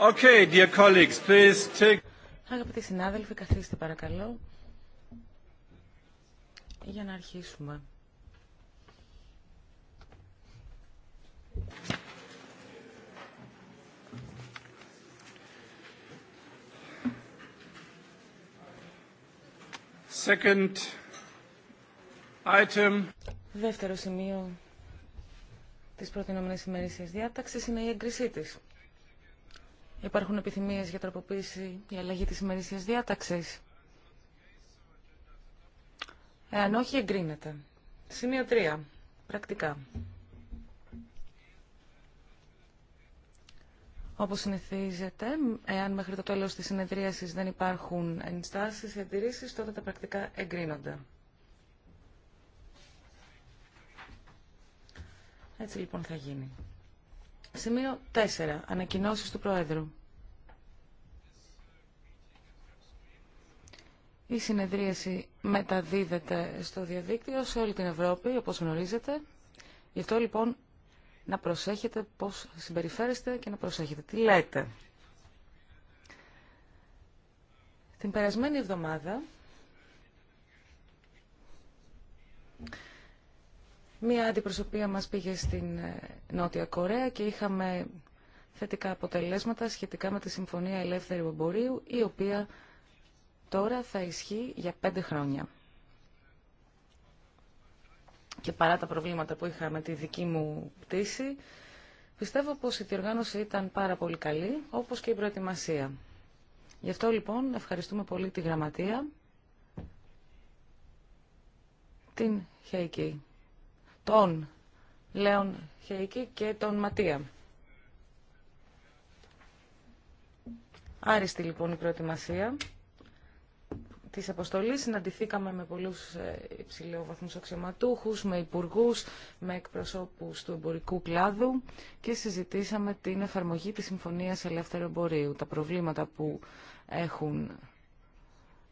Okay, dear colleagues, please take... Αγαπητοί συνάδελφοι, καθίστε παρακαλώ για να αρχίσουμε. Second item. Δεύτερο σημείο της προτινόμενης ημερήσιας διάταξης είναι η έγκρισή της. Υπάρχουν επιθυμίες για τροποποίηση ή αλλαγή της ημερήσιας διάταξης. Εάν όχι, εγκρίνεται. Σημείο 3. Πρακτικά. Όπως συνηθίζεται, εάν μέχρι το τέλος της συνεδρίασης δεν υπάρχουν ενστάσεις ή αντιρρήσεις, τότε τα πρακτικά εγκρίνονται. Έτσι λοιπόν θα γίνει. Σημείο 4. Ανακοινώσεις του Προέδρου. Η συνεδρίαση μεταδίδεται στο διαδίκτυο σε όλη την Ευρώπη, όπως γνωρίζετε. Γι' αυτό λοιπόν να προσέχετε πώς συμπεριφέρεστε και να προσέχετε τι λέτε. Την περασμένη εβδομάδα Μία αντιπροσωπεία μας πήγε στην ε, Νότια Κορέα και είχαμε θετικά αποτελέσματα σχετικά με τη Συμφωνία Ελεύθερου Εμπορίου, η οποία τώρα θα ισχύει για πέντε χρόνια. Και παρά τα προβλήματα που είχαμε με τη δική μου πτήση, πιστεύω πως η διοργάνωση ήταν πάρα πολύ καλή, όπως και η προετοιμασία. Γι' αυτό λοιπόν ευχαριστούμε πολύ τη Γραμματεία, την ΧΕΙΚΗ τον Λέων Χεϊκή και τον Ματία. Άριστη λοιπόν η προετοιμασία της αποστολής. Συναντηθήκαμε με πολλούς ε, υψηλόβαθμους αξιωματούχους, με υπουργούς, με εκπροσώπους του εμπορικού κλάδου και συζητήσαμε την εφαρμογή της Συμφωνίας Ελεύθερου Εμπορίου, τα προβλήματα που έχουν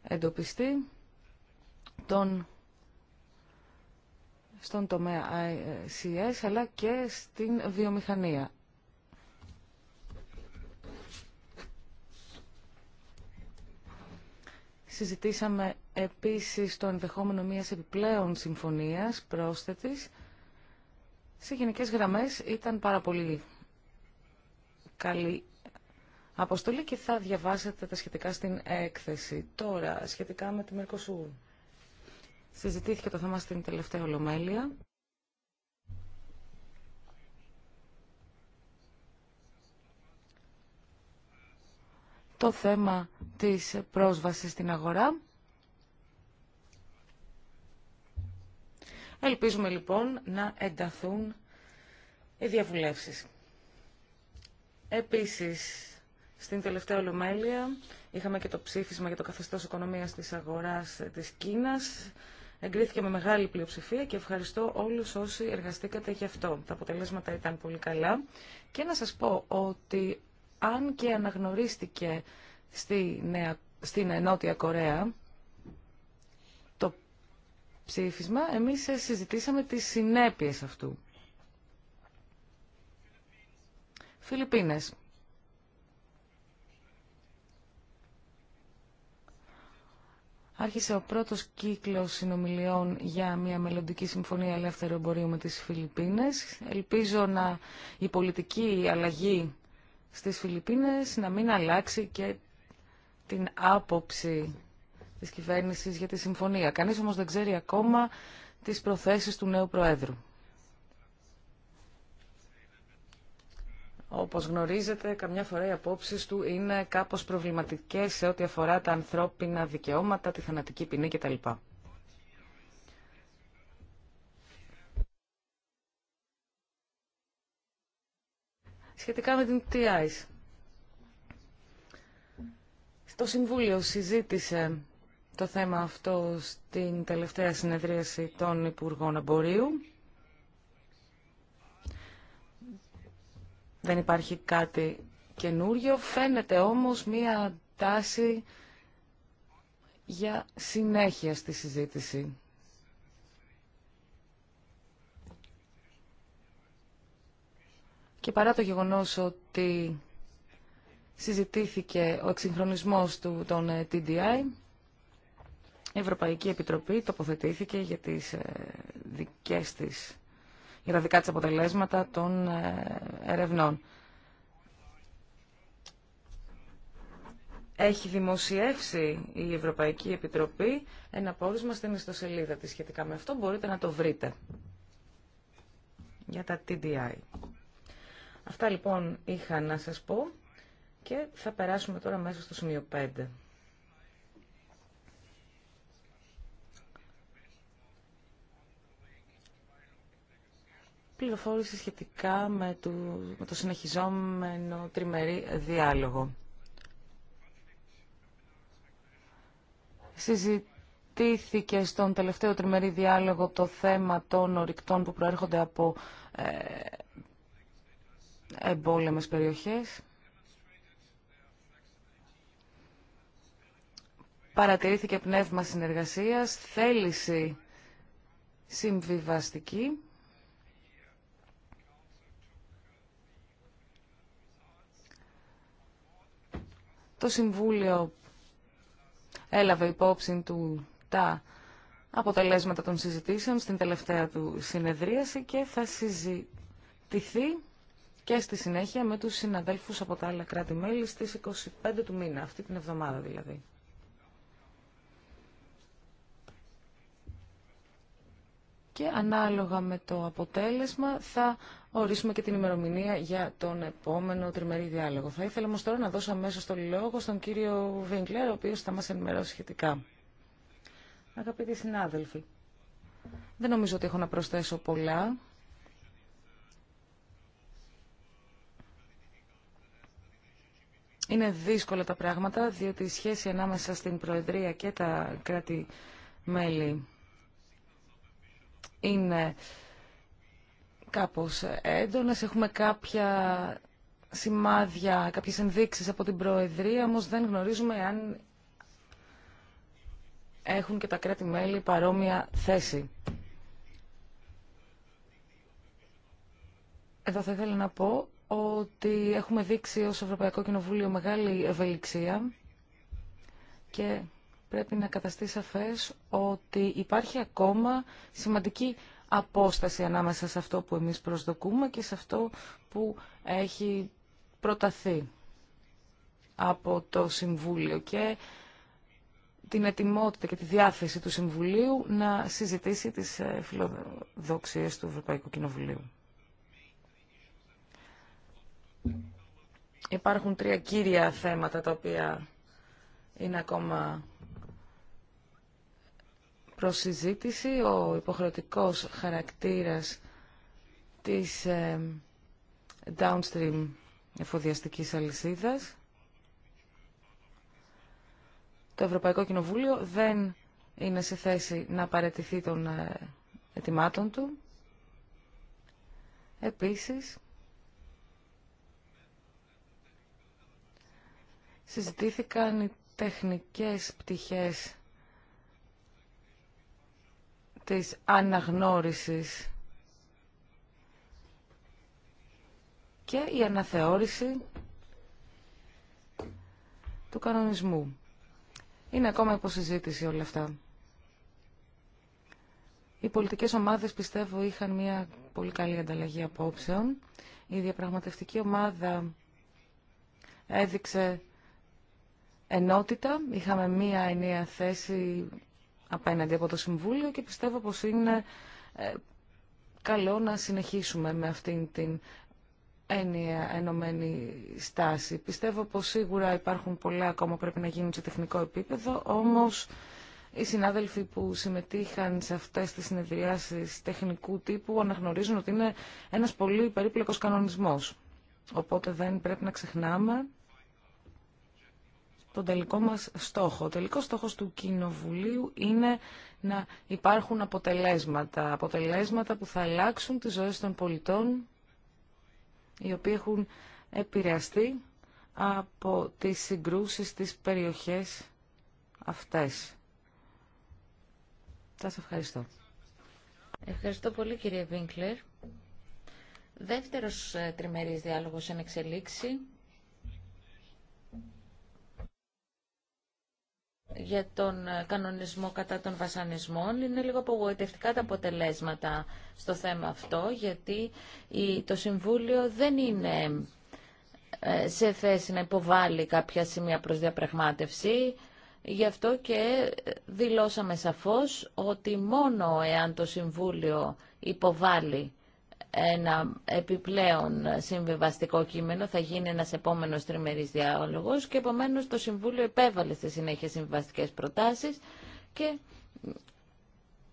εντοπιστεί, τον στον τομέα ICS αλλά και στην βιομηχανία. Συζητήσαμε επίσης το ενδεχόμενο μιας επιπλέον συμφωνίας πρόσθετης. Σε γενικές γραμμές ήταν πάρα πολύ καλή αποστολή και θα διαβάσετε τα σχετικά στην έκθεση. Τώρα, σχετικά με τη Μερκοσούρ. Συζητήθηκε το θέμα στην τελευταία ολομέλεια. Το θέμα της πρόσβασης στην αγορά. Ελπίζουμε λοιπόν να ενταθούν οι διαβουλεύσεις. Επίσης, στην τελευταία ολομέλεια είχαμε και το ψήφισμα για το καθεστώς οικονομίας της αγοράς της Κίνας. Εγκρίθηκε με μεγάλη πλειοψηφία και ευχαριστώ όλους όσοι εργαστήκατε γι' αυτό. Τα αποτελέσματα ήταν πολύ καλά και να σας πω ότι αν και αναγνωρίστηκε στη Νέα, στην Νότια Κορέα το ψήφισμα, εμείς συζητήσαμε τις συνέπειες αυτού. Φιλιππίνες. Άρχισε ο πρώτος κύκλος συνομιλιών για μια μελλοντική συμφωνία ελεύθερου εμπορίου με τις Φιλιππίνες. Ελπίζω να η πολιτική αλλαγή στις Φιλιππίνες να μην αλλάξει και την άποψη της κυβέρνησης για τη συμφωνία. Κανείς όμως δεν ξέρει ακόμα τις προθέσεις του νέου Προέδρου. Όπως γνωρίζετε, καμιά φορά οι απόψει του είναι κάπως προβληματικές σε ό,τι αφορά τα ανθρώπινα δικαιώματα, τη θανατική ποινή κτλ. Σχετικά με την TIs. Το Συμβούλιο συζήτησε το θέμα αυτό στην τελευταία συνεδρίαση των Υπουργών Εμπορίου Δεν υπάρχει κάτι καινούριο. Φαίνεται όμως μία τάση για συνέχεια στη συζήτηση. Και παρά το γεγονός ότι συζητήθηκε ο εξυγχρονισμός του, των ε, TDI, η Ευρωπαϊκή Επιτροπή τοποθετήθηκε για τις ε, δικές της για τα δικά της αποτελέσματα των ε, ερευνών. Έχει δημοσιεύσει η Ευρωπαϊκή Επιτροπή ένα πόρισμα στην ιστοσελίδα της σχετικά με αυτό. Μπορείτε να το βρείτε για τα TDI. Αυτά λοιπόν είχα να σας πω και θα περάσουμε τώρα μέσα στο σημείο 5. πληροφόρηση σχετικά με το, με το συνεχιζόμενο τριμερή διάλογο. Συζητήθηκε στον τελευταίο τριμερή διάλογο το θέμα των ορυκτών που προέρχονται από ε, εμπόλεμες περιοχές. Παρατηρήθηκε πνεύμα συνεργασίας, θέληση συμβιβαστική. Το Συμβούλιο έλαβε υπόψη του τα αποτελέσματα των συζητήσεων στην τελευταία του συνεδρίαση και θα συζητηθεί και στη συνέχεια με τους συναδέλφους από τα άλλα κράτη-μέλη στις 25 του μήνα, αυτή την εβδομάδα δηλαδή. και ανάλογα με το αποτέλεσμα θα ορίσουμε και την ημερομηνία για τον επόμενο τριμερή διάλογο. Θα ήθελα όμως τώρα να δώσω αμέσω το λόγο στον κύριο Βίγκλερ, ο οποίος θα μας ενημερώσει σχετικά. Αγαπητοί συνάδελφοι, δεν νομίζω ότι έχω να προσθέσω πολλά. Είναι δύσκολα τα πράγματα, διότι η σχέση ανάμεσα στην Προεδρία και τα κράτη-μέλη είναι κάπως έντονες. Έχουμε κάποια σημάδια, κάποιες ενδείξεις από την Προεδρία, όμως δεν γνωρίζουμε αν έχουν και τα κράτη-μέλη παρόμοια θέση. Εδώ θα ήθελα να πω ότι έχουμε δείξει ως Ευρωπαϊκό Κοινοβούλιο μεγάλη ευελιξία και πρέπει να καταστεί σαφές ότι υπάρχει ακόμα σημαντική απόσταση ανάμεσα σε αυτό που εμείς προσδοκούμε και σε αυτό που έχει προταθεί από το Συμβούλιο και την ετοιμότητα και τη διάθεση του Συμβουλίου να συζητήσει τις ε, φιλοδοξίες του Ευρωπαϊκού Κοινοβουλίου. Υπάρχουν τρία κύρια θέματα τα οποία είναι ακόμα προς ο υποχρεωτικός χαρακτήρας της ε, downstream εφοδιαστικής αλυσίδας. Το Ευρωπαϊκό Κοινοβούλιο δεν είναι σε θέση να παρετηθεί των ε, ετοιμάτων του. Επίσης, συζητήθηκαν οι τεχνικές πτυχές της αναγνώρισης και η αναθεώρηση του κανονισμού. Είναι ακόμα υποσυζήτηση όλα αυτά. Οι πολιτικές ομάδες πιστεύω είχαν μια πολύ καλή ανταλλαγή απόψεων. Η διαπραγματευτική ομάδα έδειξε ενότητα. Είχαμε μια ενιαία θέση απέναντι από το Συμβούλιο και πιστεύω πως είναι ε, καλό να συνεχίσουμε με αυτήν την έννοια ενωμένη στάση. Πιστεύω πως σίγουρα υπάρχουν πολλά ακόμα πρέπει να γίνουν σε τεχνικό επίπεδο, όμως οι συνάδελφοι που συμμετείχαν σε αυτές τις συνεδριάσεις τεχνικού τύπου αναγνωρίζουν ότι είναι ένας πολύ περίπλοκος κανονισμός. Οπότε δεν πρέπει να ξεχνάμε τον τελικό μας στόχο. Ο τελικό στόχος του Κοινοβουλίου είναι να υπάρχουν αποτελέσματα. Αποτελέσματα που θα αλλάξουν τις ζωές των πολιτών, οι οποίοι έχουν επηρεαστεί από τις συγκρούσεις στις περιοχές αυτές. Σας ευχαριστώ. Ευχαριστώ πολύ κύριε Βίνκλερ. Δεύτερος ε, τριμερής διάλογος εν εξελίξη. για τον ε, κανονισμό κατά των βασανισμών. Είναι λίγο απογοητευτικά τα αποτελέσματα στο θέμα αυτό, γιατί το Συμβούλιο δεν είναι ε, σε θέση να υποβάλει κάποια σημεία προς διαπραγμάτευση. Γι' αυτό και ε, δηλώσαμε σαφώς ότι μόνο εάν το Συμβούλιο υποβάλει ένα επιπλέον συμβιβαστικό κείμενο, θα γίνει ένας επόμενος τριμερής διάλογος και επομένως το Συμβούλιο επέβαλε στη συνέχεια συμβιβαστικές προτάσεις και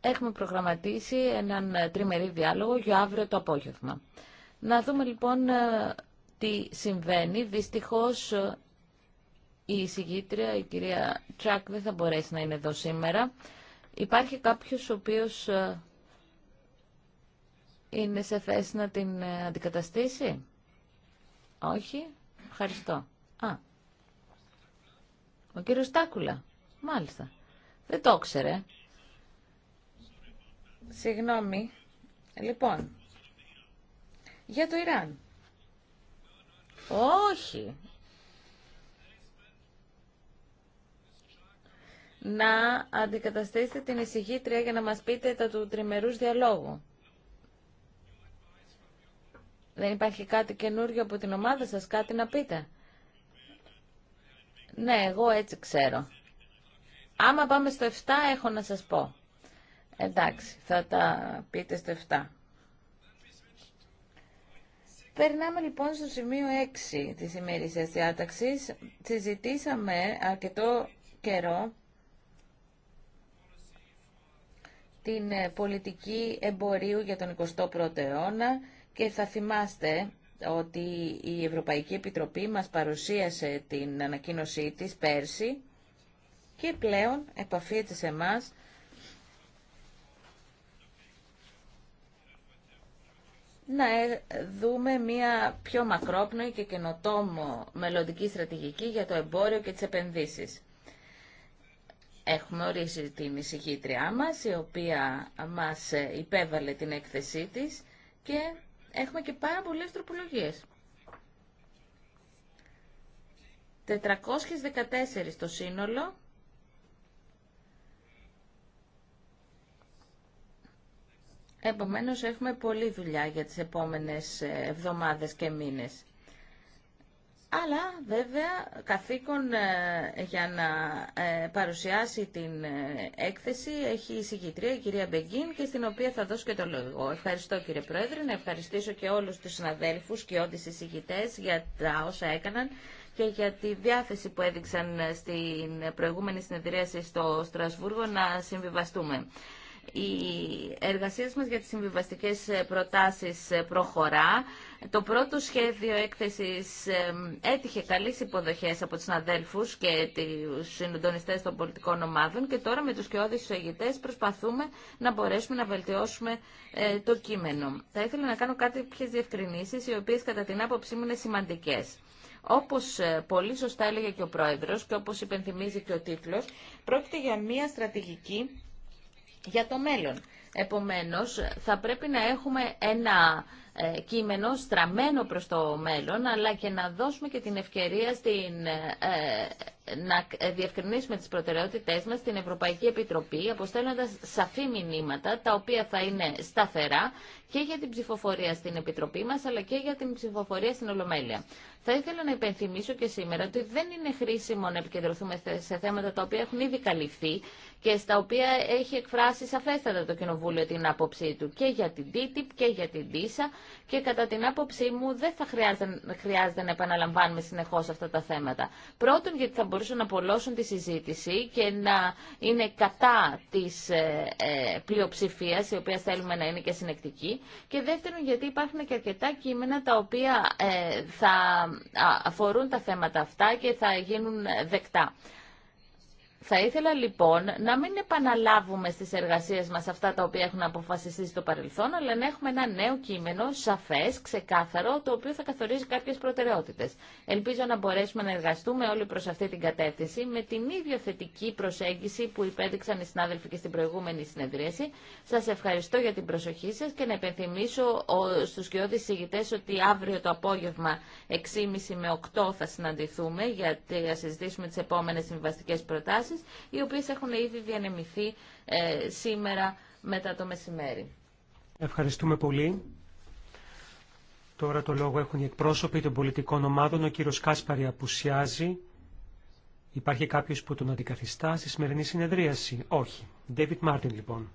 έχουμε προγραμματίσει έναν τριμερή διάλογο για αύριο το απόγευμα. Να δούμε λοιπόν ε, τι συμβαίνει. Δυστυχώς ε, η εισηγήτρια, η κυρία Τσάκ, δεν θα μπορέσει να είναι εδώ σήμερα. Υπάρχει κάποιος ο οποίος ε, είναι σε θέση να την ε, αντικαταστήσει. Όχι. Ευχαριστώ. Α, ο κύριος Τάκουλα. Μάλιστα. Δεν το ξέρε. Συγγνώμη. Λοιπόν, για το Ιράν. Όχι. Να αντικαταστήσετε την εισηγήτρια για να μας πείτε τα του τριμερούς διαλόγου. Δεν υπάρχει κάτι καινούριο από την ομάδα σας, κάτι να πείτε. Ναι, εγώ έτσι ξέρω. Άμα πάμε στο 7 έχω να σας πω. Εντάξει, θα τα πείτε στο 7. Περνάμε λοιπόν στο σημείο 6 της ημερήσιας διάταξης. Συζητήσαμε αρκετό καιρό την ε, πολιτική εμπορίου για τον 21ο αιώνα και θα θυμάστε ότι η Ευρωπαϊκή Επιτροπή μας παρουσίασε την ανακοίνωσή της πέρσι και πλέον επαφείται σε μας να ε, δούμε μια πιο μακρόπνοη και καινοτόμο μελλοντική στρατηγική για το εμπόριο και τις επενδύσεις. Έχουμε ορίσει την ησυχήτριά μας, η οποία μας ε, υπέβαλε την έκθεσή της και έχουμε και πάρα πολλές τροπολογίες. 414 στο σύνολο. Επομένως έχουμε πολλή δουλειά για τις επόμενες ε, εβδομάδες και μήνες αλλά βέβαια καθήκον ε, για να ε, παρουσιάσει την ε, έκθεση έχει η συγκητρία η κυρία Μπεγκίν και στην οποία θα δώσω και το λόγο. Ευχαριστώ κύριε Πρόεδρε, να ευχαριστήσω και όλους τους συναδέλφους και τις συγκητές για τα όσα έκαναν και για τη διάθεση που έδειξαν στην προηγούμενη συνεδρίαση στο Στρασβούργο να συμβιβαστούμε η εργασία μας για τις συμβιβαστικές ε, προτάσεις ε, προχωρά. Το πρώτο σχέδιο έκθεσης ε, έτυχε καλή υποδοχές από τους αδέλφους και τους συντονιστές των πολιτικών ομάδων και τώρα με τους του εισηγητές προσπαθούμε να μπορέσουμε να βελτιώσουμε το κείμενο. Θα ήθελα να κάνω κάποιες διευκρινήσεις οι οποίες κατά την άποψή μου είναι σημαντικές. Όπως πολύ σωστά έλεγε και ο Πρόεδρος και όπως υπενθυμίζει και ο τίτλο, πρόκειται για μια στρατηγική για το μέλλον. Επομένως, θα πρέπει να έχουμε ένα ε, κείμενο στραμμένο προς το μέλλον, αλλά και να δώσουμε και την ευκαιρία στην, ε, ε, να διευκρινίσουμε τις προτεραιότητές μας στην Ευρωπαϊκή Επιτροπή, αποστέλλοντας σαφή μηνύματα, τα οποία θα είναι σταθερά και για την ψηφοφορία στην Επιτροπή μας, αλλά και για την ψηφοφορία στην Ολομέλεια. Θα ήθελα να υπενθυμίσω και σήμερα ότι δεν είναι χρήσιμο να επικεντρωθούμε σε θέματα τα οποία έχουν ήδη καλυφθεί, και στα οποία έχει εκφράσει σαφέστατα το Κοινοβούλιο την άποψή του και για την TTIP και για την TISA και κατά την άποψή μου δεν θα χρειάζεται, να επαναλαμβάνουμε συνεχώς αυτά τα θέματα. Πρώτον γιατί θα μπορούσαν να απολώσουν τη συζήτηση και να είναι κατά της ε, ε, πλειοψηφίας η οποία θέλουμε να είναι και συνεκτική και δεύτερον γιατί υπάρχουν και αρκετά κείμενα τα οποία ε, θα αφορούν τα θέματα αυτά και θα γίνουν ε, δεκτά. Θα ήθελα λοιπόν να μην επαναλάβουμε στις εργασίες μας αυτά τα οποία έχουν αποφασιστεί στο παρελθόν, αλλά να έχουμε ένα νέο κείμενο, σαφές, ξεκάθαρο, το οποίο θα καθορίζει κάποιες προτεραιότητες. Ελπίζω να μπορέσουμε να εργαστούμε όλοι προς αυτή την κατεύθυνση, με την ίδια θετική προσέγγιση που υπέδειξαν οι συνάδελφοι και στην προηγούμενη συνεδρίαση. Σας ευχαριστώ για την προσοχή σας και να επενθυμίσω στους κοιόδης ηγητές ότι αύριο το απόγευμα 6.30 με 8 θα συναντηθούμε για να συζητήσουμε τις επόμενες συμβαστικέ προτάσεις οι οποίες έχουν ήδη διανεμηθεί ε, σήμερα μετά το μεσημέρι. Ευχαριστούμε πολύ. Τώρα το λόγο έχουν οι εκπρόσωποι των πολιτικών ομάδων. Ο κύριος Κάσπαρη απουσιάζει. Υπάρχει κάποιος που τον αντικαθιστά στη σημερινή συνεδρίαση. Όχι. David Μάρτιν λοιπόν.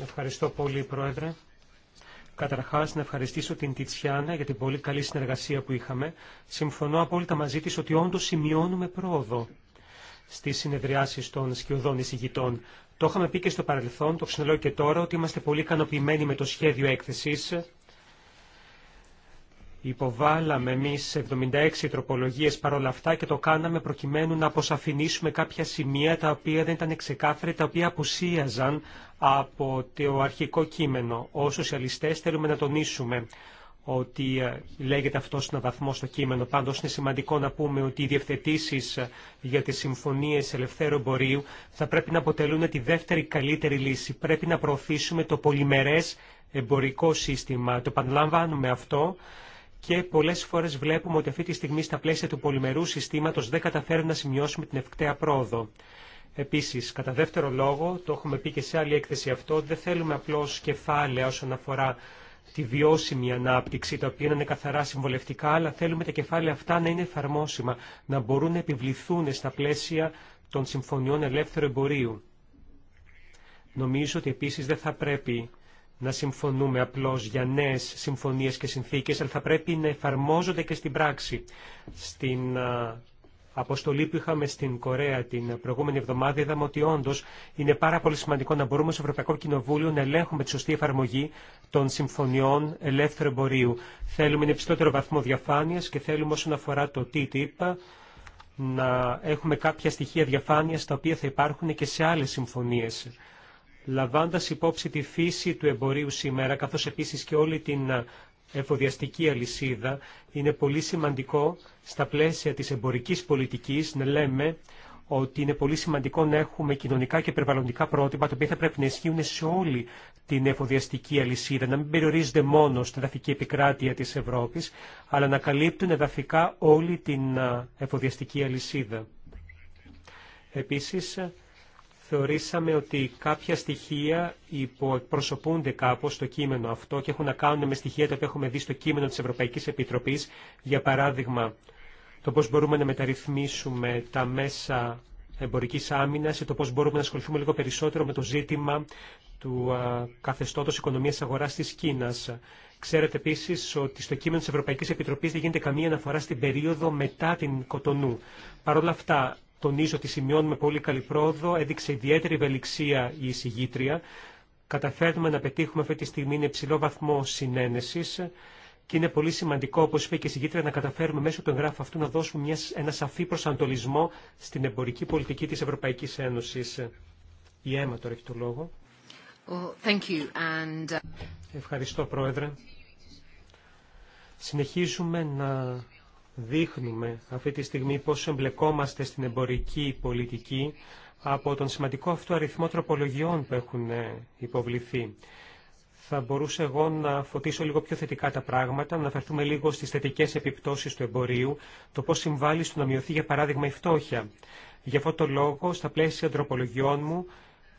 Ευχαριστώ πολύ Πρόεδρε. Καταρχάς, να ευχαριστήσω την Τιτσιάνα για την πολύ καλή συνεργασία που είχαμε. Συμφωνώ απόλυτα μαζί της ότι όντως σημειώνουμε πρόοδο στις συνεδριάσεις των σκιωδών εισηγητών. Το είχαμε πει και στο παρελθόν, το ξαναλέω και τώρα, ότι είμαστε πολύ ικανοποιημένοι με το σχέδιο έκθεσης Υποβάλαμε εμεί 76 τροπολογίε παρόλα αυτά και το κάναμε προκειμένου να αποσαφηνίσουμε κάποια σημεία τα οποία δεν ήταν ξεκάθαρα, τα οποία απουσίαζαν από το αρχικό κείμενο. Ω σοσιαλιστέ, θέλουμε να τονίσουμε ότι ε, λέγεται αυτό στον βαθμό στο κείμενο. Πάντως είναι σημαντικό να πούμε ότι οι διευθετήσει ε, για τι συμφωνίε ελευθέρου εμπορίου θα πρέπει να αποτελούν τη δεύτερη καλύτερη λύση. Πρέπει να προωθήσουμε το πολυμερέ εμπορικό σύστημα. Το επαναλαμβάνουμε αυτό και πολλές φορές βλέπουμε ότι αυτή τη στιγμή στα πλαίσια του πολυμερού συστήματος δεν καταφέρουν να σημειώσουμε την ευκταία πρόοδο. Επίσης, κατά δεύτερο λόγο, το έχουμε πει και σε άλλη έκθεση αυτό, δεν θέλουμε απλώς κεφάλαια όσον αφορά τη βιώσιμη ανάπτυξη, τα οποία είναι καθαρά συμβολευτικά, αλλά θέλουμε τα κεφάλαια αυτά να είναι εφαρμόσιμα, να μπορούν να επιβληθούν στα πλαίσια των συμφωνιών ελεύθερου εμπορίου. Νομίζω ότι επίση δεν θα πρέπει να συμφωνούμε απλώς για νέες συμφωνίες και συνθήκες, αλλά θα πρέπει να εφαρμόζονται και στην πράξη. Στην αποστολή που είχαμε στην Κορέα την προηγούμενη εβδομάδα είδαμε ότι όντως είναι πάρα πολύ σημαντικό να μπορούμε στο Ευρωπαϊκό Κοινοβούλιο να ελέγχουμε τη σωστή εφαρμογή των συμφωνιών ελεύθερου εμπορίου. Θέλουμε ένα υψηλότερο βαθμό διαφάνειας και θέλουμε όσον αφορά το TTIP να έχουμε κάποια στοιχεία διαφάνειας τα οποία θα υπάρχουν και σε άλλες συμφωνίες Λαμβάντας υπόψη τη φύση του εμπορίου σήμερα, καθώς επίσης και όλη την εφοδιαστική αλυσίδα, είναι πολύ σημαντικό στα πλαίσια της εμπορικής πολιτικής να λέμε ότι είναι πολύ σημαντικό να έχουμε κοινωνικά και περιβαλλοντικά πρότυπα, τα οποία θα πρέπει να ισχύουν σε όλη την εφοδιαστική αλυσίδα, να μην περιορίζονται μόνο στην εδαφική επικράτεια της Ευρώπης, αλλά να καλύπτουν εδαφικά όλη την εφοδιαστική αλυσίδα. Επίσης, θεωρήσαμε ότι κάποια στοιχεία υποεκπροσωπούνται κάπως στο κείμενο αυτό και έχουν να κάνουν με στοιχεία τα οποία έχουμε δει στο κείμενο της Ευρωπαϊκής Επιτροπής. Για παράδειγμα, το πώς μπορούμε να μεταρρυθμίσουμε τα μέσα εμπορικής άμυνας ή το πώς μπορούμε να ασχοληθούμε λίγο περισσότερο με το ζήτημα του καθεστώτος οικονομίας αγοράς της Κίνας. Ξέρετε επίση ότι στο κείμενο τη Ευρωπαϊκή Επιτροπή δεν γίνεται καμία αναφορά στην περίοδο μετά την Κοτονού. Παρ' όλα αυτά, τονίζω ότι σημειώνουμε πολύ καλή πρόοδο, έδειξε ιδιαίτερη ευελιξία η εισηγήτρια. Καταφέρνουμε να πετύχουμε αυτή τη στιγμή ένα υψηλό βαθμό συνένεση και είναι πολύ σημαντικό, όπω είπε και η εισηγήτρια, να καταφέρουμε μέσω του εγγράφου αυτού να δώσουμε μια, ένα σαφή προσανατολισμό στην εμπορική πολιτική της Ευρωπαϊκής Ένωση. Η αίμα τώρα έχει το λόγο. And... Uh, Ευχαριστώ, Πρόεδρε. Συνεχίζουμε να δείχνουμε αυτή τη στιγμή πόσο εμπλεκόμαστε στην εμπορική πολιτική από τον σημαντικό αυτό αριθμό τροπολογιών που έχουν ε, υποβληθεί. Θα μπορούσα εγώ να φωτίσω λίγο πιο θετικά τα πράγματα, να αναφερθούμε λίγο στις θετικές επιπτώσεις του εμπορίου, το πώς συμβάλλει στο να μειωθεί για παράδειγμα η φτώχεια. Γι' αυτό το λόγο, στα πλαίσια τροπολογιών μου,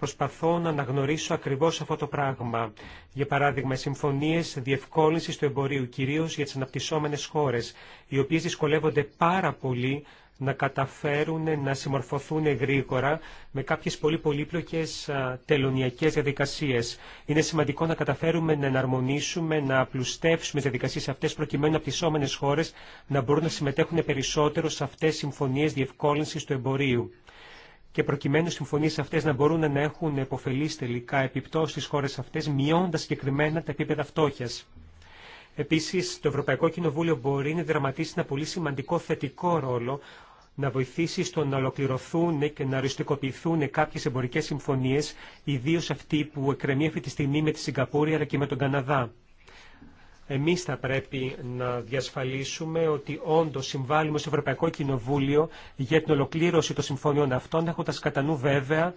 προσπαθώ να αναγνωρίσω ακριβώς αυτό το πράγμα. Για παράδειγμα, συμφωνίες διευκόλυνσης του εμπορίου, κυρίως για τις αναπτυσσόμενες χώρες, οι οποίες δυσκολεύονται πάρα πολύ να καταφέρουν να συμμορφωθούν γρήγορα με κάποιες πολύ πολύπλοκες τελωνιακές διαδικασίες. Είναι σημαντικό να καταφέρουμε να εναρμονίσουμε, να απλουστεύσουμε τις διαδικασίες αυτές προκειμένου από χώρες να μπορούν να συμμετέχουν περισσότερο σε αυτές τις συμφωνίες διευκόλυνσης του εμπορίου και προκειμένου συμφωνίε αυτέ να μπορούν να έχουν επωφελεί τελικά επιπτώσει στι χώρε αυτέ, μειώνοντα συγκεκριμένα τα επίπεδα φτώχεια. Επίση, το Ευρωπαϊκό Κοινοβούλιο μπορεί να δραματίσει ένα πολύ σημαντικό θετικό ρόλο να βοηθήσει στο να ολοκληρωθούν και να οριστικοποιηθούν κάποιε εμπορικέ συμφωνίε, ιδίω αυτή που εκκρεμεί αυτή τη στιγμή με τη Σιγκαπούρη αλλά και με τον Καναδά. Εμείς θα πρέπει να διασφαλίσουμε ότι όντως συμβάλλουμε στο Ευρωπαϊκό Κοινοβούλιο για την ολοκλήρωση των συμφωνιών αυτών, έχοντας κατά νου βέβαια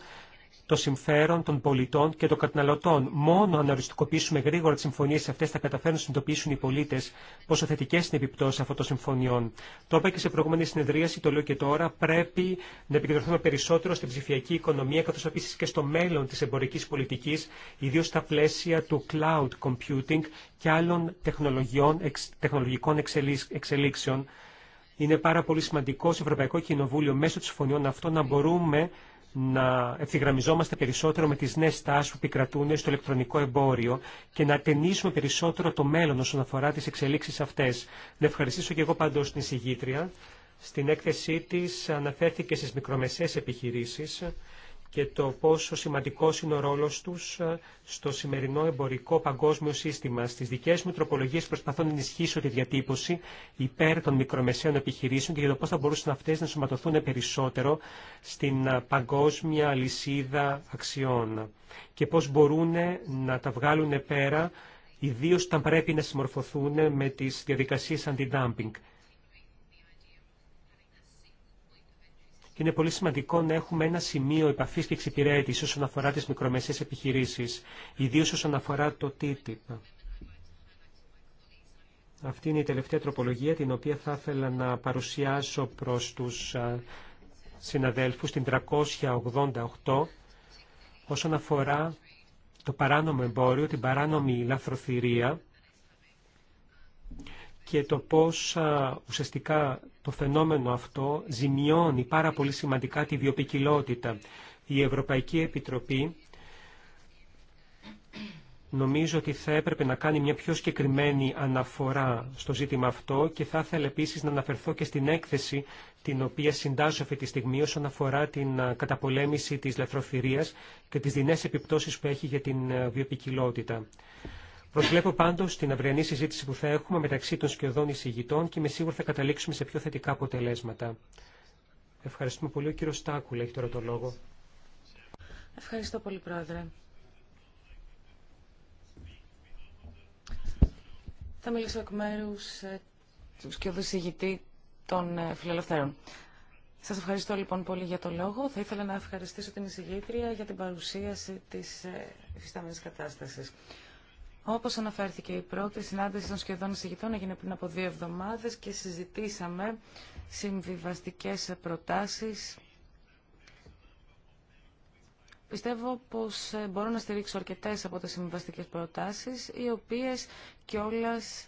το συμφέρον των πολιτών και των καταναλωτών. Μόνο αν οριστικοποιήσουμε γρήγορα τι συμφωνίε αυτέ θα καταφέρουν να συνειδητοποιήσουν οι πολίτε πόσο θετικέ είναι οι επιπτώσει αυτών των συμφωνιών. Το είπα και σε προηγούμενη συνεδρίαση, το λέω και τώρα, πρέπει να επικεντρωθούμε περισσότερο στην ψηφιακή οικονομία καθώ επίση και στο μέλλον τη εμπορική πολιτική, ιδίω στα πλαίσια του cloud computing και άλλων τεχνολογιών, τεχνολογικών εξελίξεων. Είναι πάρα πολύ σημαντικό στο Ευρωπαϊκό Κοινοβούλιο μέσω των συμφωνιών αυτών να μπορούμε να ευθυγραμμιζόμαστε περισσότερο με τις νέες τάσεις που επικρατούν στο ηλεκτρονικό εμπόριο και να ταινίσουμε περισσότερο το μέλλον όσον αφορά τις εξελίξεις αυτές. Να ευχαριστήσω και εγώ πάντως την συγγήτρια. Στην έκθεσή της αναφέρθηκε στις μικρομεσαίες επιχειρήσεις και το πόσο σημαντικό είναι ο ρόλο τους ε, στο σημερινό εμπορικό παγκόσμιο σύστημα. Στις δικέ μου τροπολογίε προσπαθώ να ενισχύσω τη διατύπωση υπέρ των μικρομεσαίων επιχειρήσεων και για το πώς θα μπορούσαν αυτές να σωματωθούν περισσότερο στην ε, παγκόσμια λυσίδα αξιών και πώς μπορούν να τα βγάλουν πέρα ιδίω όταν πρέπει να συμμορφωθούν με τι διαδικασίε αντι αντι-dumping. και είναι πολύ σημαντικό να έχουμε ένα σημείο επαφή και εξυπηρέτηση όσον αφορά τι μικρομεσαίε επιχειρήσει, ιδίω όσον αφορά το TTIP. Αυτή είναι η τελευταία τροπολογία την οποία θα ήθελα να παρουσιάσω προς τους συναδέλφους την 388 όσον αφορά το παράνομο εμπόριο, την παράνομη λαθροθυρία και το πώς ουσιαστικά το φαινόμενο αυτό ζημιώνει πάρα πολύ σημαντικά τη βιοπικιλότητα. Η Ευρωπαϊκή Επιτροπή νομίζω ότι θα έπρεπε να κάνει μια πιο συγκεκριμένη αναφορά στο ζήτημα αυτό και θα ήθελα επίσης να αναφερθώ και στην έκθεση την οποία συντάζω αυτή τη στιγμή όσον αφορά την καταπολέμηση της λεφροφυρίας και τις δεινές επιπτώσεις που έχει για την βιοπικιλότητα. Προσβλέπω πάντως την αυριανή συζήτηση που θα έχουμε μεταξύ των σκιωδών εισηγητών και με σίγουρο θα καταλήξουμε σε πιο θετικά αποτελέσματα. Ευχαριστούμε πολύ. Ο κύριο Στάκουλα έχει τώρα το λόγο. Ευχαριστώ πολύ, Πρόεδρε. Θα μιλήσω εκ μέρου ε, του σκιωδού εισηγητή των ε, Φιλελευθέρων. Σα ευχαριστώ λοιπόν πολύ για το λόγο. Θα ήθελα να ευχαριστήσω την εισηγήτρια για την παρουσίαση τη ε, υφιστάμενη κατάσταση. Όπως αναφέρθηκε η πρώτη συνάντηση των σχεδόν εισηγητών έγινε πριν από δύο εβδομάδες και συζητήσαμε συμβιβαστικές προτάσεις. Πιστεύω πως ε, μπορώ να στηρίξω αρκετές από τις συμβιβαστικές προτάσεις, οι οποίες κιόλας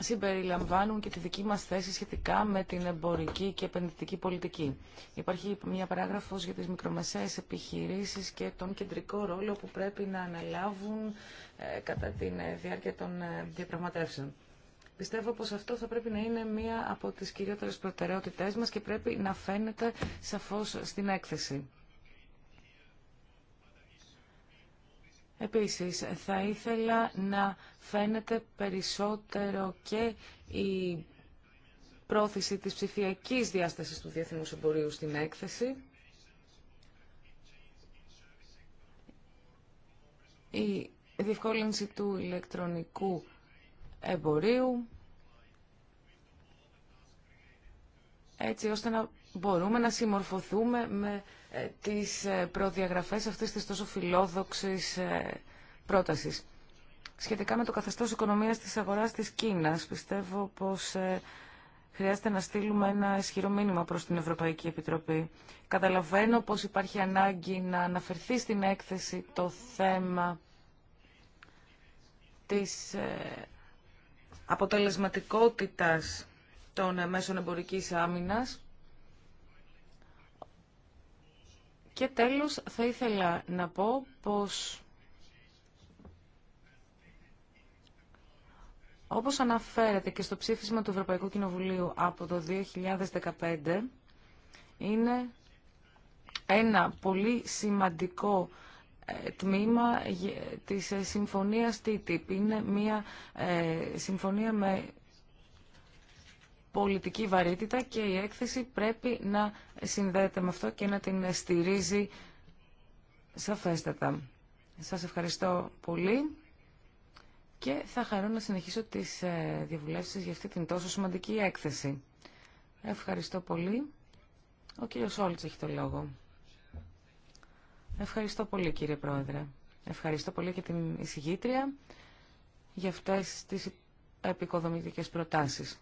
συμπεριλαμβάνουν και τη δική μας θέση σχετικά με την εμπορική και επενδυτική πολιτική. Υπάρχει μια παράγραφος για τις μικρομεσαίες επιχειρήσεις και τον κεντρικό ρόλο που πρέπει να αναλάβουν ε, κατά τη ε, διάρκεια των ε, διαπραγματεύσεων. Πιστεύω πως αυτό θα πρέπει να είναι μία από τις κυριότερες προτεραιότητές μας και πρέπει να φαίνεται σαφώς στην έκθεση. Επίσης, θα ήθελα να φαίνεται περισσότερο και η πρόθεση της ψηφιακής διάστασης του διεθνούς εμπορίου στην έκθεση. Η διευκόλυνση του ηλεκτρονικού εμπορίου, έτσι ώστε να μπορούμε να συμμορφωθούμε με ε, τις ε, προδιαγραφές αυτής της τόσο φιλόδοξης ε, πρότασης. Σχετικά με το καθεστώς οικονομίας της αγοράς της Κίνας, πιστεύω πως χρειάζεται να στείλουμε ένα ισχυρό μήνυμα προς την Ευρωπαϊκή Επιτροπή. Καταλαβαίνω πως υπάρχει ανάγκη να αναφερθεί στην έκθεση το θέμα της αποτελεσματικότητας των μέσων εμπορικής άμυνας Και τέλος θα ήθελα να πω πως όπως αναφέρεται και στο ψήφισμα του Ευρωπαϊκού Κοινοβουλίου από το 2015 είναι ένα πολύ σημαντικό ε, τμήμα της ε, συμφωνίας TTIP. Είναι μια ε, συμφωνία με πολιτική βαρύτητα και η έκθεση πρέπει να συνδέεται με αυτό και να την στηρίζει σαφέστατα. Σας ευχαριστώ πολύ και θα χαρώ να συνεχίσω τις ε, διαβουλεύσεις για αυτή την τόσο σημαντική έκθεση. Ευχαριστώ πολύ. Ο κύριος Σόλτς έχει το λόγο. Ευχαριστώ πολύ κύριε Πρόεδρε. Ευχαριστώ πολύ και την εισηγήτρια για αυτές τις επικοδομητικές προτάσεις.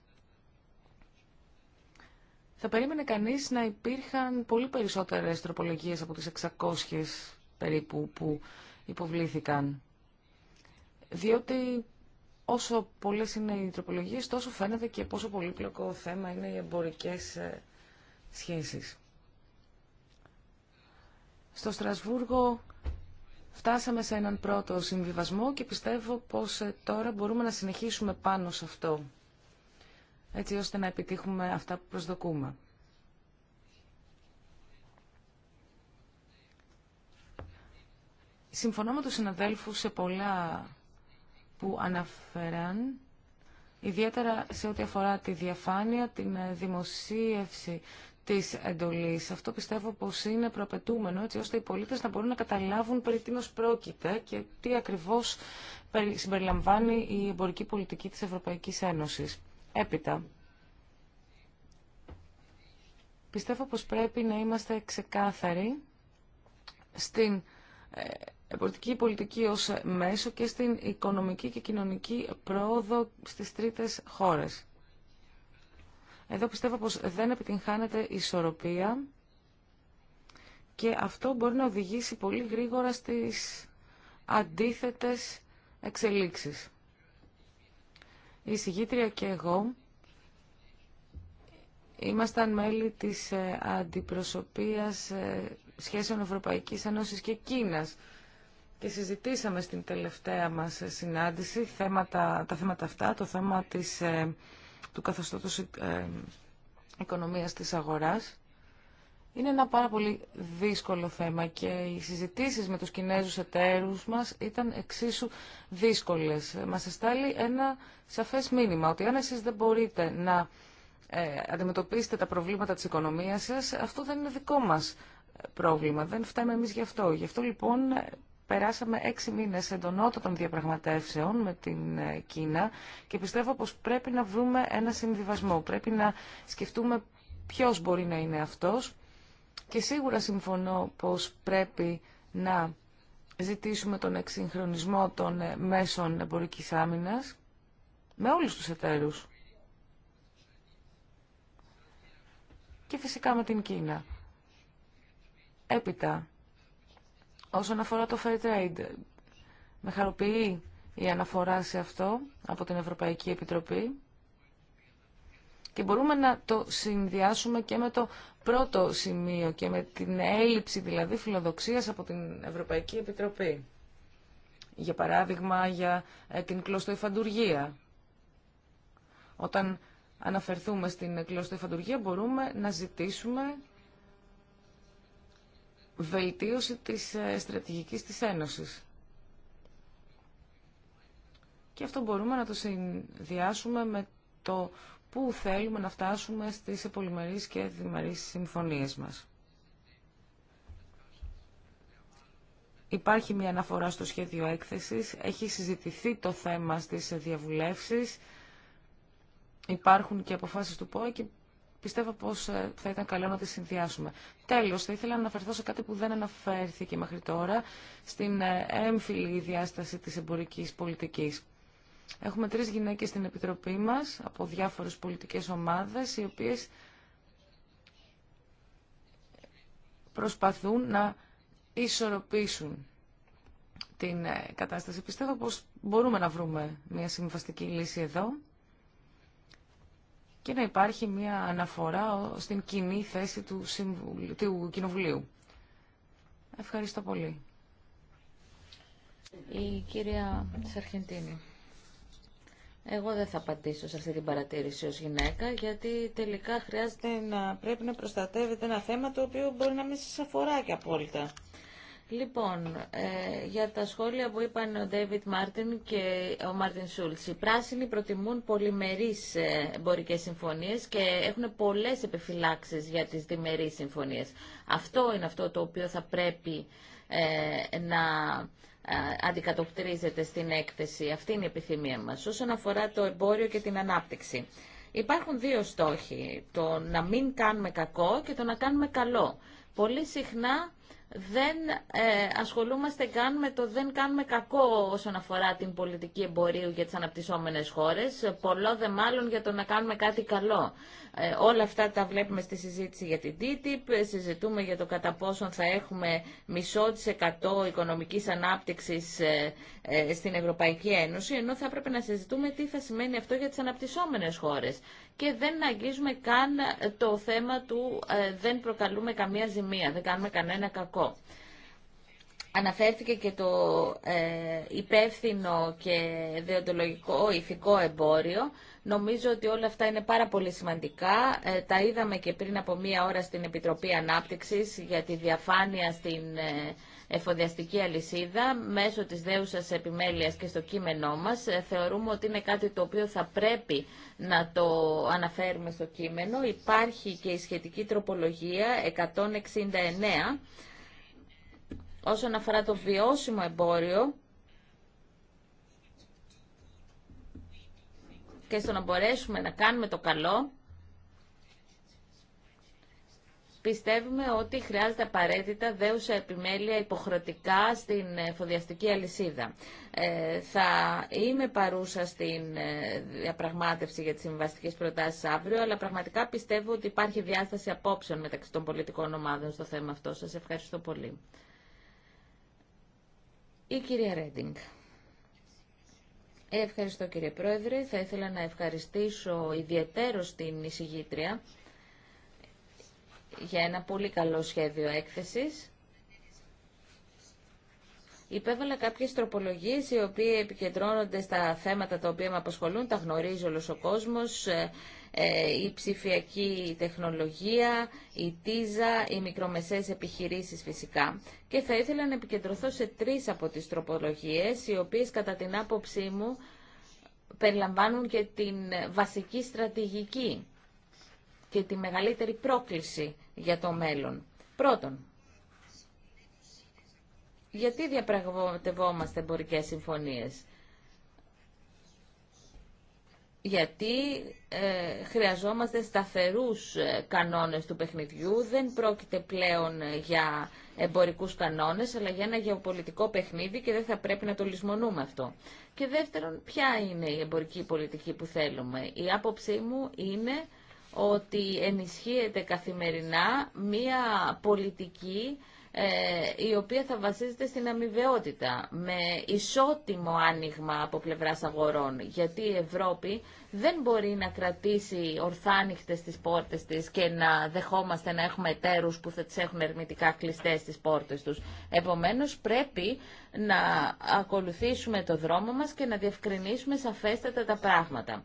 Θα περίμενε κανείς να υπήρχαν πολύ περισσότερες τροπολογίες από τις 600 περίπου που υποβλήθηκαν. Διότι όσο πολλές είναι οι τροπολογίες, τόσο φαίνεται και πόσο πολύπλοκο θέμα είναι οι εμπορικές ε, σχέσεις. Στο Στρασβούργο φτάσαμε σε έναν πρώτο συμβιβασμό και πιστεύω πως ε, τώρα μπορούμε να συνεχίσουμε πάνω σε αυτό έτσι ώστε να επιτύχουμε αυτά που προσδοκούμε. Συμφωνώ με τους συναδέλφους σε πολλά που αναφέραν, ιδιαίτερα σε ό,τι αφορά τη διαφάνεια, την δημοσίευση της εντολής. Αυτό πιστεύω πως είναι προαπαιτούμενο, έτσι ώστε οι πολίτες να μπορούν να καταλάβουν περί τίνος πρόκειται και τι ακριβώς συμπεριλαμβάνει η εμπορική πολιτική της Ευρωπαϊκής Ένωσης. Έπειτα, πιστεύω πως πρέπει να είμαστε ξεκάθαροι στην ε, πολιτική ως μέσο και στην οικονομική και κοινωνική πρόοδο στις τρίτες χώρες. Εδώ πιστεύω πως δεν επιτυγχάνεται ισορροπία και αυτό μπορεί να οδηγήσει πολύ γρήγορα στις αντίθετες εξελίξεις η συγγήτρια και εγώ ήμασταν μέλη της ε, αντιπροσωπείας ε, σχέσεων Ευρωπαϊκής Ένωσης και Κίνας και συζητήσαμε στην τελευταία μας ε, συνάντηση θέματα, τα θέματα αυτά, το θέμα της, του καθεστώτος οικονομίας της αγοράς είναι ένα πάρα πολύ δύσκολο θέμα και οι συζητήσεις με τους Κινέζους εταίρους μας ήταν εξίσου δύσκολες. Μας εστάλει ένα σαφές μήνυμα ότι αν εσείς δεν μπορείτε να ε, αντιμετωπίσετε τα προβλήματα της οικονομίας σας, αυτό δεν είναι δικό μας πρόβλημα. Δεν φτάμε εμείς γι' αυτό. Γι' αυτό λοιπόν περάσαμε έξι μήνες εντονότατων διαπραγματεύσεων με την ε, Κίνα και πιστεύω πως πρέπει να βρούμε ένα συμβιβασμό. Πρέπει να σκεφτούμε ποιος μπορεί να είναι αυτός και σίγουρα συμφωνώ πως πρέπει να ζητήσουμε τον εξυγχρονισμό των ε, μέσων εμπορικής άμυνας με όλους τους εταίρους. Και φυσικά με την Κίνα. Έπειτα, όσον αφορά το fair trade, με χαροποιεί η αναφορά σε αυτό από την Ευρωπαϊκή Επιτροπή και μπορούμε να το συνδυάσουμε και με το πρώτο σημείο και με την έλλειψη δηλαδή φιλοδοξίας από την Ευρωπαϊκή Επιτροπή. Για παράδειγμα για ε, την κλωστοϊφαντουργία. Όταν αναφερθούμε στην κλωστοϊφαντουργία μπορούμε να ζητήσουμε βελτίωση της ε, στρατηγικής της Ένωσης. Και αυτό μπορούμε να το συνδυάσουμε με το πού θέλουμε να φτάσουμε στις πολυμερείς και διμερείς συμφωνίες μας. Υπάρχει μια αναφορά στο σχέδιο έκθεσης, έχει συζητηθεί το θέμα στις διαβουλεύσεις, υπάρχουν και αποφάσεις του ΠΟΕ και πιστεύω πως ε, θα ήταν καλό να τις συνδυάσουμε. Τέλος, θα ήθελα να αναφερθώ σε κάτι που δεν αναφέρθηκε μέχρι τώρα, στην ε, έμφυλη διάσταση της εμπορικής πολιτικής. Έχουμε τρεις γυναίκες στην Επιτροπή μας από διάφορες πολιτικές ομάδες οι οποίες προσπαθούν να ισορροπήσουν την ε, κατάσταση. Πιστεύω πως μπορούμε να βρούμε μια συμβαστική λύση εδώ και να υπάρχει μια αναφορά στην κοινή θέση του, του Κοινοβουλίου. Ευχαριστώ πολύ. Η κυρία Σαρχεντίνη. Εγώ δεν θα πατήσω σε αυτή την παρατήρηση ως γυναίκα, γιατί τελικά χρειάζεται να πρέπει να προστατεύεται ένα θέμα το οποίο μπορεί να μην σας αφορά και απόλυτα. Λοιπόν, ε, για τα σχόλια που είπαν ο Ντέιβιτ Μάρτιν και ο Μάρτιν Σούλτς, οι πράσινοι προτιμούν πολυμερείς ε, εμπορικές συμφωνίες και έχουν πολλές επιφυλάξεις για τις διμερείς συμφωνίες. Αυτό είναι αυτό το οποίο θα πρέπει ε, να αντικατοπτρίζεται στην έκθεση. Αυτή είναι η επιθυμία μας. Όσον αφορά το εμπόριο και την ανάπτυξη. Υπάρχουν δύο στόχοι. Το να μην κάνουμε κακό και το να κάνουμε καλό. Πολύ συχνά δεν ε, ασχολούμαστε καν με το δεν κάνουμε κακό όσον αφορά την πολιτική εμπορίου για τις αναπτυσσόμενες χώρες, πολλό δε μάλλον για το να κάνουμε κάτι καλό. Ε, όλα αυτά τα βλέπουμε στη συζήτηση για την TTIP, συζητούμε για το κατά πόσον θα έχουμε μισό της εκατό οικονομικής ανάπτυξης ε, στην Ευρωπαϊκή Ένωση, ενώ θα έπρεπε να συζητούμε τι θα σημαίνει αυτό για τις αναπτυσσόμενες χώρες και δεν αγγίζουμε καν το θέμα του ε, δεν προκαλούμε καμία ζημία, δεν κάνουμε κανένα κακό. Αναφέρθηκε και το ε, υπεύθυνο και δεοντολογικό ηθικό εμπόριο. Νομίζω ότι όλα αυτά είναι πάρα πολύ σημαντικά. Ε, τα είδαμε και πριν από μία ώρα στην Επιτροπή Ανάπτυξης για τη διαφάνεια στην εφοδιαστική αλυσίδα μέσω της δέουσας επιμέλειας και στο κείμενό μας. Ε, θεωρούμε ότι είναι κάτι το οποίο θα πρέπει να το αναφέρουμε στο κείμενο. Υπάρχει και η σχετική τροπολογία 169 όσον αφορά το βιώσιμο εμπόριο και στο να μπορέσουμε να κάνουμε το καλό πιστεύουμε ότι χρειάζεται απαραίτητα δέουσα επιμέλεια υποχρεωτικά στην εφοδιαστική αλυσίδα. Ε, θα είμαι παρούσα στην ε, διαπραγμάτευση για τις συμβαστικές προτάσεις αύριο, αλλά πραγματικά πιστεύω ότι υπάρχει διάσταση απόψεων μεταξύ των πολιτικών ομάδων στο θέμα αυτό. Σας ευχαριστώ πολύ. Η κυρία Ρέντινγκ. Ε, ευχαριστώ κύριε Πρόεδρε. Θα ήθελα να ευχαριστήσω ιδιαίτερο την εισηγήτρια για ένα πολύ καλό σχέδιο έκθεσης. Υπέβαλα κάποιες τροπολογίες οι οποίες επικεντρώνονται στα θέματα τα οποία με απασχολούν, τα γνωρίζει όλος ο κόσμος, ε, ε, η ψηφιακή τεχνολογία, η τίζα, οι μικρομεσαίες επιχειρήσεις φυσικά. Και θα ήθελα να επικεντρωθώ σε τρεις από τις τροπολογίες, οι οποίες κατά την άποψή μου περιλαμβάνουν και την βασική στρατηγική και τη μεγαλύτερη πρόκληση για το μέλλον. Πρώτον, γιατί διαπραγματευόμαστε εμπορικέ συμφωνίες. Γιατί ε, χρειαζόμαστε σταθερούς ε, κανόνες του παιχνιδιού. Δεν πρόκειται πλέον για εμπορικούς κανόνες, αλλά για ένα γεωπολιτικό παιχνίδι και δεν θα πρέπει να το λησμονούμε αυτό. Και δεύτερον, ποια είναι η εμπορική πολιτική που θέλουμε. Η άποψή μου είναι ότι ενισχύεται καθημερινά μία πολιτική ε, η οποία θα βασίζεται στην αμοιβαιότητα, με ισότιμο άνοιγμα από πλευράς αγορών, γιατί η Ευρώπη δεν μπορεί να κρατήσει ορθάνυχτες τις πόρτες της και να δεχόμαστε να έχουμε εταίρους που θα τις έχουν ερμητικά κλειστές τις πόρτες τους. Επομένως, πρέπει να ακολουθήσουμε το δρόμο μας και να διευκρινίσουμε σαφέστατα τα πράγματα.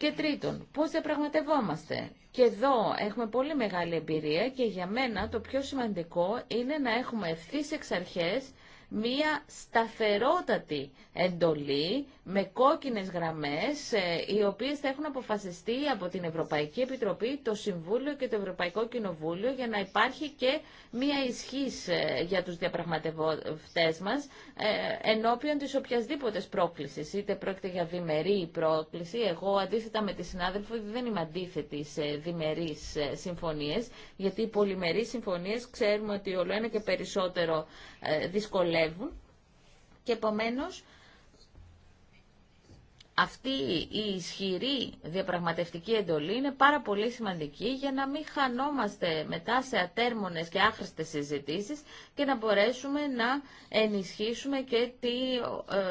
Και τρίτον, πώς διαπραγματευόμαστε. Και εδώ έχουμε πολύ μεγάλη εμπειρία και για μένα το πιο σημαντικό είναι να έχουμε ευθύ εξ αρχές μία σταθερότατη εντολή με κόκκινες γραμμές ε, οι οποίες θα έχουν αποφασιστεί από την Ευρωπαϊκή Επιτροπή, το Συμβούλιο και το Ευρωπαϊκό Κοινοβούλιο για να υπάρχει και μία ισχύς ε, για τους διαπραγματευτές μας ε, ενώπιον της οποιασδήποτε πρόκλησης. Είτε πρόκειται για διμερή πρόκληση, εγώ αντίθετα με τη συνάδελφο δεν είμαι αντίθετη σε διμερείς συμφωνίες, γιατί οι πολυμερείς συμφωνίες ξέρουμε ότι όλο ένα και περισσότερο δυσκολεύουν και επομένως αυτή η ισχυρή διαπραγματευτική εντολή είναι πάρα πολύ σημαντική για να μην χανόμαστε μετά σε ατέρμονες και άχρηστες συζητήσεις και να μπορέσουμε να ενισχύσουμε και τη ε,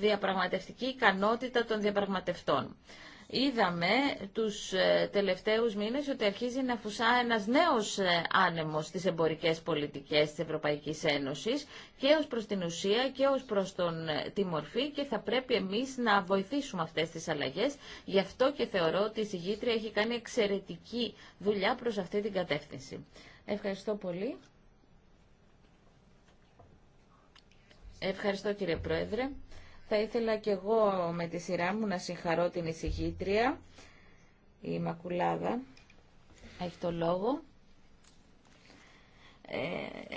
διαπραγματευτική ικανότητα των διαπραγματευτών. Είδαμε τους ε, τελευταίους μήνες ότι αρχίζει να φουσά ένας νέος ε, άνεμος στις εμπορικές πολιτικές της Ευρωπαϊκής Ένωσης και ως προς την ουσία και ως προς τον, ε, τη μορφή και θα πρέπει εμείς να βοηθήσουμε αυτές τις αλλαγές. Γι' αυτό και θεωρώ ότι η συγγήτρια έχει κάνει εξαιρετική δουλειά προς αυτή την κατεύθυνση. Ευχαριστώ πολύ. Ευχαριστώ κύριε Πρόεδρε. Θα ήθελα και εγώ με τη σειρά μου να συγχαρώ την εισηγήτρια, η Μακουλάδα, έχει το λόγο. Ε,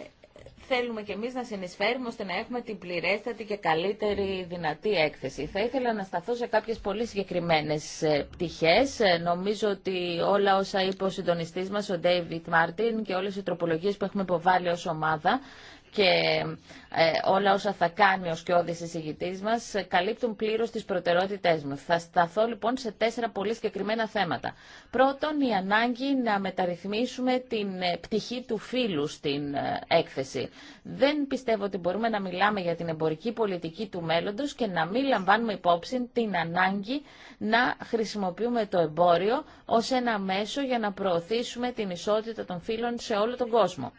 θέλουμε και εμείς να συνεισφέρουμε ώστε να έχουμε την πληρέστατη και καλύτερη δυνατή έκθεση. Θα ήθελα να σταθώ σε κάποιες πολύ συγκεκριμένες ε, πτυχές. Ε, νομίζω ότι όλα όσα είπε ο συντονιστής μας, ο Ντέιβιτ Μάρτιν και όλες οι τροπολογίες που έχουμε υποβάλει ως ομάδα και ε, όλα όσα θα κάνει ο Σκιώδης εισηγητής μας καλύπτουν πλήρως τις προτεραιότητές μας. Θα σταθώ λοιπόν σε τέσσερα πολύ συγκεκριμένα θέματα. Πρώτον, η ανάγκη να μεταρρυθμίσουμε την ε, πτυχή του φίλου στην ε, έκθεση. Δεν πιστεύω ότι μπορούμε να μιλάμε για την εμπορική πολιτική του μέλλοντος και να μην λαμβάνουμε υπόψη την ανάγκη να χρησιμοποιούμε το εμπόριο ως ένα μέσο για να προωθήσουμε την ισότητα των φύλων σε όλο τον κόσμο.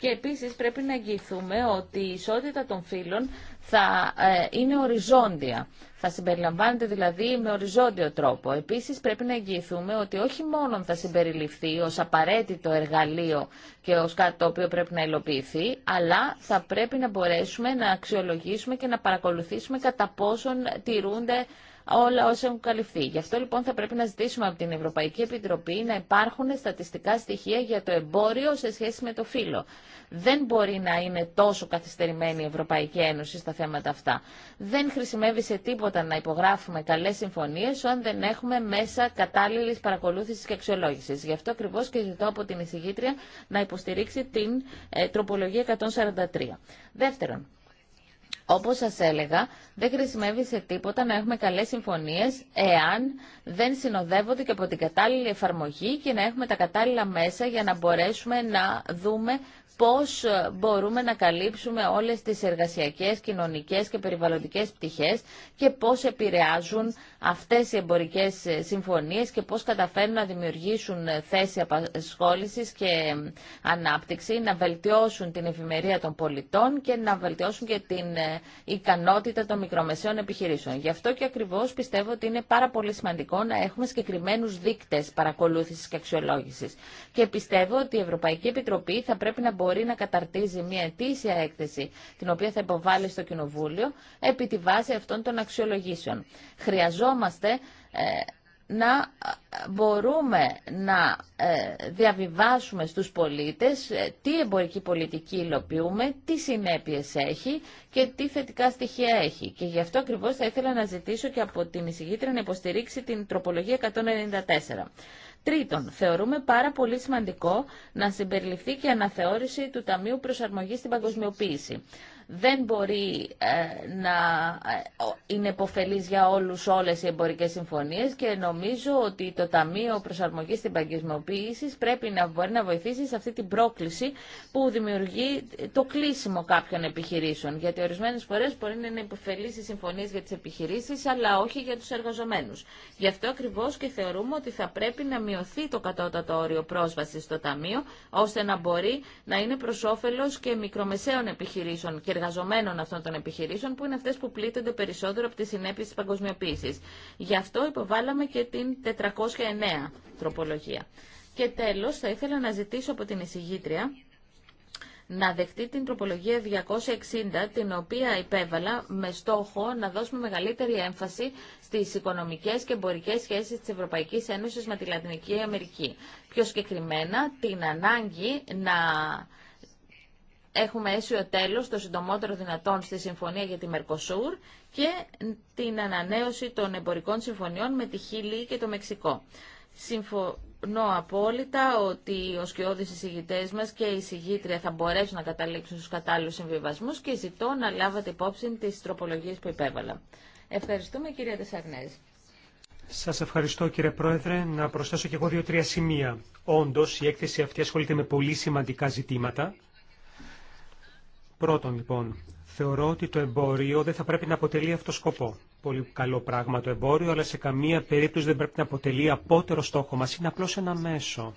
Και επίσης πρέπει να εγγυηθούμε ότι η ισότητα των φύλων θα ε, είναι οριζόντια. Θα συμπεριλαμβάνεται δηλαδή με οριζόντιο τρόπο. Επίσης πρέπει να εγγυηθούμε ότι όχι μόνο θα συμπεριληφθεί ως απαραίτητο εργαλείο και ως κάτι το οποίο πρέπει να υλοποιηθεί, αλλά θα πρέπει να μπορέσουμε να αξιολογήσουμε και να παρακολουθήσουμε κατά πόσον τηρούνται όλα όσα έχουν καλυφθεί. Γι' αυτό λοιπόν θα πρέπει να ζητήσουμε από την Ευρωπαϊκή Επιτροπή να υπάρχουν στατιστικά στοιχεία για το εμπόριο σε σχέση με το φύλλο. Δεν μπορεί να είναι τόσο καθυστερημένη η Ευρωπαϊκή Ένωση στα θέματα αυτά. Δεν χρησιμεύει σε τίποτα να υπογράφουμε καλέ συμφωνίε αν δεν έχουμε μέσα κατάλληλη παρακολούθηση και αξιολόγηση. Γι' αυτό ακριβώ και ζητώ από την εισηγήτρια να υποστηρίξει την ε, τροπολογία 143. Δεύτερον, όπως σας έλεγα, δεν χρησιμεύει σε τίποτα να έχουμε καλές συμφωνίες εάν δεν συνοδεύονται και από την κατάλληλη εφαρμογή και να έχουμε τα κατάλληλα μέσα για να μπορέσουμε να δούμε πώς ε, μπορούμε να καλύψουμε όλες τις εργασιακές, κοινωνικές και περιβαλλοντικές πτυχές και πώς επηρεάζουν αυτές οι εμπορικές ε, συμφωνίες και πώς καταφέρνουν να δημιουργήσουν ε, θέση απασχόλησης και ανάπτυξη, να βελτιώσουν την ευημερία των πολιτών και να βελτιώσουν και την ικανότητα των μικρομεσαίων επιχειρήσεων. Γι' αυτό και ακριβώς πιστεύω ότι είναι πάρα πολύ σημαντικό να έχουμε συγκεκριμένου δείκτες παρακολούθησης και αξιολόγησης. Και πιστεύω ότι η Ευρωπαϊκή Επιτροπή θα πρέπει να μπορεί μπορεί να καταρτίζει μια ετήσια έκθεση, την οποία θα υποβάλει στο Κοινοβούλιο, επί τη βάση αυτών των αξιολογήσεων. Χρειαζόμαστε ε, να μπορούμε να ε, διαβιβάσουμε στους πολίτες ε, τι εμπορική πολιτική υλοποιούμε, τι συνέπειες έχει και τι θετικά στοιχεία έχει. Και γι' αυτό ακριβώς θα ήθελα να ζητήσω και από την εισηγήτρια να υποστηρίξει την τροπολογία 194. Τρίτον, θεωρούμε πάρα πολύ σημαντικό να συμπεριληφθεί και αναθεώρηση του Ταμείου Προσαρμογής στην Παγκοσμιοποίηση δεν μπορεί ε, να ε, είναι υποφελής για όλους όλες οι εμπορικές συμφωνίες και νομίζω ότι το Ταμείο Προσαρμογής στην Παγκοσμιοποίηση πρέπει να μπορεί να βοηθήσει σε αυτή την πρόκληση που δημιουργεί το κλείσιμο κάποιων επιχειρήσεων. Γιατί ορισμένες φορές μπορεί να είναι υποφελής οι συμφωνίες για τις επιχειρήσεις αλλά όχι για τους εργαζομένους. Γι' αυτό ακριβώς και θεωρούμε ότι θα πρέπει να μειωθεί το κατώτατο όριο πρόσβαση στο Ταμείο ώστε να μπορεί να είναι προ όφελο και μικρομεσαίων επιχειρήσεων εργαζομένων αυτών των επιχειρήσεων, που είναι αυτέ που πλήττονται περισσότερο από τι συνέπειε τη παγκοσμιοποίηση. Γι' αυτό υποβάλαμε και την 409 τροπολογία. Και τέλο, θα ήθελα να ζητήσω από την εισηγήτρια να δεχτεί την τροπολογία 260, την οποία υπέβαλα με στόχο να δώσουμε μεγαλύτερη έμφαση στις οικονομικές και εμπορικές σχέσεις της Ευρωπαϊκής Ένωσης με τη Λατινική Αμερική. Πιο συγκεκριμένα, την ανάγκη να έχουμε αίσιο τέλος το συντομότερο δυνατόν στη Συμφωνία για τη Μερκοσούρ και την ανανέωση των εμπορικών συμφωνιών με τη Χίλη και το Μεξικό. Συμφωνώ απόλυτα ότι ο σκιώδης εισηγητές μας και η εισηγήτρια θα μπορέσουν να καταλήξουν στους κατάλληλους συμβιβασμούς και ζητώ να λάβετε υπόψη τις τροπολογίες που υπέβαλα. Ευχαριστούμε κυρία Τεσσαρνές. Σας ευχαριστώ κύριε Πρόεδρε. Να προσθέσω και εγώ δύο-τρία σημεία. Όντως η έκθεση αυτή ασχολείται με πολύ σημαντικά ζητήματα Πρώτον, λοιπόν, θεωρώ ότι το εμπόριο δεν θα πρέπει να αποτελεί αυτό σκοπό. Πολύ καλό πράγμα το εμπόριο, αλλά σε καμία περίπτωση δεν πρέπει να αποτελεί απότερο στόχο μας. Είναι απλώς ένα μέσο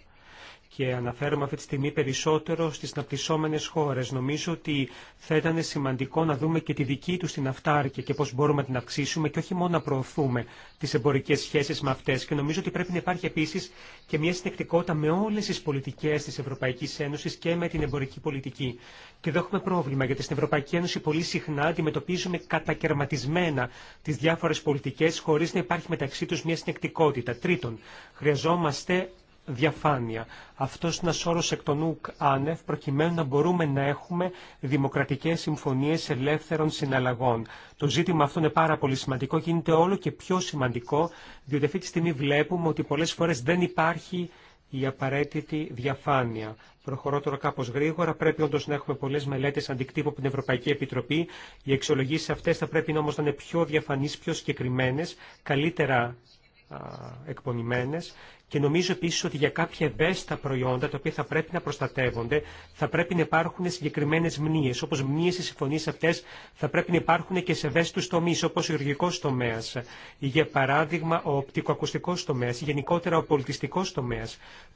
και αναφέρομαι αυτή τη στιγμή περισσότερο στις αναπτυσσόμενες χώρες. Νομίζω ότι θα ήταν σημαντικό να δούμε και τη δική τους την αυτάρκεια και πώς μπορούμε να την αυξήσουμε και όχι μόνο να προωθούμε τις εμπορικές σχέσεις με αυτές. Και νομίζω ότι πρέπει να υπάρχει επίσης και μια συνεκτικότητα με όλες τις πολιτικές της Ευρωπαϊκής Ένωσης και με την εμπορική πολιτική. Και εδώ έχουμε πρόβλημα, γιατί στην Ευρωπαϊκή Ένωση πολύ συχνά αντιμετωπίζουμε κατακαιρματισμένα τις διάφορες πολιτικές χωρίς να υπάρχει μεταξύ τους μια συνεκτικότητα. Τρίτον, χρειαζόμαστε διαφάνεια. Αυτό είναι ένα όρο εκ των ΟΥΚ άνευ, προκειμένου να μπορούμε να έχουμε δημοκρατικέ συμφωνίε ελεύθερων συναλλαγών. Το ζήτημα αυτό είναι πάρα πολύ σημαντικό, γίνεται όλο και πιο σημαντικό, διότι αυτή τη στιγμή βλέπουμε ότι πολλέ φορέ δεν υπάρχει η απαραίτητη διαφάνεια. Προχωρώ τώρα κάπω γρήγορα. Πρέπει όντω να έχουμε πολλέ μελέτε αντικτύπου από την Ευρωπαϊκή Επιτροπή. Οι εξολογήσει αυτέ θα πρέπει όμω να είναι πιο διαφανεί, πιο συγκεκριμένε, καλύτερα εκπονημένες και νομίζω επίση ότι για κάποια ευαίσθητα προϊόντα, τα οποία θα πρέπει να προστατεύονται, θα πρέπει να υπάρχουν συγκεκριμένε μνήε. Όπω μνήε οι συμφωνίε αυτέ θα πρέπει να υπάρχουν και σε ευαίσθητου τομεί, όπω ο υγειοργικό τομέα, ή για παράδειγμα ο οπτικοακουστικό τομέα, ή γενικότερα ο πολιτιστικό τομέα.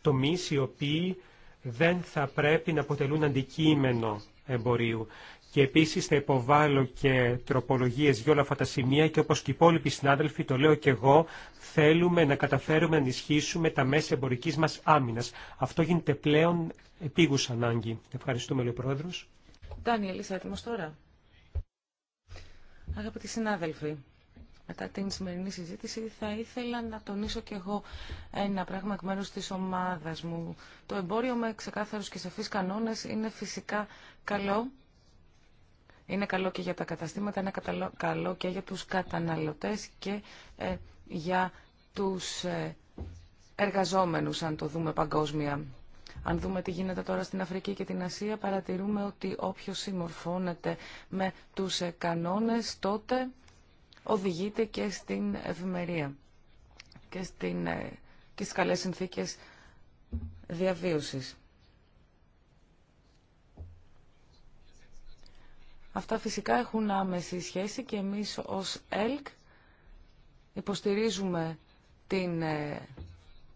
Τομεί οι οποίοι δεν θα πρέπει να αποτελούν αντικείμενο εμπορίου και επίση θα υποβάλω και τροπολογίε για όλα αυτά τα σημεία και όπω και οι υπόλοιποι συνάδελφοι, το λέω και εγώ, θέλουμε να καταφέρουμε να ενισχύσουμε τα μέσα εμπορική μα άμυνα. Αυτό γίνεται πλέον επίγουσα ανάγκη. Ευχαριστούμε, λέει ο Πρόεδρο. τώρα. Αγαπητοί συνάδελφοι, μετά την σημερινή συζήτηση θα ήθελα να τονίσω και εγώ ένα πράγμα εκ μέρους της ομάδας μου. Το εμπόριο με ξεκάθαρους και σαφείς κανόνες είναι φυσικά καλό είναι καλό και για τα καταστήματα, είναι καλό και για τους καταναλωτές και ε, για τους ε, εργαζόμενους, αν το δούμε παγκόσμια. Αν δούμε τι γίνεται τώρα στην Αφρική και την Ασία, παρατηρούμε ότι όποιος συμμορφώνεται με τους ε, κανόνες, τότε οδηγείται και στην ευημερία και, στην, ε, και στις καλές συνθήκες διαβίωσης. Αυτά φυσικά έχουν άμεση σχέση και εμείς ως ΕΛΚ υποστηρίζουμε την ε,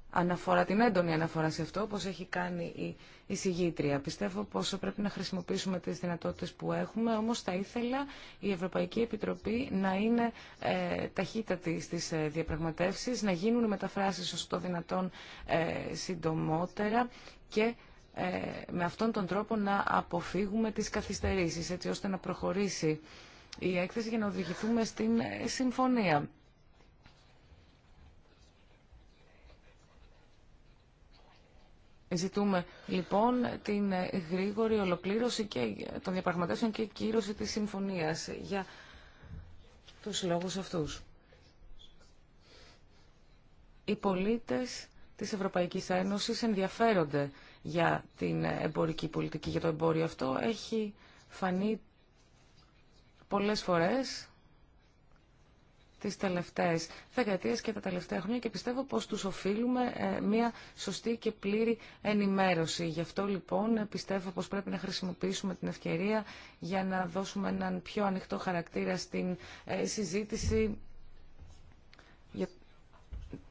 αναφορά, την έντονη αναφορά σε αυτό, όπως έχει κάνει η, η συγγήτρια. Πιστεύω πως πρέπει να χρησιμοποιήσουμε τις δυνατότητες που έχουμε, όμως θα ήθελα η Ευρωπαϊκή Επιτροπή να είναι ε, ταχύτατη στις ε, διαπραγματεύσεις, να γίνουν μεταφράσεις όσο το δυνατόν ε, συντομότερα και ε, με αυτόν τον τρόπο να αποφύγουμε τις καθυστερήσεις, έτσι ώστε να προχωρήσει η έκθεση για να οδηγηθούμε στην ε, συμφωνία. Ζητούμε λοιπόν την ε, γρήγορη ολοκλήρωση και των διαπραγματεύσεων και κύρωση της συμφωνίας για τους λόγους αυτούς. Οι πολίτες της Ευρωπαϊκής Ένωσης ενδιαφέρονται για την εμπορική πολιτική, για το εμπόριο αυτό, έχει φανεί πολλές φορές τις τελευταίες δεκαετίες και τα τελευταία χρόνια και πιστεύω πως τους οφείλουμε ε, μια σωστή και πλήρη ενημέρωση. Γι' αυτό λοιπόν πιστεύω πως πρέπει να χρησιμοποιήσουμε την ευκαιρία για να δώσουμε έναν πιο ανοιχτό χαρακτήρα στην ε, συζήτηση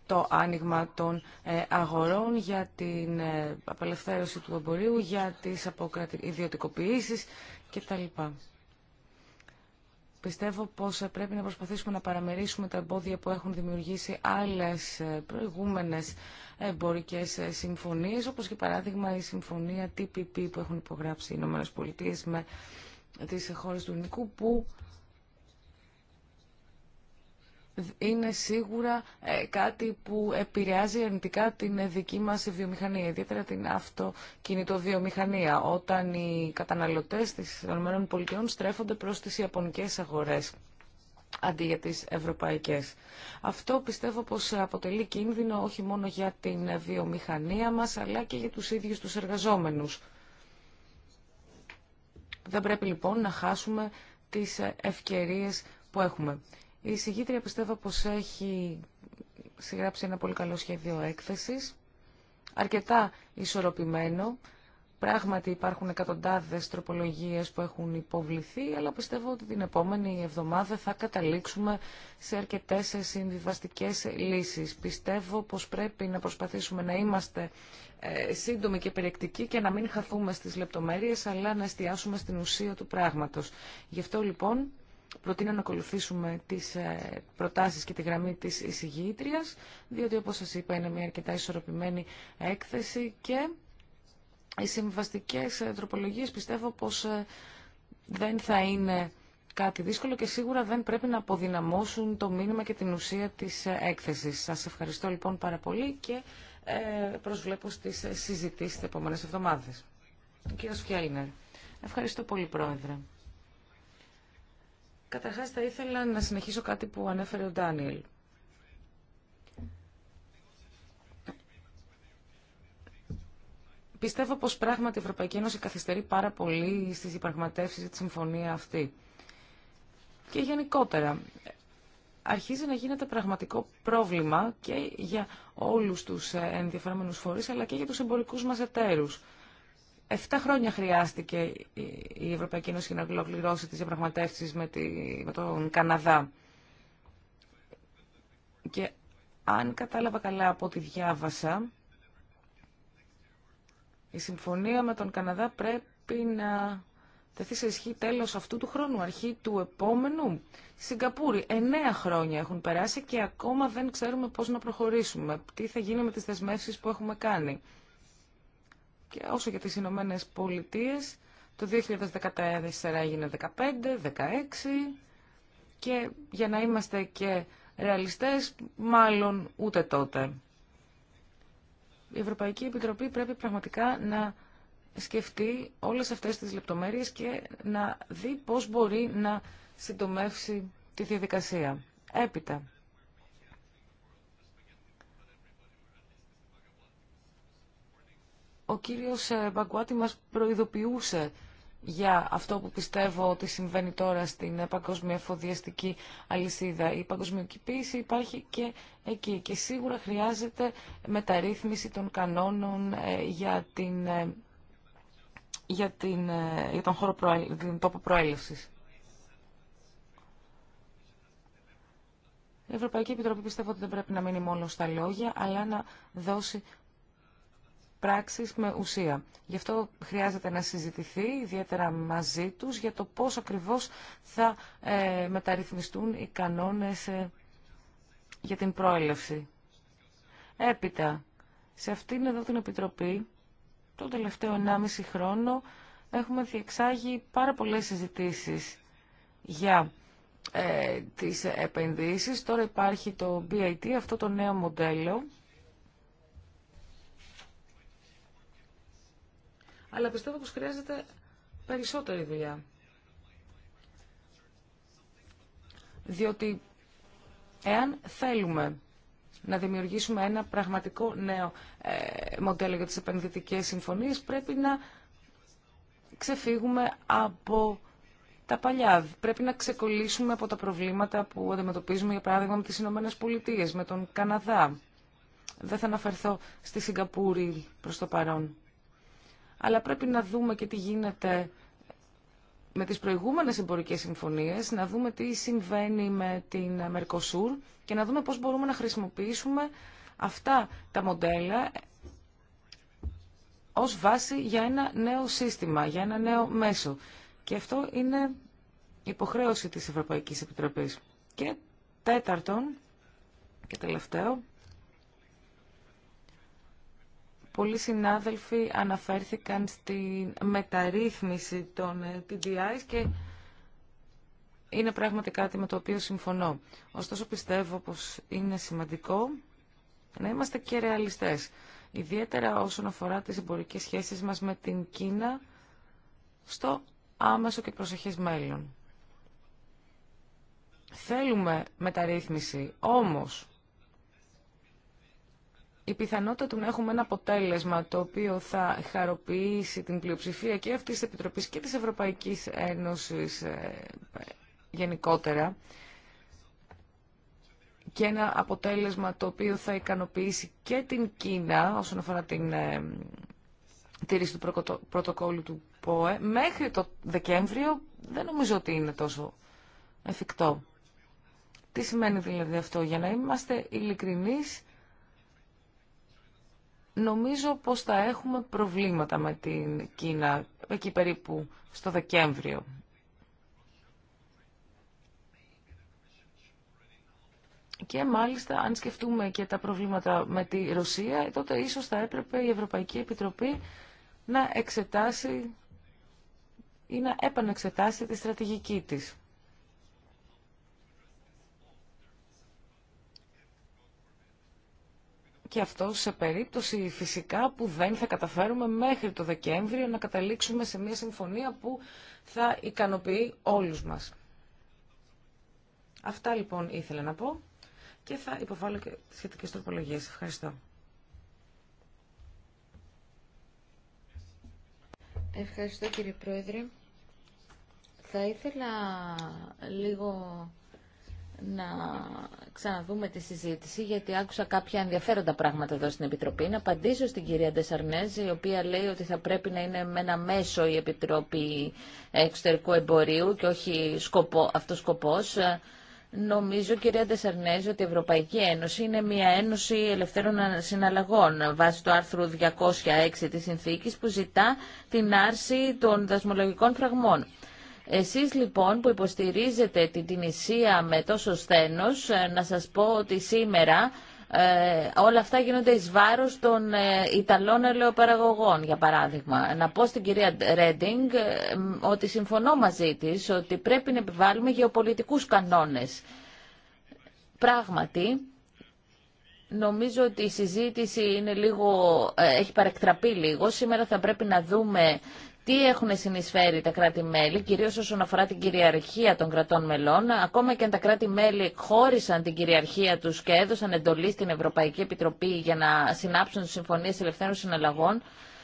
το άνοιγμα των ε, αγορών, για την ε, απελευθέρωση του εμπορίου, για τις ιδιωτικοποιήσεις κτλ. Πιστεύω πως ε, πρέπει να προσπαθήσουμε να παραμερίσουμε τα εμπόδια που έχουν δημιουργήσει άλλες προηγούμενες εμπορικές συμφωνίες, όπως και παράδειγμα η συμφωνία TPP που έχουν υπογράψει οι ΗΠΑ με τις χώρες του ελληνικού που είναι σίγουρα ε, κάτι που επηρεάζει αρνητικά την δική μας βιομηχανία, ιδιαίτερα την αυτοκινητοβιομηχανία, όταν οι καταναλωτές της ΗΠΑ στρέφονται προς τις ιαπωνικές αγορές αντί για τις ευρωπαϊκές. Αυτό πιστεύω πως αποτελεί κίνδυνο όχι μόνο για την βιομηχανία μας, αλλά και για τους ίδιους τους εργαζόμενους. Δεν πρέπει λοιπόν να χάσουμε τις ευκαιρίες που έχουμε. Η εισηγήτρια πιστεύω πως έχει συγγράψει ένα πολύ καλό σχέδιο έκθεσης, αρκετά ισορροπημένο. Πράγματι υπάρχουν εκατοντάδες τροπολογίες που έχουν υποβληθεί, αλλά πιστεύω ότι την επόμενη εβδομάδα θα καταλήξουμε σε αρκετές συμβιβαστικές λύσεις. Πιστεύω πως πρέπει να προσπαθήσουμε να είμαστε ε, σύντομοι και περιεκτικοί και να μην χαθούμε στις λεπτομέρειες, αλλά να εστιάσουμε στην ουσία του πράγματος. Γι' αυτό λοιπόν προτείνω να ακολουθήσουμε τις ε, προτάσεις και τη γραμμή της εισηγήτριας, διότι όπως σας είπα είναι μια αρκετά ισορροπημένη έκθεση και οι συμβαστικές ε, τροπολογίες πιστεύω πως ε, δεν θα είναι κάτι δύσκολο και σίγουρα δεν πρέπει να αποδυναμώσουν το μήνυμα και την ουσία της έκθεσης. Σας ευχαριστώ λοιπόν πάρα πολύ και προσβλέπω στις συζητήσεις τις επόμενες εβδομάδες. Ο Ευχαριστώ πολύ Πρόεδρε. Καταρχάς θα ήθελα να συνεχίσω κάτι που ανέφερε ο Ντάνιελ. Πιστεύω πως πράγματι η Ευρωπαϊκή Ένωση καθυστερεί πάρα πολύ στις διαπραγματεύσεις για τη συμφωνία αυτή. Και γενικότερα, αρχίζει να γίνεται πραγματικό πρόβλημα και για όλους τους ε, ενδιαφερόμενους φορείς, αλλά και για τους εμπορικούς μας εταίρους. Εφτά χρόνια χρειάστηκε η Ευρωπαϊκή Ένωση να ολοκληρώσει τις διαπραγματεύσεις με, τον Καναδά. Και αν κατάλαβα καλά από ό,τι διάβασα, η συμφωνία με τον Καναδά πρέπει να τεθεί σε ισχύ τέλος αυτού του χρόνου, αρχή του επόμενου. Σιγκαπούρη, εννέα χρόνια έχουν περάσει και ακόμα δεν ξέρουμε πώς να προχωρήσουμε, τι θα γίνει με τις δεσμεύσεις που έχουμε κάνει όσο για τις Ηνωμένε Πολιτείε, το 2014 έγινε 15, 16 και για να είμαστε και ρεαλιστές, μάλλον ούτε τότε. Η Ευρωπαϊκή Επιτροπή πρέπει πραγματικά να σκεφτεί όλες αυτές τις λεπτομέρειες και να δει πώς μπορεί να συντομεύσει τη διαδικασία. Έπειτα, ο κύριος ε, Μπαγκουάτη μας προειδοποιούσε για αυτό που πιστεύω ότι συμβαίνει τώρα στην ε, παγκόσμια εφοδιαστική αλυσίδα. Η παγκοσμιοποίηση υπάρχει και εκεί και σίγουρα χρειάζεται μεταρρύθμιση των κανόνων ε, για, την, για, την, για τον, χώρο προέλευση, τόπο προέλευσης. Η Ευρωπαϊκή Επιτροπή πιστεύω ότι δεν πρέπει να μείνει μόνο στα λόγια, αλλά να δώσει πράξεις με ουσία. Γι' αυτό χρειάζεται να συζητηθεί ιδιαίτερα μαζί τους για το πώς ακριβώς θα ε, μεταρρυθμιστούν οι κανόνες ε, για την πρόελευση. Έπειτα, σε αυτήν εδώ την Επιτροπή, τον τελευταίο 1,5 χρόνο, έχουμε διεξάγει πάρα πολλές συζητήσεις για ε, τις επενδύσεις. Τώρα υπάρχει το BIT, αυτό το νέο μοντέλο, αλλά πιστεύω πως χρειάζεται περισσότερη δουλειά. Διότι εάν θέλουμε να δημιουργήσουμε ένα πραγματικό νέο ε, μοντέλο για τις επενδυτικές συμφωνίες, πρέπει να ξεφύγουμε από τα παλιά. Πρέπει να ξεκολλήσουμε από τα προβλήματα που αντιμετωπίζουμε, για παράδειγμα, με τις Ηνωμένε Πολιτείες, με τον Καναδά. Δεν θα αναφερθώ στη Σιγκαπούρη προς το παρόν αλλά πρέπει να δούμε και τι γίνεται με τις προηγούμενες εμπορικές συμφωνίες, να δούμε τι συμβαίνει με την Mercosur και να δούμε πώς μπορούμε να χρησιμοποιήσουμε αυτά τα μοντέλα ως βάση για ένα νέο σύστημα, για ένα νέο μέσο. Και αυτό είναι υποχρέωση της Ευρωπαϊκής Επιτροπής. Και τέταρτον και τελευταίο, Πολλοί συνάδελφοι αναφέρθηκαν στη μεταρρύθμιση των TDI ε, και είναι πράγματι κάτι με το οποίο συμφωνώ. Ωστόσο πιστεύω πως είναι σημαντικό να είμαστε και ρεαλιστές. Ιδιαίτερα όσον αφορά τις εμπορικές σχέσεις μας με την Κίνα στο άμεσο και προσεχές μέλλον. Θέλουμε μεταρρύθμιση, όμως η πιθανότητα του να έχουμε ένα αποτέλεσμα το οποίο θα χαροποιήσει την πλειοψηφία και αυτής της Επιτροπής και της Ευρωπαϊκής Ένωσης ε, γενικότερα και ένα αποτέλεσμα το οποίο θα ικανοποιήσει και την Κίνα όσον αφορά την ε, τήρηση του πρωτοκόλλου του ΠΟΕ μέχρι το Δεκέμβριο δεν νομίζω ότι είναι τόσο εφικτό. Τι σημαίνει δηλαδή αυτό, για να είμαστε ειλικρινείς νομίζω πως θα έχουμε προβλήματα με την Κίνα εκεί περίπου στο Δεκέμβριο. Και μάλιστα αν σκεφτούμε και τα προβλήματα με τη Ρωσία, τότε ίσως θα έπρεπε η Ευρωπαϊκή Επιτροπή να εξετάσει ή να επανεξετάσει τη στρατηγική της. και αυτό σε περίπτωση φυσικά που δεν θα καταφέρουμε μέχρι το Δεκέμβριο να καταλήξουμε σε μια συμφωνία που θα ικανοποιεί όλους μας. Αυτά λοιπόν ήθελα να πω και θα υποβάλω και σχετικές τροπολογίες. Ευχαριστώ. Ευχαριστώ κύριε Πρόεδρε. Θα ήθελα λίγο να ξαναδούμε τη συζήτηση, γιατί άκουσα κάποια ενδιαφέροντα πράγματα εδώ στην Επιτροπή. Να απαντήσω στην κυρία Ντεσαρνέζη, η οποία λέει ότι θα πρέπει να είναι με ένα μέσο η Επιτροπή Εξωτερικού Εμπορίου και όχι σκοπό, αυτός σκοπός. Νομίζω, κυρία Ντεσαρνέζη, ότι η Ευρωπαϊκή Ένωση είναι μια ένωση ελευθέρων συναλλαγών βάσει του άρθρου 206 της Συνθήκης που ζητά την άρση των δασμολογικών φραγμών. Εσείς λοιπόν που υποστηρίζετε την Τινησία με τόσο σθένος, ε, να σας πω ότι σήμερα ε, όλα αυτά γίνονται εις βάρος των ε, Ιταλών ελαιοπαραγωγών, για παράδειγμα. Να πω στην κυρία Ρέντινγκ ε, ότι συμφωνώ μαζί της ότι πρέπει να επιβάλλουμε γεωπολιτικούς κανόνες. Πράγματι, νομίζω ότι η συζήτηση είναι λίγο, έχει παρεκτραπεί λίγο. Σήμερα θα πρέπει να δούμε τι έχουν συνεισφέρει τα κράτη-μέλη, κυρίως όσον αφορά την κυριαρχία των κρατών μελών, ακόμα και αν τα κράτη-μέλη χώρισαν την κυριαρχία τους και έδωσαν εντολή στην Ευρωπαϊκή Επιτροπή για να συνάψουν συμφωνίε ελευθέρων συναλλαγών,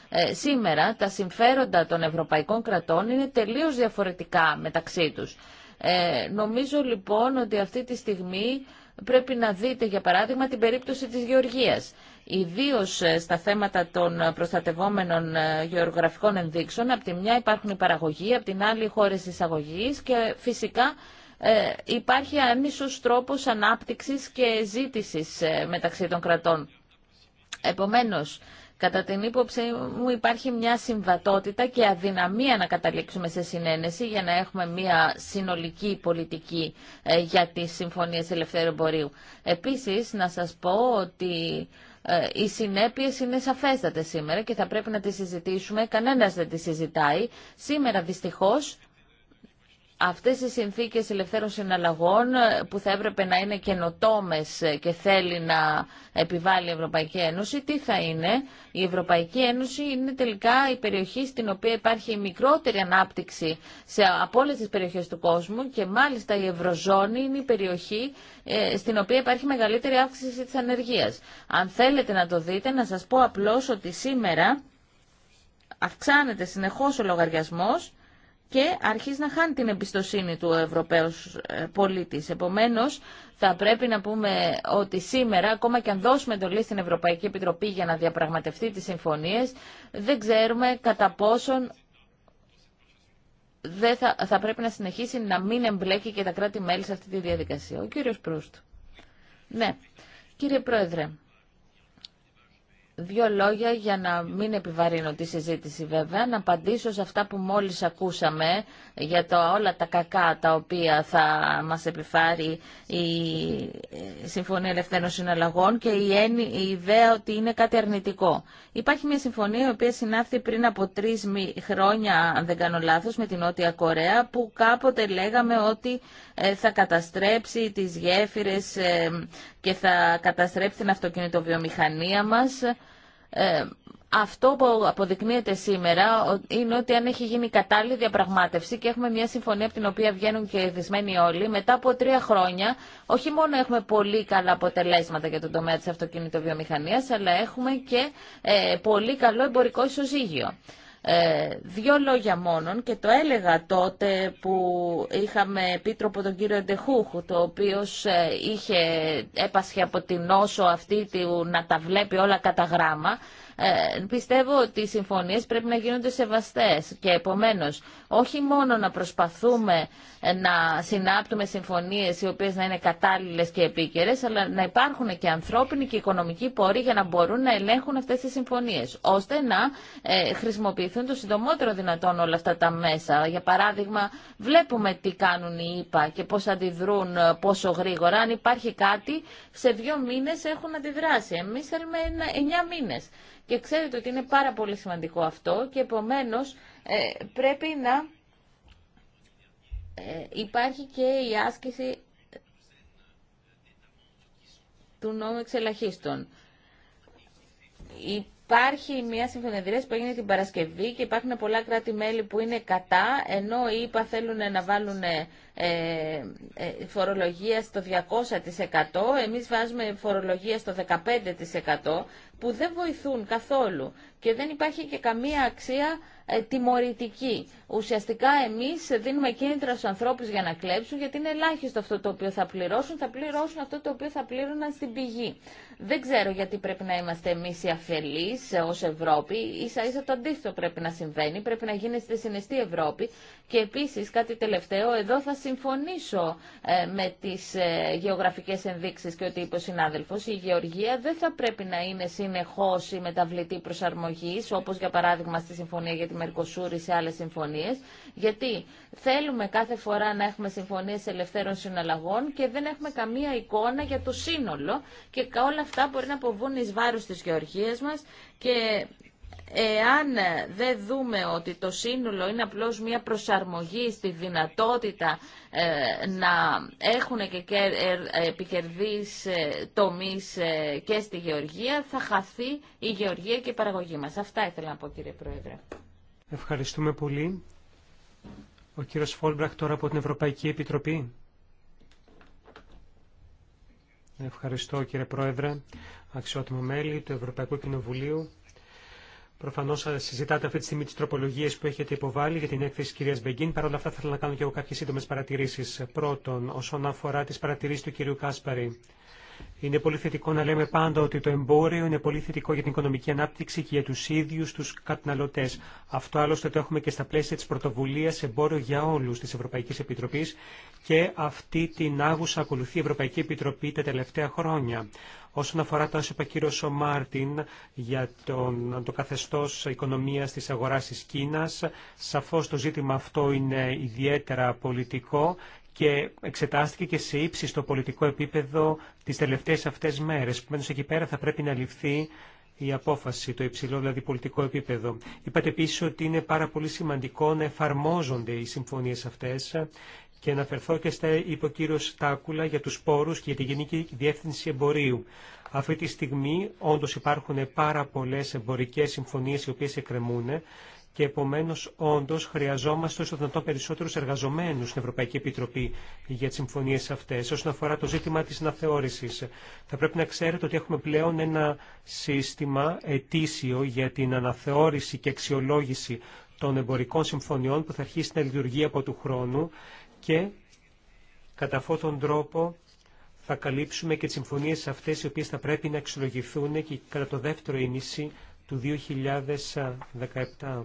ε, σήμερα τα συμφέροντα των ευρωπαϊκών κρατών είναι τελείως διαφορετικά μεταξύ τους. Ε, νομίζω λοιπόν ότι αυτή τη στιγμή πρέπει να δείτε για παράδειγμα την περίπτωση της Γεωργίας ιδίως ε, στα θέματα των ε, προστατευόμενων ε, γεωγραφικών ενδείξεων. Από τη μια υπάρχουν οι παραγωγοί, από την άλλη οι χώρες εισαγωγής και φυσικά υπάρχει ανίσως τρόπος ανάπτυξης και ζήτησης μεταξύ των κρατών. Επομένως, κατά την ύποψη μου υπάρχει μια συμβατότητα και αδυναμία να καταλήξουμε σε συνένεση για να έχουμε μια συνολική πολιτική για τις συμφωνίες ελευθέρου εμπορίου. Επίσης, να σας πω ότι ε, οι συνέπειε είναι σαφέστατε σήμερα και θα πρέπει να τις συζητήσουμε. Κανένας δεν τις συζητάει. Σήμερα δυστυχώς αυτές οι συνθήκες ελευθέρων συναλλαγών ε, που θα έπρεπε να είναι καινοτόμε ε, και θέλει να επιβάλλει η Ευρωπαϊκή Ένωση, τι θα είναι. Η Ευρωπαϊκή Ένωση είναι τελικά η περιοχή στην οποία υπάρχει η μικρότερη ανάπτυξη σε, από όλες τις περιοχές του κόσμου και μάλιστα η Ευρωζώνη είναι η περιοχή ε, στην οποία υπάρχει μεγαλύτερη αύξηση της ανεργίας. Αν θέλετε να το δείτε, να σας πω απλώς ότι σήμερα αυξάνεται συνεχώς ο λογαριασμός και αρχίζει να χάνει την εμπιστοσύνη του Ευρωπαίου ε, πολίτη. Επομένω, θα πρέπει να πούμε ότι σήμερα, ακόμα και αν δώσουμε εντολή στην Ευρωπαϊκή Επιτροπή για να διαπραγματευτεί τι συμφωνίε, δεν ξέρουμε κατά πόσον δεν θα, θα πρέπει να συνεχίσει να μην εμπλέκει και τα κράτη-μέλη σε αυτή τη διαδικασία. Ο κύριος Προύστ. Ναι. Κύριε Πρόεδρε, Δύο λόγια για να μην επιβαρύνω τη συζήτηση βέβαια, να απαντήσω σε αυτά που μόλις ακούσαμε για το, όλα τα κακά τα οποία θα μας επιφάρει η Συμφωνία Ελευθέρων Συναλλαγών και η, η ιδέα ότι είναι κάτι αρνητικό. Υπάρχει μια συμφωνία η οποία συνάφθη πριν από τρει χρόνια, αν δεν κάνω λάθος, με την Νότια Κορέα που κάποτε λέγαμε ότι ε, θα καταστρέψει τις γέφυρες ε, και θα καταστρέψει την αυτοκινητοβιομηχανία μας ε, αυτό που αποδεικνύεται σήμερα είναι ότι αν έχει γίνει κατάλληλη διαπραγμάτευση και έχουμε μια συμφωνία από την οποία βγαίνουν και δυσμένοι όλοι, μετά από τρία χρόνια όχι μόνο έχουμε πολύ καλά αποτελέσματα για τον τομέα της αυτοκινητοβιομηχανίας, αλλά έχουμε και ε, πολύ καλό εμπορικό ισοζύγιο. Ε, δύο λόγια μόνον και το έλεγα τότε που είχαμε επίτροπο τον κύριο Εντεχούχου, το οποίος ε, είχε έπασχε από την νόσο αυτή του να τα βλέπει όλα κατά γράμμα ε, πιστεύω ότι οι συμφωνίες πρέπει να γίνονται σεβαστές και επομένως όχι μόνο να προσπαθούμε ε, να συνάπτουμε συμφωνίες οι οποίες να είναι κατάλληλες και επίκαιρες αλλά να υπάρχουν και ανθρώπινοι και οικονομικοί πόροι για να μπορούν να ελέγχουν αυτές τις συμφωνίες ώστε να ε, χρησιμοποιηθούν το συντομότερο δυνατόν όλα αυτά τα μέσα. Για παράδειγμα βλέπουμε τι κάνουν οι ΙΠΑ και πώς αντιδρούν ε, πόσο γρήγορα. Αν υπάρχει κάτι σε δύο μήνες έχουν αντιδράσει. Εμείς θέλουμε εννιά μήνες και ξέρετε ότι είναι πάρα πολύ σημαντικό αυτό και επομένως ε, πρέπει να ε, υπάρχει και η άσκηση του νόμου εξελαχίστων. Υπάρχει μια συμφωνία που έγινε την Παρασκευή και υπάρχουν πολλά κράτη-μέλη που είναι κατά, ενώ οι ΙΠΑ θέλουν να βάλουν ε, ε, φορολογία στο 200%, εμείς βάζουμε φορολογία στο 15% που δεν βοηθούν καθόλου και δεν υπάρχει και καμία αξία ε, τιμωρητική. Ουσιαστικά εμείς δίνουμε κίνητρα στους ανθρώπους για να κλέψουν γιατί είναι ελάχιστο αυτό το οποίο θα πληρώσουν, θα πληρώσουν αυτό το οποίο θα πλήρωναν στην πηγή. Δεν ξέρω γιατί πρέπει να είμαστε εμείς οι αφελείς ως Ευρώπη, ίσα ίσα το αντίθετο πρέπει να συμβαίνει, πρέπει να γίνεστε στη συναισθή Ευρώπη και επίσης κάτι τελευταίο, εδώ θα συμφωνήσω ε, με τις ε, γεωγραφικές ενδείξεις και ότι είπε ο συνάδελφος. Η γεωργία δεν θα πρέπει να είναι συνεχώς η μεταβλητή προσαρμογής, όπως για παράδειγμα στη Συμφωνία για τη Μερκοσούρη σε άλλες συμφωνίες, γιατί θέλουμε κάθε φορά να έχουμε συμφωνίες ελευθέρων συναλλαγών και δεν έχουμε καμία εικόνα για το σύνολο και όλα αυτά μπορεί να αποβούν εις βάρος της γεωργίας μας και Εάν δεν δούμε ότι το σύνολο είναι απλώς μια προσαρμογή στη δυνατότητα ε, να έχουν και ε, επικερδείς ε, τομείς και στη γεωργία, θα χαθεί η γεωργία και η παραγωγή μας. Αυτά ήθελα να πω κύριε Πρόεδρε. Ευχαριστούμε πολύ. Ο κύριος Φόλμπραχ τώρα από την Ευρωπαϊκή Επιτροπή. Ευχαριστώ κύριε Πρόεδρε, αξιότιμο μέλη του Ευρωπαϊκού Κοινοβουλίου. Προφανώ ε, συζητάτε αυτή τη στιγμή τι τροπολογίε που έχετε υποβάλει για την έκθεση τη κυρία Μπεγκίν. Παρ' όλα αυτά, θέλω να κάνω και εγώ κάποιε σύντομε παρατηρήσει. Πρώτον, όσον αφορά τι παρατηρήσει του κυρίου Κάσπαρη. Είναι πολύ θετικό να λέμε πάντα ότι το εμπόριο είναι πολύ θετικό για την οικονομική ανάπτυξη και για του ίδιου του καταναλωτέ. Αυτό άλλωστε το έχουμε και στα πλαίσια τη πρωτοβουλία Εμπόριο για Όλου τη Ευρωπαϊκή Επιτροπή και αυτή την άγουσα ακολουθεί η Ευρωπαϊκή Επιτροπή τα τελευταία χρόνια. Όσον αφορά τα όσο είπε κύριο Μάρτιν για τον, το καθεστώς οικονομίας της αγοράς της Κίνας, σαφώς το ζήτημα αυτό είναι ιδιαίτερα πολιτικό και εξετάστηκε και σε στο πολιτικό επίπεδο τις τελευταίες αυτές μέρες. Επομένως εκεί πέρα θα πρέπει να ληφθεί η απόφαση, το υψηλό δηλαδή πολιτικό επίπεδο. Είπατε επίση ότι είναι πάρα πολύ σημαντικό να εφαρμόζονται οι συμφωνίες αυτές και αναφερθώ και στα είπε ο κύριο Στάκουλα για τους πόρους και για τη Γενική Διεύθυνση Εμπορίου. Αυτή τη στιγμή όντως υπάρχουν πάρα πολλές εμπορικές συμφωνίες οι οποίες εκκρεμούν και επομένω όντω χρειαζόμαστε όσο δυνατόν περισσότερου εργαζομένου στην Ευρωπαϊκή Επιτροπή για τι συμφωνίε αυτέ. Όσον αφορά το ζήτημα τη αναθεώρηση, θα πρέπει να ξέρετε ότι έχουμε πλέον ένα σύστημα ετήσιο για την αναθεώρηση και αξιολόγηση των εμπορικών συμφωνιών που θα αρχίσει να λειτουργεί από του χρόνου και κατά αυτόν τον τρόπο θα καλύψουμε και τις συμφωνίες αυτές οι οποίες θα πρέπει να εξολογηθούν και κατά το δεύτερο ήμιση του 2017.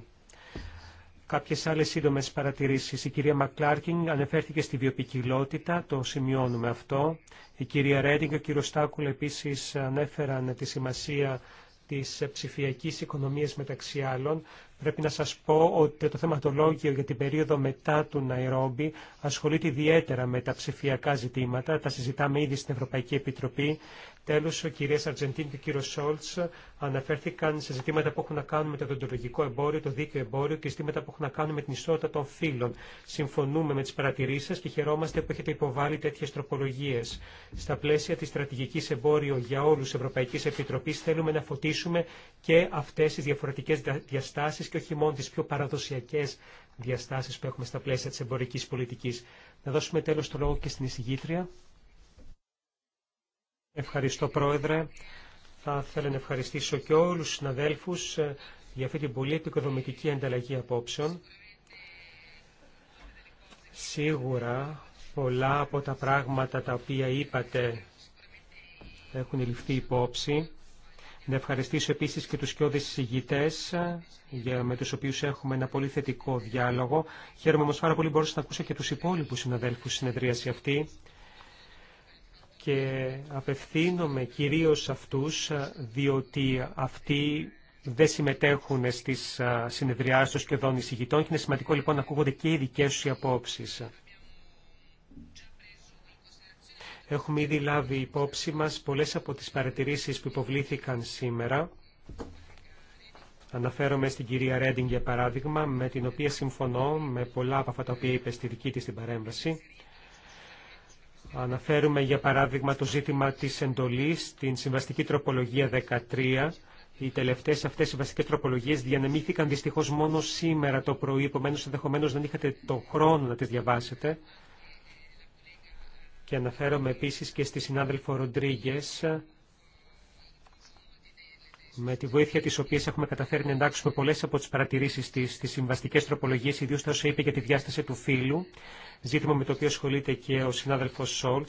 Κάποιες άλλες σύντομε παρατηρήσεις. Η κυρία Μακλάρκιν ανεφέρθηκε στη βιοπικιλότητα, το σημειώνουμε αυτό. Η κυρία Ρέντιγκ και ο κύριος Στάκουλ επίσης ανέφεραν τη σημασία της ψηφιακής οικονομίας μεταξύ άλλων. Πρέπει να σας πω ότι το θεματολόγιο για την περίοδο μετά του Ναϊρόμπι ασχολείται ιδιαίτερα με τα ψηφιακά ζητήματα. Τα συζητάμε ήδη στην Ευρωπαϊκή Επιτροπή. Τέλο, ο κυρία Αργεντίνη και ο κύριο Σόλτ αναφέρθηκαν σε ζητήματα που έχουν να κάνουν με το δοντολογικό εμπόριο, το δίκαιο εμπόριο και ζητήματα που έχουν να κάνουν με την ισότητα των φύλων. Συμφωνούμε με τι παρατηρήσει σα και χαιρόμαστε που έχετε υποβάλει τέτοιε τροπολογίε. Στα πλαίσια τη στρατηγική εμπόριο για όλου Ευρωπαϊκή Επιτροπή θέλουμε να φωτίσουμε και αυτέ τι διαφορετικέ διαστάσει και όχι μόνο τι πιο παραδοσιακέ διαστάσει που έχουμε στα πλαίσια τη εμπορική πολιτική. Να δώσουμε τέλο το λόγο και στην εισηγήτρια. Ευχαριστώ Πρόεδρε. Θα ήθελα να ευχαριστήσω και όλους τους συναδέλφους ε, για αυτή την πολύ επικοδομητική ανταλλαγή απόψεων. Σίγουρα πολλά από τα πράγματα τα οποία είπατε έχουν ληφθεί υπόψη. Να ευχαριστήσω επίσης και τους κοιόδες ε, για με τους οποίους έχουμε ένα πολύ θετικό διάλογο. Χαίρομαι όμως πάρα πολύ μπορούσα να ακούσω και τους υπόλοιπους συναδέλφους συνεδρίαση αυτή και απευθύνομαι κυρίως αυτούς διότι αυτοί δεν συμμετέχουν στις συνεδριάσεις των σχεδόν εισηγητών και είναι σημαντικό λοιπόν να ακούγονται και οι δικές τους απόψεις. Έχουμε ήδη λάβει υπόψη μας πολλές από τις παρατηρήσεις που υποβλήθηκαν σήμερα. Αναφέρομαι στην κυρία Ρέντινγκ για παράδειγμα, με την οποία συμφωνώ με πολλά από αυτά τα οποία είπε στη δική της την παρέμβαση. Αναφέρουμε για παράδειγμα το ζήτημα της εντολής, την συμβαστική τροπολογία 13. Οι τελευταίες αυτές συμβαστικές τροπολογίες διανεμήθηκαν δυστυχώς μόνο σήμερα το πρωί, επομένως ενδεχομένως δεν είχατε τον χρόνο να τις διαβάσετε. Και αναφέρομαι επίσης και στη συνάδελφο Ροντρίγκε με τη βοήθεια τη οποία έχουμε καταφέρει να εντάξουμε πολλέ από τι παρατηρήσει τη στι συμβαστικέ τροπολογίε, ιδίω τα όσα είπε για τη διάσταση του φύλου, ζήτημα με το οποίο ασχολείται και ο συνάδελφο Σόλτ.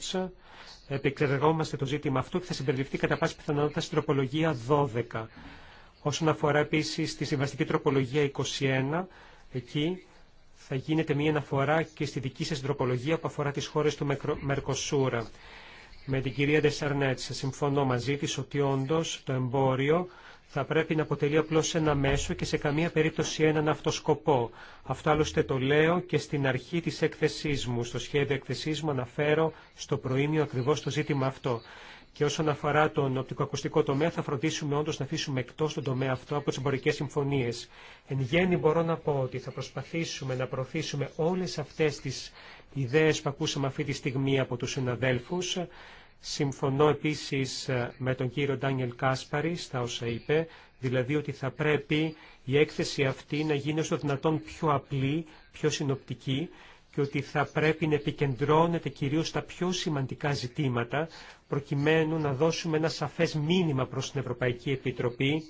Επεξεργόμαστε το ζήτημα αυτό και θα συμπεριληφθεί κατά πάση πιθανότητα στην τροπολογία 12. Όσον αφορά επίση τη συμβαστική τροπολογία 21, εκεί θα γίνεται μία αναφορά και στη δική σα τροπολογία που αφορά τι χώρε του Μερκοσούρα με την κυρία Ντεσσαρνέτς. Συμφωνώ μαζί της ότι όντως το εμπόριο θα πρέπει να αποτελεί απλώ ένα μέσο και σε καμία περίπτωση έναν αυτοσκοπό. Αυτό άλλωστε το λέω και στην αρχή της έκθεσής μου. Στο σχέδιο έκθεσής μου αναφέρω στο προήμιο ακριβώς το ζήτημα αυτό. Και όσον αφορά τον οπτικοακουστικό τομέα, θα φροντίσουμε όντω να αφήσουμε εκτό τον τομέα αυτό από τι εμπορικέ συμφωνίε. Εν γέννη, μπορώ να πω ότι θα προσπαθήσουμε να προωθήσουμε όλε αυτέ τι ιδέες που ακούσαμε αυτή τη στιγμή από τους συναδέλφους. Συμφωνώ επίσης ε, με τον κύριο Ντάνιελ Κάσπαρη στα όσα είπε, δηλαδή ότι θα πρέπει η έκθεση αυτή να γίνει όσο δυνατόν πιο απλή, πιο συνοπτική και ότι θα πρέπει να επικεντρώνεται κυρίως στα πιο σημαντικά ζητήματα προκειμένου να δώσουμε ένα σαφές μήνυμα προς την Ευρωπαϊκή Επιτροπή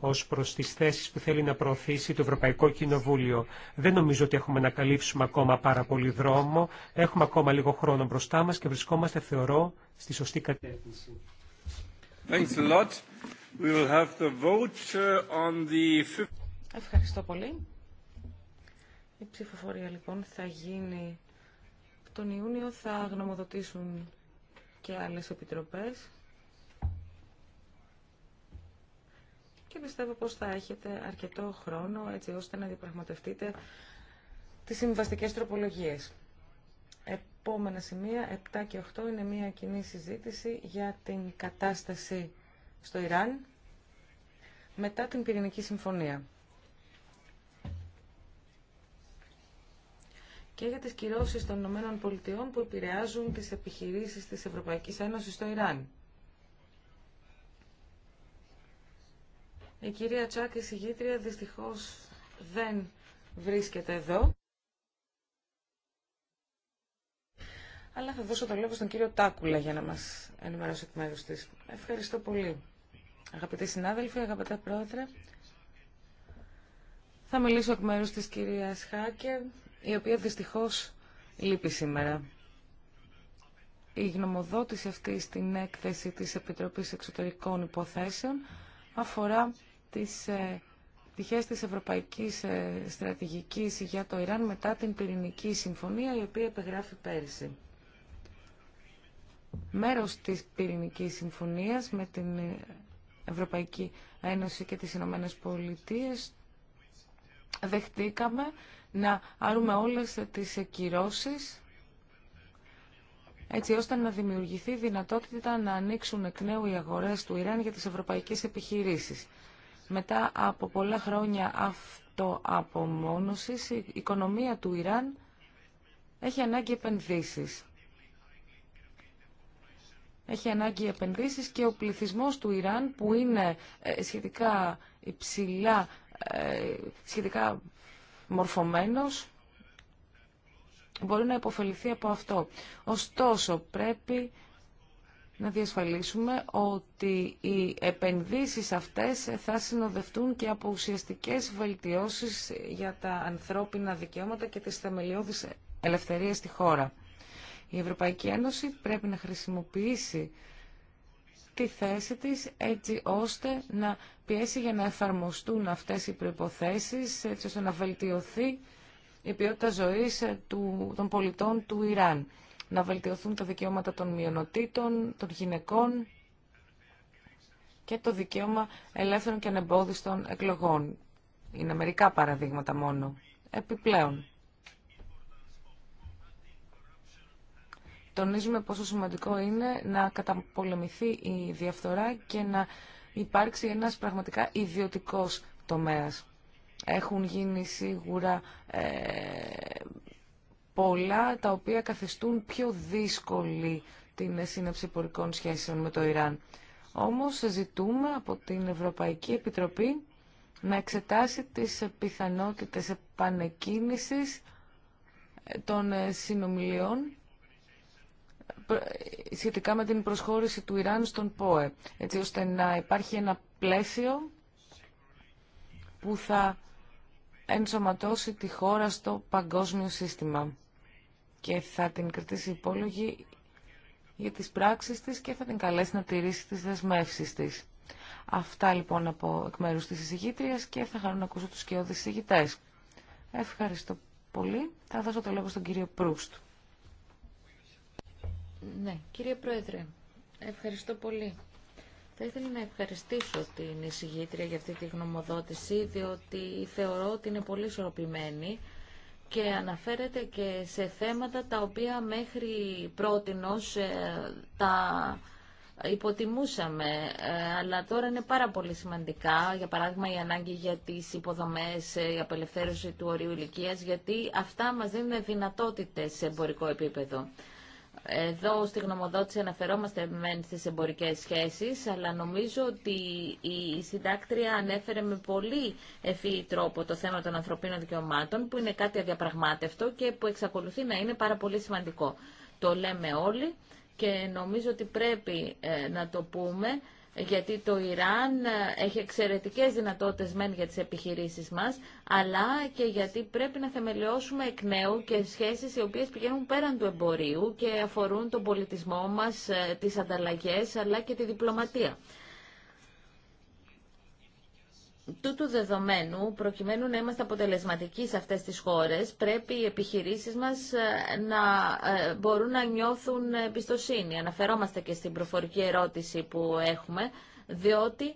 ως προς τις θέσεις που θέλει να προωθήσει το Ευρωπαϊκό Κοινοβούλιο. Δεν νομίζω ότι έχουμε να καλύψουμε ακόμα πάρα πολύ δρόμο. Έχουμε ακόμα λίγο χρόνο μπροστά μας και βρισκόμαστε, θεωρώ, στη σωστή κατεύθυνση. Ευχαριστώ πολύ. Η ψηφοφορία λοιπόν θα γίνει τον Ιούνιο, θα γνωμοδοτήσουν και άλλες επιτροπές. και πιστεύω πως θα έχετε αρκετό χρόνο έτσι ώστε να διαπραγματευτείτε τις συμβαστικές τροπολογίες. Επόμενα σημεία, 7 και 8, είναι μια κοινή συζήτηση για την κατάσταση στο Ιράν μετά την πυρηνική συμφωνία. και για τις κυρώσεις των ΗΠΑ που επηρεάζουν τις επιχειρήσεις της Ευρωπαϊκής Ένωσης στο Ιράν. Η κυρία Τσάκη, συγγήτρια, δυστυχώς δεν βρίσκεται εδώ. Αλλά θα δώσω το λόγο στον κύριο Τάκουλα για να μας ενημερώσει εκ μέρους της. Ευχαριστώ πολύ. Αγαπητοί συνάδελφοι, αγαπητά πρόεδρε, θα μιλήσω εκ μέρους της κυρίας Χάκε, η οποία δυστυχώς λείπει σήμερα. Η γνωμοδότηση αυτή στην έκθεση της Επιτροπής Εξωτερικών Υποθέσεων αφορά τις ε, πτυχές της ευρωπαϊκής ε, στρατηγικής για το Ιράν μετά την πυρηνική συμφωνία η οποία επεγράφει πέρυσι. Μέρος της πυρηνικής συμφωνίας με την ε, Ευρωπαϊκή Ένωση και τις Ηνωμένες Πολιτείες δεχτήκαμε να άρουμε όλες τις εκκυρώσεις έτσι ώστε να δημιουργηθεί δυνατότητα να ανοίξουν εκ νέου οι αγορές του Ιράν για τις ευρωπαϊκές επιχειρήσεις. Μετά από πολλά χρόνια αυτοαπομόνωσης, η οικονομία του Ιράν έχει ανάγκη επενδύσεις. Έχει ανάγκη επενδύσεις και ο πληθυσμός του Ιράν που είναι ε, σχετικά υψηλά, ε, σχετικά μορφωμένος, μπορεί να υποφεληθεί από αυτό. Ωστόσο, πρέπει να διασφαλίσουμε ότι οι επενδύσεις αυτές θα συνοδευτούν και από ουσιαστικές βελτιώσεις για τα ανθρώπινα δικαιώματα και τις θεμελιώδεις ελευθερίες στη χώρα. Η Ευρωπαϊκή Ένωση πρέπει να χρησιμοποιήσει τη θέση της έτσι ώστε να πιέσει για να εφαρμοστούν αυτές οι προϋποθέσεις έτσι ώστε να βελτιωθεί η ποιότητα ζωής των πολιτών του Ιράν να βελτιωθούν τα δικαιώματα των μειονοτήτων, των γυναικών και το δικαίωμα ελεύθερων και ανεμπόδιστων εκλογών. Είναι μερικά παραδείγματα μόνο. Επιπλέον, τονίζουμε πόσο σημαντικό είναι να καταπολεμηθεί η διαφθορά και να υπάρξει ένας πραγματικά ιδιωτικός τομέας. Έχουν γίνει σίγουρα ε, πολλά τα οποία καθιστούν πιο δύσκολη την σύναψη πορικών σχέσεων με το Ιράν. Όμως ζητούμε από την Ευρωπαϊκή Επιτροπή να εξετάσει τις πιθανότητες επανεκκίνησης των ε, συνομιλιών ε, σχετικά με την προσχώρηση του Ιράν στον ΠΟΕ, έτσι ώστε να υπάρχει ένα πλαίσιο που θα ενσωματώσει τη χώρα στο παγκόσμιο σύστημα και θα την κρατήσει υπόλογη για τις πράξεις της και θα την καλέσει να τηρήσει τις δεσμεύσεις της. Αυτά λοιπόν από εκ μέρους της εισηγήτριας και θα χαρώ να ακούσω τους σκιώδεις εισηγητές. Ευχαριστώ πολύ. Θα δώσω το λόγο στον κύριο Προύστ. Ναι, κύριε Πρόεδρε, ευχαριστώ πολύ. Θα ήθελα να ευχαριστήσω την εισηγήτρια για αυτή τη γνωμοδότηση, διότι θεωρώ ότι είναι πολύ ισορροπημένη και αναφέρεται και σε θέματα τα οποία μέχρι πρότινος ε, τα υποτιμούσαμε, ε, αλλά τώρα είναι πάρα πολύ σημαντικά. Για παράδειγμα, η ανάγκη για τις υποδομές, ε, η απελευθέρωση του ορίου ηλικίας, γιατί αυτά μας δίνουν δυνατότητες σε εμπορικό επίπεδο. Εδώ στη γνωμοδότηση αναφερόμαστε μεν στις εμπορικές σχέσεις, αλλά νομίζω ότι η συντάκτρια ανέφερε με πολύ ευφύ τρόπο το θέμα των ανθρωπίνων δικαιωμάτων, που είναι κάτι αδιαπραγμάτευτο και που εξακολουθεί να είναι πάρα πολύ σημαντικό. Το λέμε όλοι και νομίζω ότι πρέπει ε, να το πούμε γιατί το Ιράν ε, έχει εξαιρετικές δυνατότητες μεν για τις επιχειρήσεις μας, αλλά και γιατί πρέπει να θεμελιώσουμε εκ νέου και σχέσεις οι οποίες πηγαίνουν πέραν του εμπορίου και αφορούν τον πολιτισμό μας, ε, τις ανταλλαγές, αλλά και τη διπλωματία τούτου δεδομένου, προκειμένου να είμαστε αποτελεσματικοί σε αυτές τις χώρες, πρέπει οι επιχειρήσεις μας ε, να ε, μπορούν να νιώθουν εμπιστοσύνη. Αναφερόμαστε και στην προφορική ερώτηση που έχουμε, διότι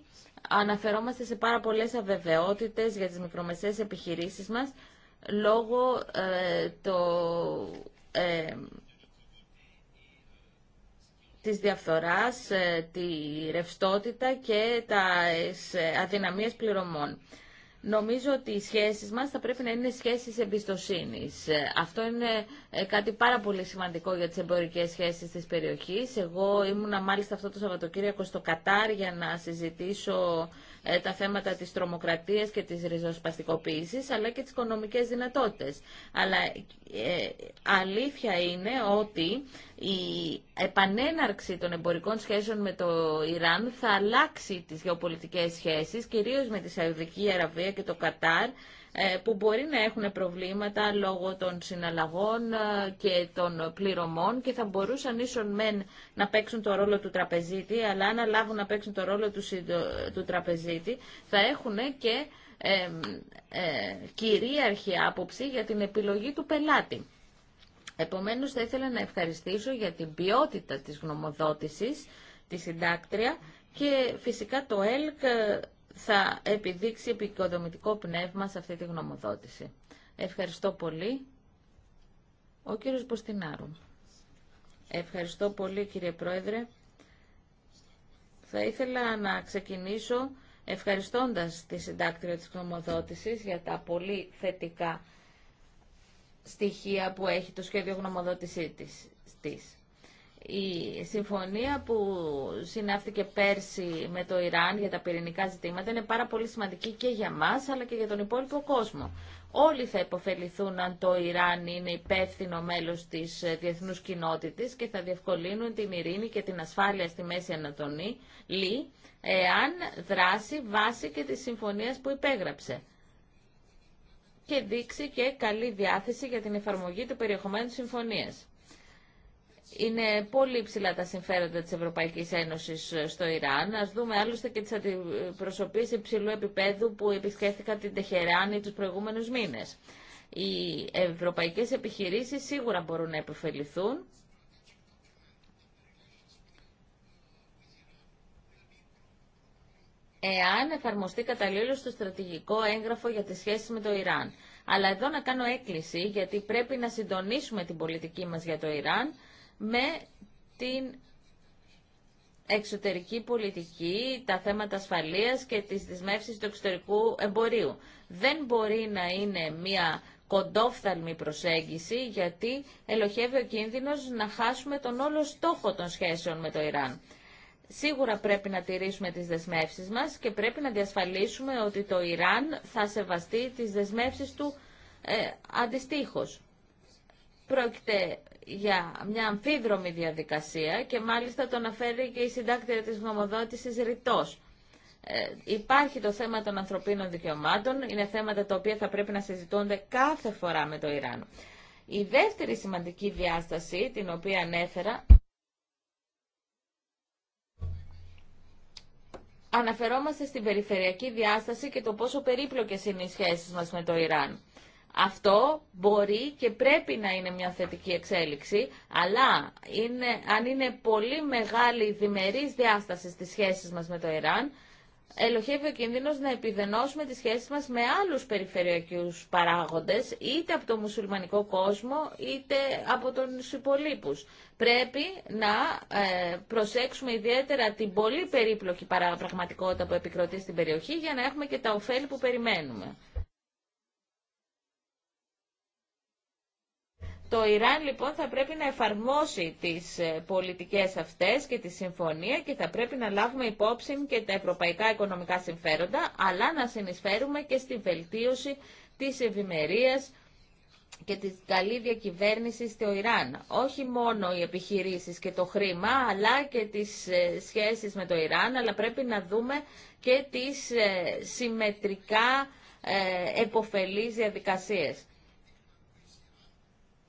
αναφερόμαστε σε πάρα πολλές αβεβαιότητες για τις μικρομεσαίες επιχειρήσεις μας, λόγω ε, το, της διαφθοράς, ε, τη ρευστότητα και τα ε, αδυναμίες πληρωμών. Νομίζω ότι οι σχέσεις μας θα πρέπει να είναι σχέσεις εμπιστοσύνης. Ε, αυτό είναι κάτι πάρα πολύ σημαντικό για τις εμπορικές σχέσεις της περιοχής. Εγώ ήμουνα μάλιστα αυτό το Σαββατοκύριακο στο Κατάρ για να συζητήσω ε, τα θέματα της τρομοκρατίας και της ριζοσπαστικοποίησης, αλλά και τις οικονομικές δυνατότητες. Αλλά ε, αλήθεια είναι ότι η επανέναρξη των εμπορικών σχέσεων με το Ιράν θα αλλάξει τις γεωπολιτικές σχέσεις, κυρίως με τη Σαουδική Αραβία και το Κατάρ, ε, που μπορεί να έχουν προβλήματα λόγω των συναλλαγών ε, και των πληρωμών και θα μπορούσαν ίσον μεν να παίξουν το ρόλο του τραπεζίτη, αλλά αν λάβουν να παίξουν το ρόλο του, του τραπεζίτη θα έχουν και ε, κυρίαρχη άποψη για την επιλογή του πελάτη. Επομένως θα ήθελα να ευχαριστήσω για την ποιότητα της γνωμοδότησης, τη συντάκτρια και φυσικά το ΕΛΚ θα επιδείξει επικοδομητικό πνεύμα σε αυτή τη γνωμοδότηση. Ευχαριστώ πολύ. Ο κύριος Μποστινάρου. Ευχαριστώ πολύ κύριε Πρόεδρε. Θα ήθελα να ξεκινήσω ευχαριστώντας τη συντάκτρια της γνωμοδότησης για τα πολύ θετικά στοιχεία που έχει το σχέδιο γνωμοδότησής της. Η συμφωνία που συνάφθηκε πέρσι με το Ιράν για τα πυρηνικά ζητήματα είναι πάρα πολύ σημαντική και για μας αλλά και για τον υπόλοιπο κόσμο. Όλοι θα υποφεληθούν αν το Ιράν είναι υπεύθυνο μέλος της διεθνούς κοινότητας και θα διευκολύνουν την ειρήνη και την ασφάλεια στη Μέση Ανατολή εάν δράσει βάσει και της συμφωνίας που υπέγραψε και δείξει και καλή διάθεση για την εφαρμογή του περιεχομένου συμφωνίας. Είναι πολύ ψηλά τα συμφέροντα της Ευρωπαϊκής Ένωσης ε, στο Ιράν. Ας δούμε άλλωστε και τις αντιπροσωπείς υψηλού επίπεδου που επισκέφθηκαν την Τεχεράνη τους προηγούμενους μήνες. Οι ευρωπαϊκές επιχειρήσεις σίγουρα μπορούν να επωφεληθούν. εάν εφαρμοστεί καταλήλως το στρατηγικό έγγραφο για τις σχέσεις με το Ιράν. Αλλά εδώ να κάνω έκκληση, γιατί πρέπει να συντονίσουμε την πολιτική μας για το Ιράν, με την εξωτερική πολιτική, τα θέματα ασφαλείας και τις δεσμεύσεις του εξωτερικού εμπορίου. Δεν μπορεί να είναι μια κοντόφθαλμη προσέγγιση γιατί ελοχεύει ο κίνδυνος να χάσουμε τον όλο στόχο των σχέσεων με το Ιράν. Σίγουρα πρέπει να τηρήσουμε τις δεσμεύσεις μας και πρέπει να διασφαλίσουμε ότι το Ιράν θα σεβαστεί τις δεσμεύσεις του ε, για μια αμφίδρομη διαδικασία και μάλιστα το αναφέρει και η συντάκτη της γνωμοδότησης ρητός. Ε, υπάρχει το θέμα των ανθρωπίνων δικαιωμάτων, είναι θέματα τα οποία θα πρέπει να συζητούνται κάθε φορά με το Ιράν. Η δεύτερη σημαντική διάσταση, την οποία ανέφερα, αναφερόμαστε στην περιφερειακή διάσταση και το πόσο περίπλοκες είναι οι σχέσεις μας με το Ιράν. Αυτό μπορεί και πρέπει να είναι μια θετική εξέλιξη, αλλά είναι, αν είναι πολύ μεγάλη διμερής διάσταση στις σχέσεις μας με το Ιράν, ελοχεύει ο κίνδυνος να επιδενώσουμε τις σχέσεις μας με άλλους περιφερειακούς παράγοντες, είτε από το μουσουλμανικό κόσμο, είτε από τον υπολείπους. Πρέπει να ε, προσέξουμε ιδιαίτερα την πολύ περίπλοκη παραπραγματικότητα που επικροτεί στην περιοχή για να έχουμε και τα ωφέλη που περιμένουμε. Το Ιράν λοιπόν θα πρέπει να εφαρμόσει τις ε, πολιτικές αυτές και τη συμφωνία και θα πρέπει να λάβουμε υπόψη και τα ευρωπαϊκά οικονομικά συμφέροντα, αλλά να συνεισφέρουμε και στη βελτίωση της ευημερία και τη καλή διακυβέρνηση στο Ιράν. Όχι μόνο οι επιχειρήσεις και το χρήμα, αλλά και τις ε, σχέσεις με το Ιράν, αλλά πρέπει να δούμε και τις ε, συμμετρικά εποφελείς διαδικασίες.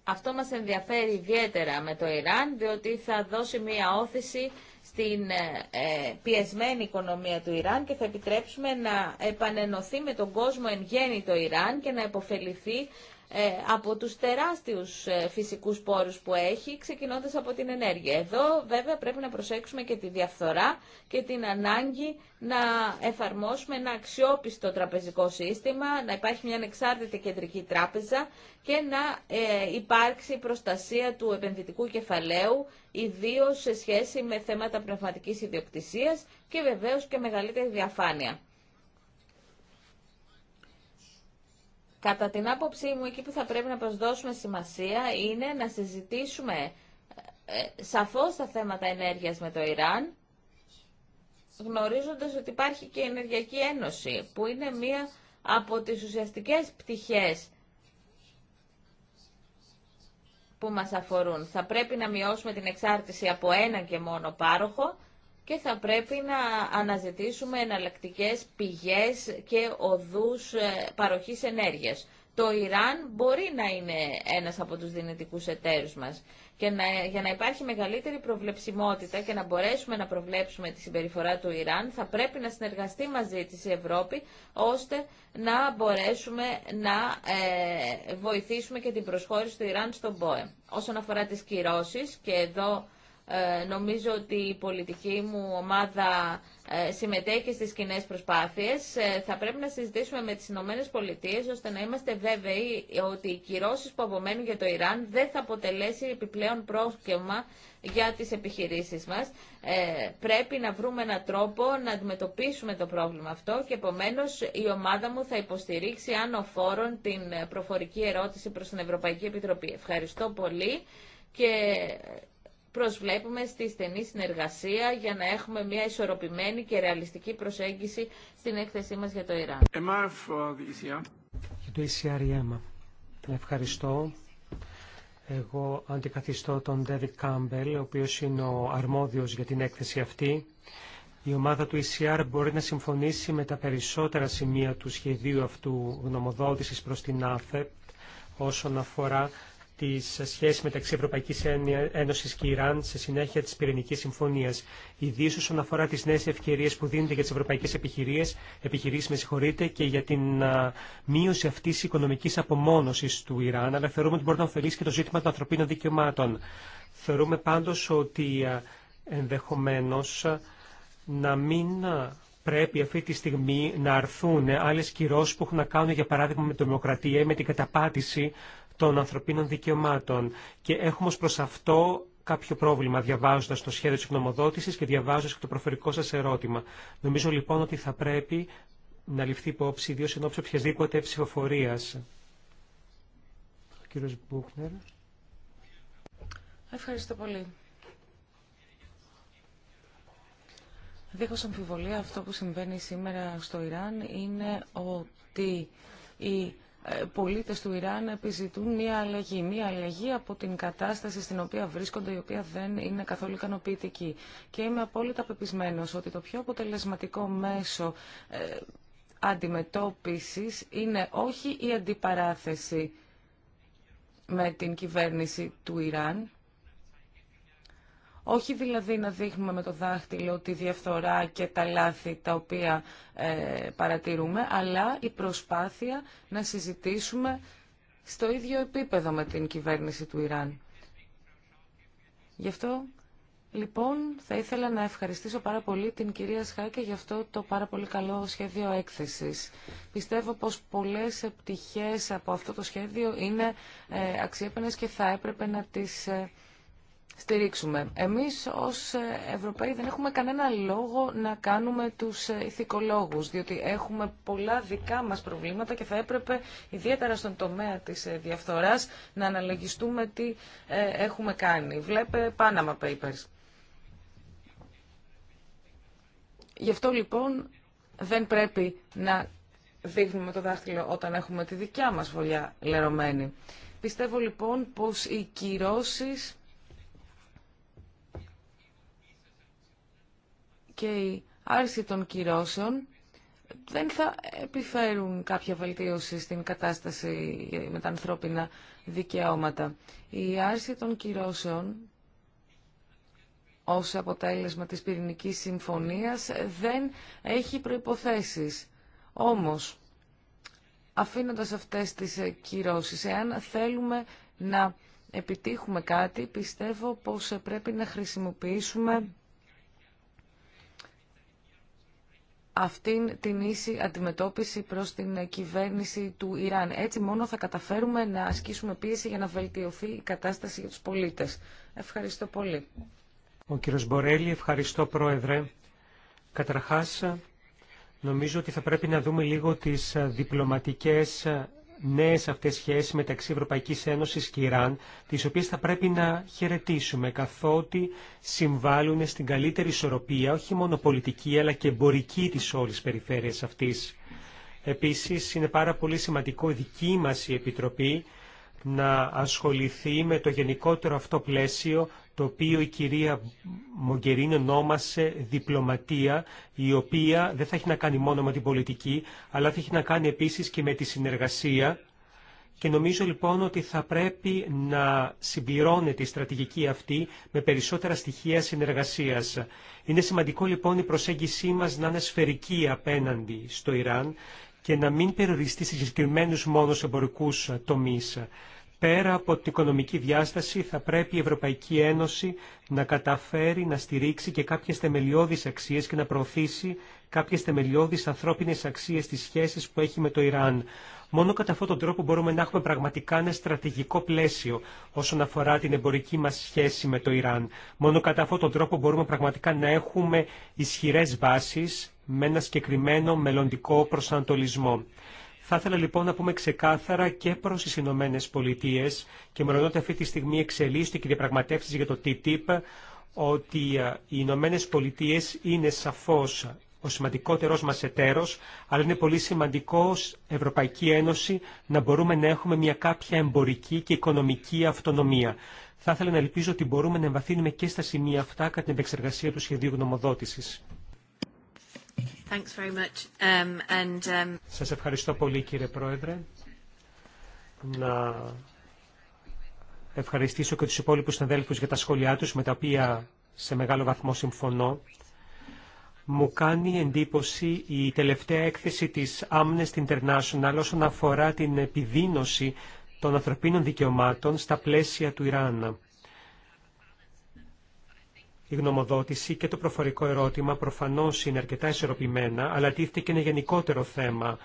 Αυτό μας ενδιαφέρει ιδιαίτερα με το Ιράν, διότι θα δώσει μία όθηση στην ε, ε, πιεσμένη οικονομία του Ιράν και θα επιτρέψουμε να επανενωθεί με τον κόσμο εν γέννη το Ιράν και να υποφεληθεί ε, από τους τεράστιους ε, φυσικούς πόρους που έχει, ξεκινώντας από την ενέργεια. Εδώ βέβαια πρέπει να προσέξουμε και τη διαφθορά και την ανάγκη να εφαρμόσουμε ένα αξιόπιστο τραπεζικό σύστημα, να υπάρχει μια ανεξάρτητη κεντρική τράπεζα και να ε, υπάρξει προστασία του επενδυτικού κεφαλαίου, ιδίως σε σχέση με θέματα πνευματικής ιδιοκτησίας και βεβαίως και μεγαλύτερη διαφάνεια. Κατά την άποψή μου, εκεί που θα πρέπει να προσδώσουμε σημασία είναι να συζητήσουμε ε, σαφώς τα θέματα ενέργειας με το Ιράν, γνωρίζοντας ότι υπάρχει και η Ενεργειακή Ένωση, που είναι μία από τις ουσιαστικές πτυχές που μας αφορούν. Θα πρέπει να μειώσουμε την εξάρτηση από έναν και μόνο πάροχο και θα πρέπει να αναζητήσουμε εναλλακτικέ πηγές και οδούς ε, παροχής ενέργειας. Το Ιράν μπορεί να είναι ένας από τους δυνητικούς εταίρους μας και για να υπάρχει μεγαλύτερη προβλεψιμότητα και να μπορέσουμε να προβλέψουμε τη συμπεριφορά του Ιράν θα πρέπει να συνεργαστεί μαζί της η Ευρώπη ώστε να μπορέσουμε να ε, βοηθήσουμε και την προσχώρηση του Ιράν στον ΠΟΕ. Όσον αφορά τις κυρώσεις και εδώ ε, νομίζω ότι η πολιτική μου ομάδα ε, συμμετέχει στις κοινέ προσπάθειες. Ε, θα πρέπει να συζητήσουμε με τις Ηνωμένες Πολιτείες ώστε να είμαστε βέβαιοι ότι οι κυρώσεις που απομένουν για το Ιράν δεν θα αποτελέσει επιπλέον πρόσκευμα για τις επιχειρήσεις μας. Ε, πρέπει να βρούμε έναν τρόπο να αντιμετωπίσουμε το πρόβλημα αυτό και επομένως η ομάδα μου θα υποστηρίξει άνω φόρων την προφορική ερώτηση προς την Ευρωπαϊκή Επιτροπή. Ευχαριστώ πολύ και προσβλέπουμε στη στενή συνεργασία για να έχουμε μια ισορροπημένη και ρεαλιστική προσέγγιση στην έκθεσή μας για το Ιράν. Για το ECRM, Ευχαριστώ. Εγώ αντικαθιστώ τον David Campbell, ο οποίος είναι ο αρμόδιος για την έκθεση αυτή. Η ομάδα του ECR μπορεί να συμφωνήσει με τα περισσότερα σημεία του σχεδίου αυτού γνωμοδότησης προς την ΑΦΕΠ όσον αφορά τη σχέση μεταξύ Ευρωπαϊκή Ένωση και Ιράν σε συνέχεια τη Πυρηνική Συμφωνία, ιδίω όσον αφορά τι νέε ευκαιρίε που δίνονται για τι ευρωπαϊκέ επιχειρήσει, επιχειρήσεις με συγχωρείτε, και για την μείωση αυτή της οικονομικής απομόνωσης του Ιράν, αλλά θεωρούμε ότι μπορεί να ωφελήσει και το ζήτημα των ανθρωπίνων δικαιωμάτων. Θεωρούμε πάντω ότι ενδεχομένω να μην πρέπει αυτή τη στιγμή να αρθούν άλλες κυρώσει που έχουν να κάνουν για παράδειγμα με τη δημοκρατία ή με την καταπάτηση των ανθρωπίνων δικαιωμάτων. Και έχουμε ως προς αυτό κάποιο πρόβλημα διαβάζοντας το σχέδιο της γνωμοδότησης και διαβάζοντας και το προφορικό σας ερώτημα. Νομίζω λοιπόν ότι θα πρέπει να ληφθεί υπόψη ιδίως ενώψη οποιασδήποτε ψηφοφορίας. Ο κύριος Μπούκνερ. Ευχαριστώ πολύ. Δίχως αμφιβολία αυτό που συμβαίνει σήμερα στο Ιράν είναι ότι η ε, πολίτες του Ιράν επιζητούν μια αλλαγή. Μια αλλαγή από την κατάσταση στην οποία βρίσκονται, η οποία δεν είναι καθόλου ικανοποιητική. Και είμαι απόλυτα πεπισμένος ότι το πιο αποτελεσματικό μέσο ε, αντιμετώπισης είναι όχι η αντιπαράθεση με την κυβέρνηση του Ιράν, όχι δηλαδή να δείχνουμε με το δάχτυλο τη διαφθορά και τα λάθη τα οποία ε, παρατηρούμε, αλλά η προσπάθεια να συζητήσουμε στο ίδιο επίπεδο με την κυβέρνηση του Ιράν. Γι' αυτό, λοιπόν, θα ήθελα να ευχαριστήσω πάρα πολύ την κυρία Σχάκη για αυτό το πάρα πολύ καλό σχέδιο έκθεσης. Πιστεύω πως πολλές επιτυχίες από αυτό το σχέδιο είναι ε, και θα έπρεπε να τις... Ε, στηρίξουμε. Εμείς ως Ευρωπαίοι δεν έχουμε κανένα λόγο να κάνουμε τους ηθικολόγους, διότι έχουμε πολλά δικά μας προβλήματα και θα έπρεπε ιδιαίτερα στον τομέα της διαφθοράς να αναλογιστούμε τι ε, έχουμε κάνει. Βλέπε Panama Papers. Γι' αυτό λοιπόν δεν πρέπει να δείχνουμε το δάχτυλο όταν έχουμε τη δικιά μας βολιά λερωμένη. Πιστεύω λοιπόν πως οι κυρώσεις και η άρση των κυρώσεων δεν θα επιφέρουν κάποια βελτίωση στην κατάσταση με τα ανθρώπινα δικαιώματα. Η άρση των κυρώσεων ως αποτέλεσμα της πυρηνικής συμφωνίας δεν έχει προϋποθέσεις. Όμως, αφήνοντας αυτές τις κυρώσεις, εάν θέλουμε να επιτύχουμε κάτι, πιστεύω πως πρέπει να χρησιμοποιήσουμε αυτήν την ίση αντιμετώπιση προς την κυβέρνηση του Ιράν. Έτσι μόνο θα καταφέρουμε να ασκήσουμε πίεση για να βελτιωθεί η κατάσταση για τους πολίτες. Ευχαριστώ πολύ. Ο κύριος Μπορέλη, ευχαριστώ πρόεδρε. Καταρχάς, νομίζω ότι θα πρέπει να δούμε λίγο τις διπλωματικές νέες αυτές σχέσεις μεταξύ Ευρωπαϊκής Ένωσης και Ιράν, τις οποίες θα πρέπει να χαιρετήσουμε, καθότι συμβάλλουν στην καλύτερη ισορροπία, όχι μόνο πολιτική, αλλά και εμπορική της όλης περιφέρειας αυτής. Επίσης, είναι πάρα πολύ σημαντικό η δική μας η Επιτροπή να ασχοληθεί με το γενικότερο αυτό πλαίσιο το οποίο η κυρία Μογκερίνη ονόμασε διπλωματία, η οποία δεν θα έχει να κάνει μόνο με την πολιτική, αλλά θα έχει να κάνει επίσης και με τη συνεργασία. Και νομίζω λοιπόν ότι θα πρέπει να συμπληρώνεται η στρατηγική αυτή με περισσότερα στοιχεία συνεργασίας. Είναι σημαντικό λοιπόν η προσέγγισή μας να είναι σφαιρική απέναντι στο Ιράν και να μην περιοριστεί σε συγκεκριμένου μόνο εμπορικού τομεί. Πέρα από την οικονομική διάσταση θα πρέπει η Ευρωπαϊκή Ένωση να καταφέρει να στηρίξει και κάποιες θεμελιώδεις αξίες και να προωθήσει κάποιες θεμελιώδεις ανθρώπινες αξίες στις σχέσεις που έχει με το Ιράν. Μόνο κατά αυτόν τον τρόπο μπορούμε να έχουμε πραγματικά ένα στρατηγικό πλαίσιο όσον αφορά την εμπορική μας σχέση με το Ιράν. Μόνο κατά αυτόν τον τρόπο μπορούμε πραγματικά να έχουμε ισχυρές βάσεις με ένα συγκεκριμένο μελλοντικό προσανατολισμό. Θα ήθελα λοιπόν να πούμε ξεκάθαρα και προ τι Ηνωμένε Πολιτείε και ρωτώ ότι αυτή τη στιγμή εξελίσσονται και διαπραγματεύσει για το TTIP ότι ε, οι Ηνωμένε Πολιτείε είναι σαφώ ο σημαντικότερος μας εταίρος, αλλά είναι πολύ σημαντικό Ευρωπαϊκή Ένωση να μπορούμε να έχουμε μια κάποια εμπορική και οικονομική αυτονομία. Θα ήθελα να ελπίζω ότι μπορούμε να εμβαθύνουμε και στα σημεία αυτά κατά την επεξεργασία του σχεδίου γνωμοδότησης. Um, um, Σας ευχαριστώ πολύ κύριε Πρόεδρε. Να ευχαριστήσω και τους υπόλοιπους συνδέλφους για τα σχόλιά τους, με τα οποία σε μεγάλο βαθμό συμφωνώ. Μου κάνει εντύπωση η τελευταία έκθεση της Amnesty International όσον αφορά την επιδείνωση των ανθρωπίνων δικαιωμάτων στα πλαίσια του Ιράν. Η γνωμοδότηση και το προφορικό ερώτημα προφανώς είναι αρκετά ισορροπημένα, αλλά τίθεται και ένα γενικότερο θέμα.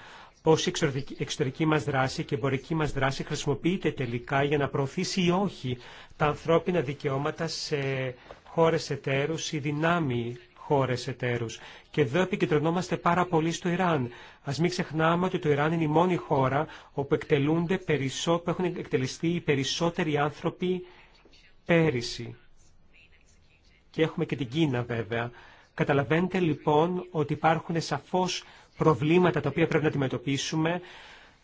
Πώς η εξωτερική μας δράση και η εμπορική μας δράση χρησιμοποιείται τελικά για να προωθήσει ή όχι τα ανθρώπινα δικαιώματα σε χώρες εταίρους ή δυνάμει χώρες εταίρους. Και εδώ επικεντρωνόμαστε πάρα πολύ στο Ιράν. Ας μην ξεχνάμε ότι το Ιράν είναι η μόνη χώρα όπου εκτελούνται περισσό, που έχουν εκτελεστεί οι περισσότεροι άνθρωποι πέρυσι και έχουμε και την Κίνα βέβαια. Καταλαβαίνετε λοιπόν ότι υπάρχουν σαφώς προβλήματα τα οποία πρέπει να αντιμετωπίσουμε.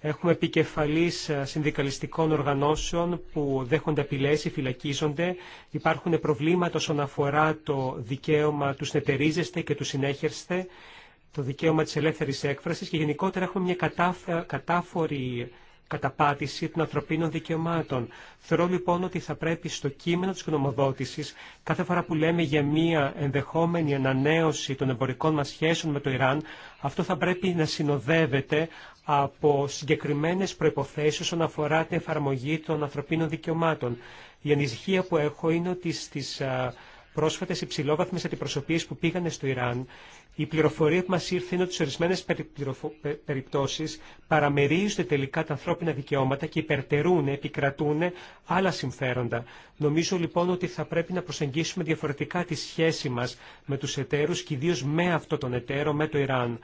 Έχουμε επικεφαλής ε, συνδικαλιστικών οργανώσεων που δέχονται απειλές ή φυλακίζονται. Υπάρχουν προβλήματα όσον αφορά το δικαίωμα του συνεταιρίζεστε και του συνέχερστε, το δικαίωμα της ελεύθερης έκφρασης και γενικότερα έχουμε μια κατάφορη καταπάτηση των ανθρωπίνων δικαιωμάτων. Θεωρώ λοιπόν ότι θα πρέπει στο κείμενο της γνωμοδότησης, κάθε φορά που λέμε για μία ενδεχόμενη ανανέωση των εμπορικών μας σχέσεων με το Ιράν, αυτό θα πρέπει να συνοδεύεται από συγκεκριμένες προϋποθέσεις όσον αφορά την εφαρμογή των ανθρωπίνων δικαιωμάτων. Η ανησυχία που έχω είναι ότι στις πρόσφατε υψηλόβαθμε αντιπροσωπείε που πήγανε στο Ιράν, η πληροφορία που μα ήρθε είναι ότι σε ορισμένε περιπτώσει παραμερίζονται τελικά τα ανθρώπινα δικαιώματα και υπερτερούν, επικρατούν άλλα συμφέροντα. Νομίζω λοιπόν ότι θα πρέπει να προσεγγίσουμε διαφορετικά τη σχέση μα με του εταίρου και ιδίω με αυτό τον εταίρο, με το Ιράν.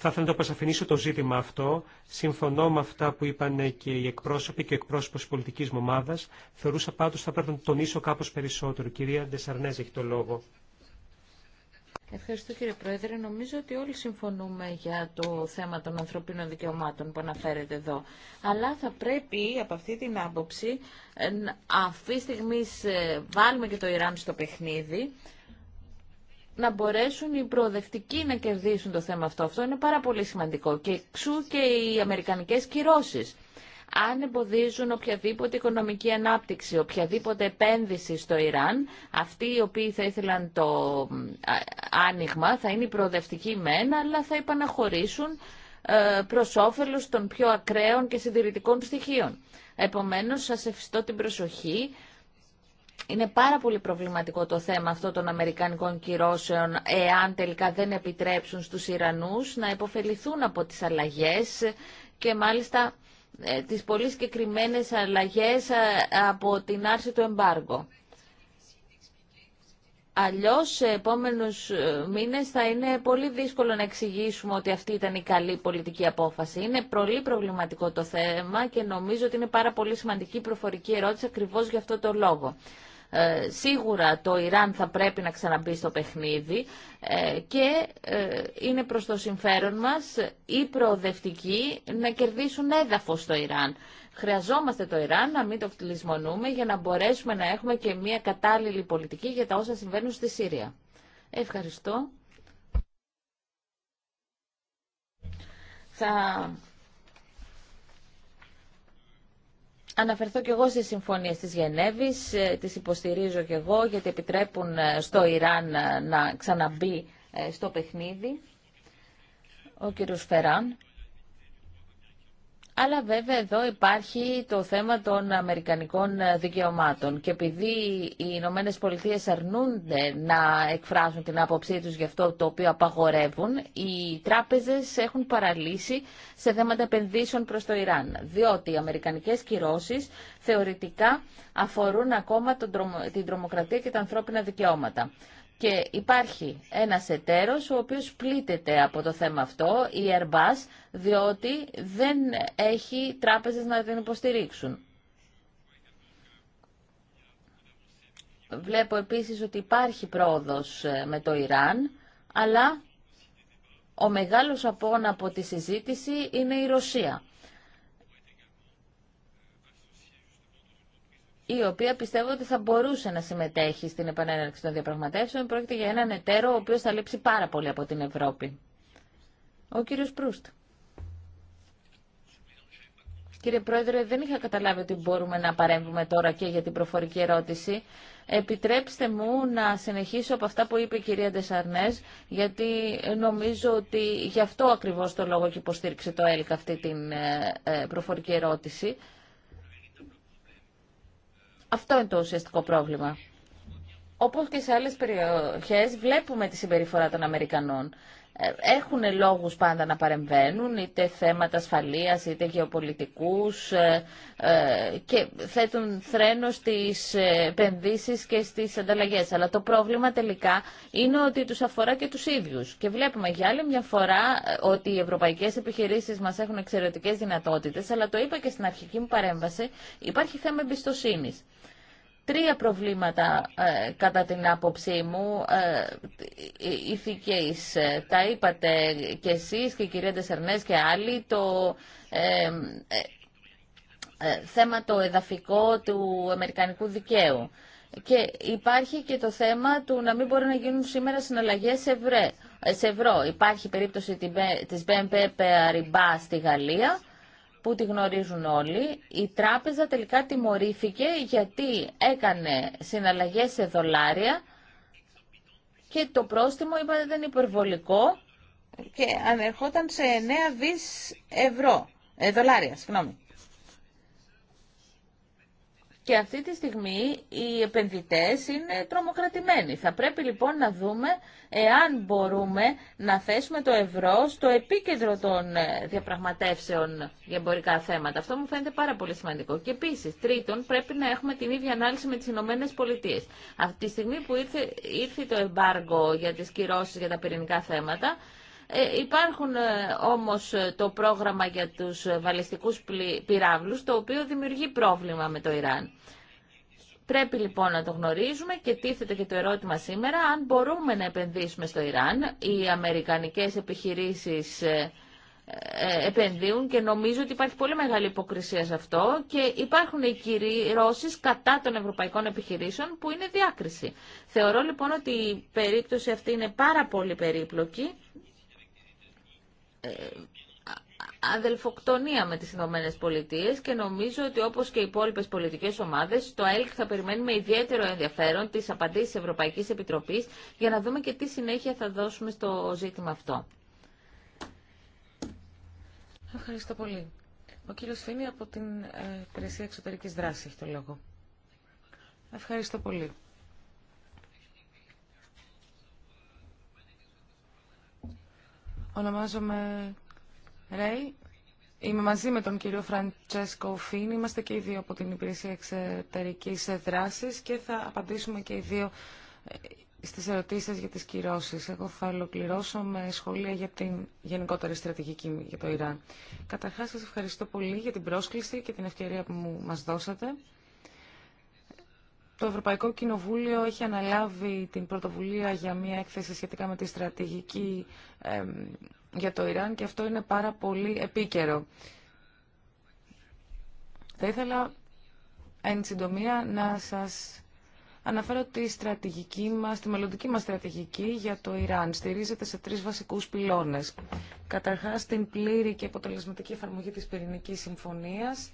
Θα ήθελα να το το ζήτημα αυτό. Συμφωνώ με αυτά που είπαν και οι εκπρόσωποι και ο εκπρόσωπο πολιτική μου ομάδα. Θεωρούσα πάντω θα πρέπει να τονίσω κάπω περισσότερο. Κυρία Ντεσαρνέζ έχει το λόγο. Ευχαριστώ κύριε Πρόεδρε. Νομίζω ότι όλοι συμφωνούμε για το θέμα των ανθρωπίνων δικαιωμάτων που αναφέρεται εδώ. Αλλά θα πρέπει από αυτή την άποψη ε, αυτή στιγμή βάλουμε και το Ιράν στο παιχνίδι να μπορέσουν οι προοδευτικοί να κερδίσουν το θέμα αυτό. Αυτό είναι πάρα πολύ σημαντικό και εξού και οι αμερικανικές κυρώσεις. Αν εμποδίζουν οποιαδήποτε οικονομική ανάπτυξη, οποιαδήποτε επένδυση στο Ιράν, αυτοί οι οποίοι θα ήθελαν το άνοιγμα θα είναι οι προοδευτικοί ένα, αλλά θα υπαναχωρήσουν ε, προς όφελος των πιο ακραίων και συντηρητικών στοιχείων. Επομένως, σας ευχηστώ την προσοχή είναι πάρα πολύ προβληματικό το θέμα αυτό των Αμερικανικών κυρώσεων, εάν τελικά δεν επιτρέψουν στους Ιρανούς να υποφεληθούν από τις αλλαγές και μάλιστα ε, τις πολύ συγκεκριμένε αλλαγές ε, από την άρση του εμπάργου. Αλλιώς σε επόμενους ε, μήνες θα είναι πολύ δύσκολο να εξηγήσουμε ότι αυτή ήταν η καλή πολιτική απόφαση. Είναι πολύ προβληματικό το θέμα και νομίζω ότι είναι πάρα πολύ σημαντική προφορική ερώτηση ακριβώς για αυτό το λόγο. Ε, σίγουρα το Ιράν θα πρέπει να ξαναμπεί στο παιχνίδι ε, και ε, είναι προς το συμφέρον μας οι προοδευτικοί να κερδίσουν έδαφος στο Ιράν. Χρειαζόμαστε το Ιράν, να μην το φτυλισμονούμε, για να μπορέσουμε να έχουμε και μια κατάλληλη πολιτική για τα όσα συμβαίνουν στη Σύρια. Ευχαριστώ. Θα αναφερθώ και εγώ στις συμφωνίες της Γενέβης, ε, τις υποστηρίζω και εγώ γιατί επιτρέπουν ε, στο Ιράν ε, να ξαναμπεί στο παιχνίδι. Ο κύριος Φεράν. Αλλά βέβαια εδώ υπάρχει το θέμα των αμερικανικών ε, δικαιωμάτων και επειδή οι Ηνωμένε Πολιτείε αρνούνται να εκφράσουν την άποψή τους για αυτό το οποίο απαγορεύουν, οι τράπεζες έχουν παραλύσει σε θέματα επενδύσεων προς το Ιράν, διότι οι αμερικανικές κυρώσεις θεωρητικά αφορούν ακόμα τον, την τρομοκρατία και τα ανθρώπινα δικαιώματα. Και υπάρχει ένας εταίρος ο οποίος πλήττεται από το θέμα αυτό, η Airbus, διότι δεν έχει τράπεζες να την υποστηρίξουν. Βλέπω επίσης ότι υπάρχει πρόοδος ε, με το Ιράν, αλλά ο μεγάλος απόν από τη συζήτηση είναι η Ρωσία. η οποία πιστεύω ότι θα μπορούσε να συμμετέχει στην επανέναρξη των διαπραγματεύσεων. Πρόκειται για έναν εταίρο ο οποίος θα λείψει πάρα πολύ από την Ευρώπη. Ο κύριος Προύστ. Κύριε Πρόεδρε, δεν είχα καταλάβει ότι μπορούμε να παρέμβουμε τώρα και για την προφορική ερώτηση. Επιτρέψτε μου να συνεχίσω από αυτά που είπε η κυρία Ντεσαρνές, γιατί νομίζω ότι γι' αυτό ακριβώς το λόγο και υποστήριξε το ΕΛΚ αυτή την ε, ε, προφορική ερώτηση. Αυτό είναι το ουσιαστικό πρόβλημα. Όπως και σε άλλες περιοχές βλέπουμε τη συμπεριφορά των Αμερικανών. Ε, έχουν λόγους πάντα να παρεμβαίνουν, είτε θέματα ασφαλείας, είτε γεωπολιτικούς ε, ε, και θέτουν θρένο στις επενδύσεις και στις ανταλλαγές. Αλλά το πρόβλημα τελικά είναι ότι τους αφορά και τους ίδιους. Και βλέπουμε για άλλη μια φορά ότι οι ευρωπαϊκές επιχειρήσεις μας έχουν εξαιρετικές δυνατότητες, αλλά το είπα και στην αρχική μου παρέμβαση, υπάρχει θέμα εμπιστοσύνη τρία προβλήματα ε, κατά την άποψή μου ε, ε Τα είπατε και εσείς και η κυρία και άλλοι. Το ε, θέμα το εδαφικό του Αμερικανικού δικαίου. Και υπάρχει και το θέμα του να μην μπορεί να γίνουν σήμερα συναλλαγές σε ευρώ. Υπάρχει περίπτωση της BNP Paribas στη Γαλλία που τη γνωρίζουν όλοι, η τράπεζα τελικά τιμωρήθηκε γιατί έκανε συναλλαγές σε δολάρια και το πρόστιμο είπατε ήταν υπερβολικό και ανερχόταν σε 9 δις ευρώ, ε, δολάρια, συγγνώμη και αυτή τη στιγμή οι επενδυτές είναι τρομοκρατημένοι. Θα πρέπει λοιπόν να δούμε εάν μπορούμε να θέσουμε το ευρώ στο επίκεντρο των ε, διαπραγματεύσεων για εμπορικά θέματα. Αυτό μου φαίνεται πάρα πολύ σημαντικό. Και επίσης, τρίτον, πρέπει να έχουμε την ίδια ανάλυση με τις Ηνωμένε Πολιτείες. Αυτή τη στιγμή που ήρθε, ήρθε το εμπάργκο για τις κυρώσεις για τα πυρηνικά θέματα, ε, υπάρχουν ε, όμως ε, το πρόγραμμα για τους βαλιστικούς πυράβλους, το οποίο δημιουργεί πρόβλημα με το Ιράν. Πρέπει λοιπόν να το γνωρίζουμε και τίθεται και το ερώτημα σήμερα αν μπορούμε να επενδύσουμε στο Ιράν. Οι αμερικανικές επιχειρήσεις επενδύουν και νομίζω ότι υπάρχει πολύ μεγάλη υποκρισία σε αυτό και υπάρχουν οι κυρώσεις κατά των ευρωπαϊκών επιχειρήσεων που είναι διάκριση. Θεωρώ λοιπόν ότι η περίπτωση αυτή είναι πάρα πολύ περίπλοκη ε, αδελφοκτονία με τις Ηνωμένε Πολιτείε και νομίζω ότι όπως και οι υπόλοιπε πολιτικές ομάδες, το ΑΕΛΚ θα περιμένει με ιδιαίτερο ενδιαφέρον τις απαντήσεις της Ευρωπαϊκής Επιτροπής για να δούμε και τι συνέχεια θα δώσουμε στο ζήτημα αυτό. Ευχαριστώ πολύ. Ο κύριος Φίνη από την ε, Υπηρεσία Εξωτερικής Δράσης έχει το λόγο. Ευχαριστώ πολύ. Ονομάζομαι Ρέι. Είμαι μαζί με τον κύριο Φραντσέσκο Φίν. Είμαστε και οι δύο από την Υπηρεσία Εξωτερική Δράση και θα απαντήσουμε και οι δύο ε, στις ερωτήσεις για τις κυρώσει. Εγώ θα ολοκληρώσω με σχόλια για την γενικότερη στρατηγική για το Ιράν. Καταρχά σα ευχαριστώ πολύ για την πρόσκληση και την ευκαιρία που μου μας δώσατε. Το Ευρωπαϊκό Κοινοβούλιο έχει αναλάβει την πρωτοβουλία για μια έκθεση σχετικά με τη στρατηγική για το Ιράν και αυτό είναι πάρα πολύ επίκαιρο. Θα ήθελα, εν συντομία, να σας αναφέρω τη στρατηγική μας, τη μελλοντική μας στρατηγική για το Ιράν. Στηρίζεται σε τρεις βασικούς πυλώνες. Καταρχάς, την πλήρη και αποτελεσματική εφαρμογή της πυρηνικής συμφωνίας,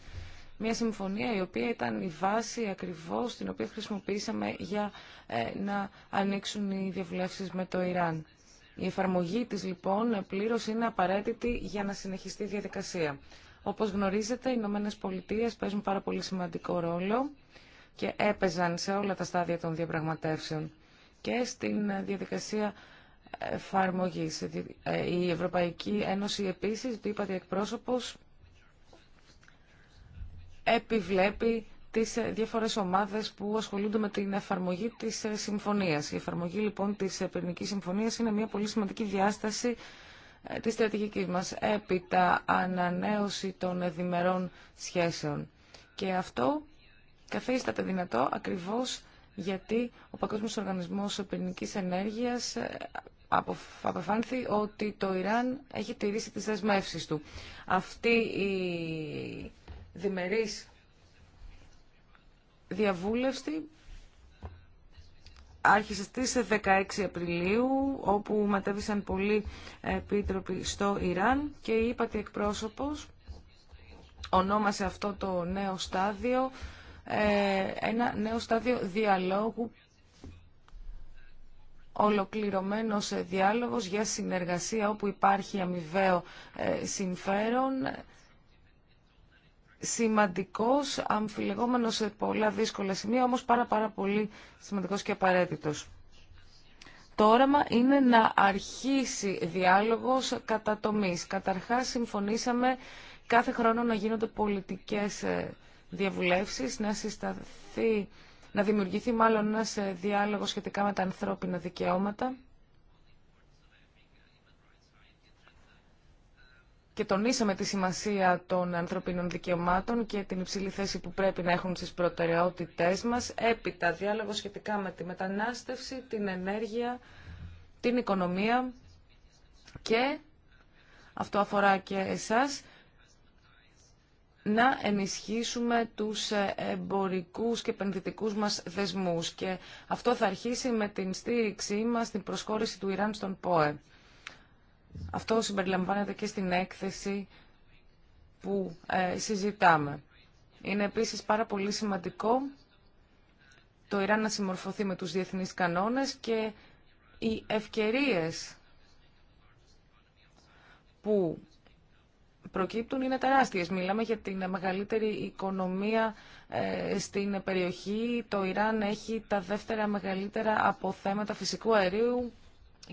μια συμφωνία η οποία ήταν η βάση ακριβώς την οποία χρησιμοποίησαμε για ε, να ανοίξουν οι διαβουλεύσεις με το Ιράν. Η εφαρμογή της λοιπόν πλήρως είναι απαραίτητη για να συνεχιστεί η διαδικασία. Όπως γνωρίζετε, οι Ηνωμένε Πολιτείε παίζουν πάρα πολύ σημαντικό ρόλο και έπαιζαν σε όλα τα στάδια των διαπραγματεύσεων και στην διαδικασία εφαρμογής. Ε, η Ευρωπαϊκή Ένωση επίσης, το είπατε εκπρόσωπος, επιβλέπει τις διάφορες ομάδες που ασχολούνται με την εφαρμογή της συμφωνίας. Η εφαρμογή λοιπόν της πυρηνικής συμφωνίας είναι μια πολύ σημαντική διάσταση ε, της στρατηγικής μας έπειτα ανανέωση των διμερών σχέσεων. Και αυτό καθίσταται δυνατό ακριβώς γιατί ο Παγκόσμιος Οργανισμός Πυρηνικής Ενέργειας ε, αποφάνθη ότι το Ιράν έχει τηρήσει τις δεσμεύσεις του. Αυτή η διμερής διαβούλευση άρχισε στις 16 Απριλίου, όπου μετέβησαν πολλοί επίτροποι στο Ιράν και η ύπατη εκπρόσωπος ονόμασε αυτό το νέο στάδιο ε, ένα νέο στάδιο διαλόγου, ολοκληρωμένος διάλογος για συνεργασία όπου υπάρχει αμοιβαίο ε, συμφέρον, σημαντικός, αμφιλεγόμενος σε πολλά δύσκολα σημεία, όμως πάρα πάρα πολύ σημαντικός και απαραίτητος. Το όραμα είναι να αρχίσει διάλογος κατά τομής. Καταρχάς συμφωνήσαμε κάθε χρόνο να γίνονται πολιτικές ε, διαβουλεύσεις, να συσταθεί, να δημιουργηθεί μάλλον ένας ε, διάλογος σχετικά με τα ανθρώπινα δικαιώματα. και τονίσαμε τη σημασία των ανθρωπίνων δικαιωμάτων και την υψηλή θέση που πρέπει να έχουν στις προτεραιότητές μας. Έπειτα, διάλογο σχετικά με τη μετανάστευση, την ενέργεια, την οικονομία και, αυτό αφορά και εσάς, να ενισχύσουμε τους εμπορικούς και επενδυτικούς μας δεσμούς. Και αυτό θα αρχίσει με την στήριξή μας στην προσχώρηση του Ιράν στον ΠΟΕ. Αυτό συμπεριλαμβάνεται και στην έκθεση που ε, συζητάμε. Είναι επίσης πάρα πολύ σημαντικό το Ιράν να συμμορφωθεί με τους διεθνείς κανόνες και οι ευκαιρίες που προκύπτουν είναι τεράστιες. Μιλάμε για την μεγαλύτερη οικονομία ε, στην περιοχή. Το Ιράν έχει τα δεύτερα μεγαλύτερα αποθέματα φυσικού αερίου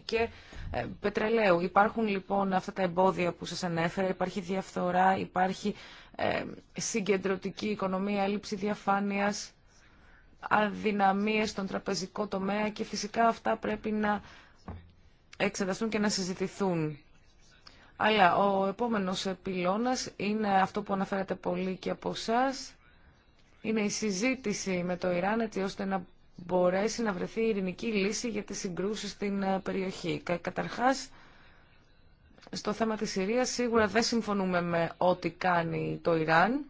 και ε, πετρελαίου. Υπάρχουν λοιπόν αυτά τα εμπόδια που σας ανέφερα, υπάρχει διαφθορά, υπάρχει ε, συγκεντρωτική οικονομία, έλλειψη διαφάνειας, αδυναμίες στον τραπεζικό τομέα και φυσικά αυτά πρέπει να εξεταστούν και να συζητηθούν. Αλλά ο επόμενος πυλώνας είναι αυτό που αναφέρατε πολύ και από εσά. Είναι η συζήτηση με το Ιράν έτσι ώστε να μπορέσει να βρεθεί ειρηνική λύση για τις συγκρούσεις στην ε, περιοχή. Καταρχάς, στο θέμα της Συρίας σίγουρα δεν συμφωνούμε με ό,τι κάνει το Ιράν.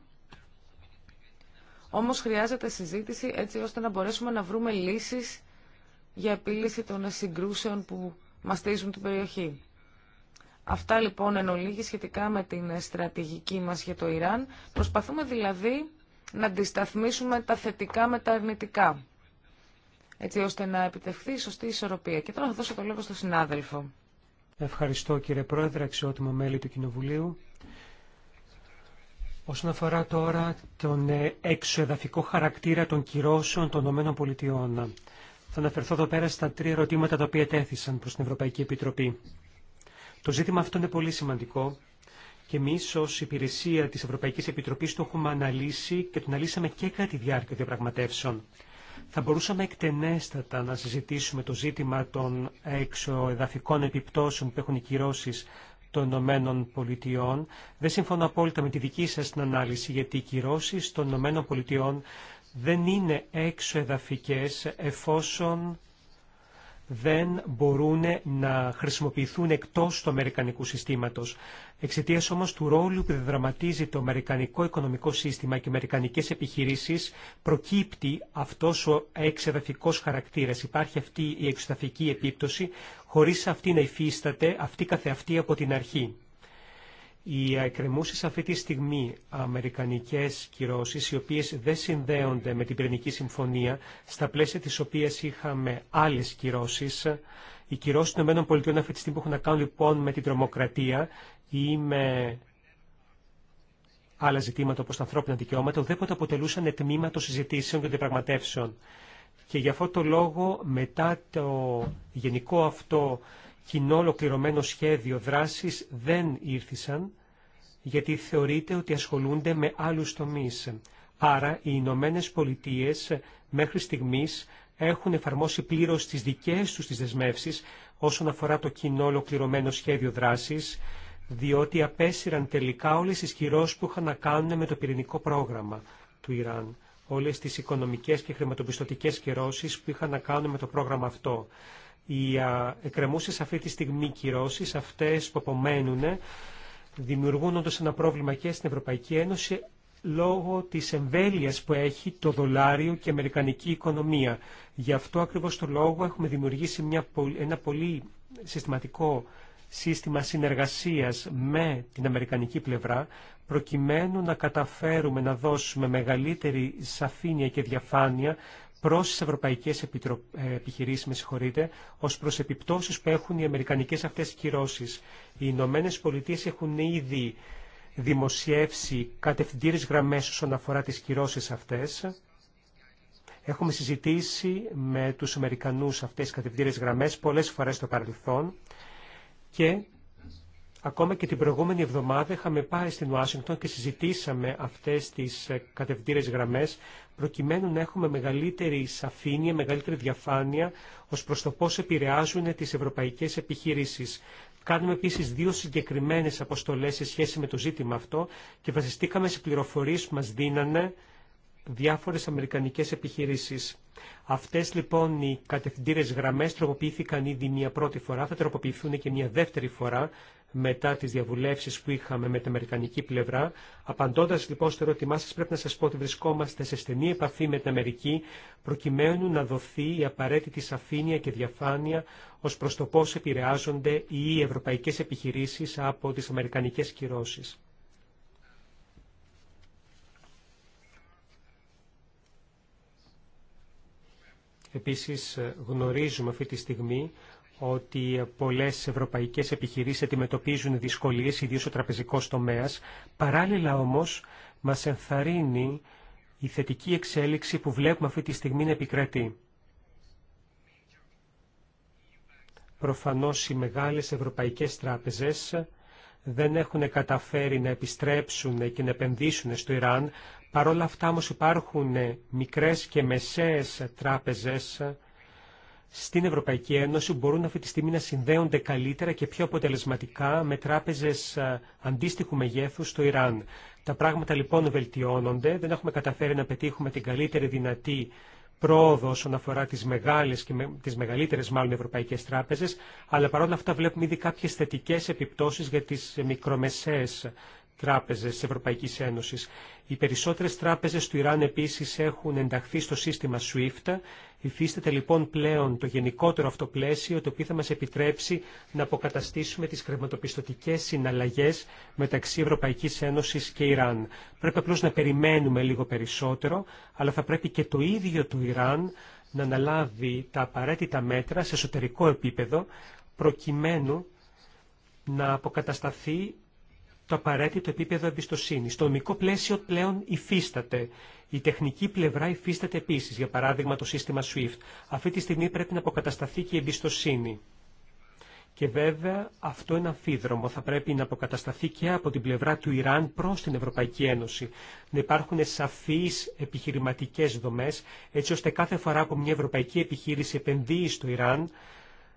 Όμως χρειάζεται συζήτηση έτσι ώστε να μπορέσουμε να βρούμε λύσεις για επίλυση των συγκρούσεων που μαστίζουν την περιοχή. Αυτά λοιπόν εν ολίγη σχετικά με την στρατηγική μας για το Ιράν. Προσπαθούμε δηλαδή να αντισταθμίσουμε τα θετικά με τα αρνητικά έτσι ώστε να επιτευχθεί η σωστή ισορροπία. Και τώρα θα δώσω το λόγο στον συνάδελφο. Ευχαριστώ κύριε Πρόεδρε, αξιότιμο μέλη του Κοινοβουλίου. Όσον αφορά τώρα τον ε, εξοεδαφικό χαρακτήρα των κυρώσεων των ΗΠΑ, θα αναφερθώ εδώ πέρα στα τρία ερωτήματα τα οποία τέθησαν προς την Ευρωπαϊκή Επιτροπή. Το ζήτημα αυτό είναι πολύ σημαντικό και εμεί ω υπηρεσία τη Ευρωπαϊκή Επιτροπή το έχουμε αναλύσει και το αναλύσαμε και κατά τη διάρκεια διαπραγματεύσεων. Θα μπορούσαμε εκτενέστατα να συζητήσουμε το ζήτημα των εξωεδαφικών επιπτώσεων που έχουν οι κυρώσεις των Ηνωμένων Πολιτειών. Δεν συμφωνώ απόλυτα με τη δική σας την ανάλυση, γιατί οι κυρώσεις των Ηνωμένων Πολιτειών δεν είναι εξωεδαφικές εφόσον δεν μπορούν να χρησιμοποιηθούν εκτός του Αμερικανικού συστήματος. Εξαιτίας όμως του ρόλου που δραματίζει το Αμερικανικό οικονομικό σύστημα και οι Αμερικανικές επιχειρήσεις προκύπτει αυτός ο εξεδαφικός χαρακτήρας. Υπάρχει αυτή η εξεδαφική επίπτωση χωρίς αυτή να υφίσταται αυτή καθεαυτή από την αρχή οι εκκρεμούσει αυτή τη στιγμή αμερικανικέ κυρώσει, οι οποίε δεν συνδέονται με την πυρηνική συμφωνία, στα πλαίσια τη οποία είχαμε άλλε κυρώσει, οι κυρώσει των ΗΠΑ αυτή τη στιγμή που έχουν να κάνουν λοιπόν με την τρομοκρατία ή με άλλα ζητήματα όπω τα ανθρώπινα δικαιώματα, ουδέποτε αποτελούσαν τμήμα των συζητήσεων και των διαπραγματεύσεων. Και για αυτό το λόγο, μετά το γενικό αυτό κοινό ολοκληρωμένο σχέδιο δράσης δεν ήρθησαν, γιατί θεωρείται ότι ασχολούνται με άλλους τομείς. Άρα, οι Ηνωμένε Πολιτείε μέχρι στιγμής έχουν εφαρμόσει πλήρως τις δικές τους τις δεσμεύσεις όσον αφορά το κοινό ολοκληρωμένο σχέδιο δράσης, διότι απέσυραν τελικά όλες τις κυρώσεις που είχαν να κάνουν με το πυρηνικό πρόγραμμα του Ιράν όλες τις οικονομικές και χρηματοπιστωτικές κυρώσεις που είχαν να κάνουν με το πρόγραμμα αυτό οι εκκρεμούσεις αυτή τη στιγμή κυρώσεις, αυτές που απομένουν, δημιουργούν όντως ένα πρόβλημα και στην Ευρωπαϊκή Ένωση λόγω της εμβέλειας που έχει το δολάριο και η αμερικανική οικονομία. Γι' αυτό ακριβώς το λόγο έχουμε δημιουργήσει μια, ένα πολύ συστηματικό σύστημα συνεργασίας με την αμερικανική πλευρά, προκειμένου να καταφέρουμε να δώσουμε μεγαλύτερη σαφήνεια και διαφάνεια Προ τι ευρωπαϊκές επιχειρήσει επιχειρήσεις, με συγχωρείτε, ως προ επιπτώσει που έχουν οι αμερικανικές αυτές κυρώσεις. Οι Ηνωμένε Πολιτείε έχουν ήδη δημοσιεύσει κατευθυντήρε γραμμέ όσον αφορά τι κυρώσεις αυτές. Έχουμε συζητήσει με τους Αμερικανούς αυτές τι κατευθυντήρες γραμμές πολλές φορές στο παρελθόν και Ακόμα και την προηγούμενη εβδομάδα είχαμε πάει στην Ουάσιγκτον και συζητήσαμε αυτές τις ε, κατευθύνες γραμμές προκειμένου να έχουμε μεγαλύτερη σαφήνεια, μεγαλύτερη διαφάνεια ως προς το πώς επηρεάζουν τις ευρωπαϊκές επιχειρήσεις. Κάνουμε επίσης δύο συγκεκριμένες αποστολές σε σχέση με το ζήτημα αυτό και βασιστήκαμε σε πληροφορίες που μας δίνανε διάφορες αμερικανικές επιχειρήσεις. Αυτές λοιπόν οι κατευθυντήρες γραμμές τροποποιήθηκαν ήδη μια πρώτη φορά, θα τροποποιηθούν και μια δεύτερη φορά μετά τις διαβουλεύσεις που είχαμε με την Αμερικανική πλευρά. Απαντώντας λοιπόν στο ερώτημά σας πρέπει να σας πω ότι βρισκόμαστε σε στενή επαφή με την Αμερική προκειμένου να δοθεί η απαραίτητη σαφήνεια και διαφάνεια ως προς το πώς επηρεάζονται οι ευρωπαϊκές επιχειρήσεις από τις αμερικανικές κυρώσεις. Επίσης ε, γνωρίζουμε αυτή τη στιγμή ότι ε, πολλές ευρωπαϊκές επιχειρήσεις αντιμετωπίζουν δυσκολίες, ιδίως ο τραπεζικός τομέας. Παράλληλα όμως μας ενθαρρύνει η θετική εξέλιξη που βλέπουμε αυτή τη στιγμή να επικρατεί. Προφανώς οι μεγάλες ευρωπαϊκές τράπεζες δεν έχουν καταφέρει να επιστρέψουν και να επενδύσουν στο Ιράν Παρόλα αυτά όμως υπάρχουν ε, μικρές και μεσαίες τράπεζες ε, στην Ευρωπαϊκή Ένωση που μπορούν αυτή τη στιγμή να συνδέονται καλύτερα και πιο αποτελεσματικά με τράπεζες ε, αντίστοιχου μεγέθους στο Ιράν. Τα πράγματα λοιπόν βελτιώνονται, δεν έχουμε καταφέρει να πετύχουμε την καλύτερη δυνατή πρόοδο όσον αφορά τις μεγάλες και με, τις μεγαλύτερες μάλλον ευρωπαϊκές τράπεζες, αλλά παρόλα αυτά βλέπουμε ήδη κάποιες θετικές επιπτώσεις για τις μικρομεσαίες τράπεζες της Ευρωπαϊκής Ένωσης. Οι περισσότερες τράπεζες του Ιράν επίσης έχουν ενταχθεί στο σύστημα SWIFT. Υφίσταται λοιπόν πλέον το γενικότερο αυτό πλαίσιο το οποίο θα μας επιτρέψει να αποκαταστήσουμε τις χρηματοπιστωτικές συναλλαγές μεταξύ Ευρωπαϊκής Ένωσης και Ιράν. Πρέπει απλώς να περιμένουμε λίγο περισσότερο, αλλά θα πρέπει και το ίδιο το Ιράν να αναλάβει τα απαραίτητα μέτρα σε εσωτερικό επίπεδο προκειμένου να αποκατασταθεί το απαραίτητο επίπεδο εμπιστοσύνη. Το νομικό πλαίσιο πλέον υφίσταται. Η τεχνική πλευρά υφίσταται επίση, για παράδειγμα το σύστημα SWIFT. Αυτή τη στιγμή πρέπει να αποκατασταθεί και η εμπιστοσύνη. Και βέβαια αυτό είναι αμφίδρομο. Θα πρέπει να αποκατασταθεί και από την πλευρά του Ιράν προ την Ευρωπαϊκή Ένωση. Να υπάρχουν σαφεί επιχειρηματικέ δομέ, έτσι ώστε κάθε φορά που μια ευρωπαϊκή επιχείρηση επενδύει στο Ιράν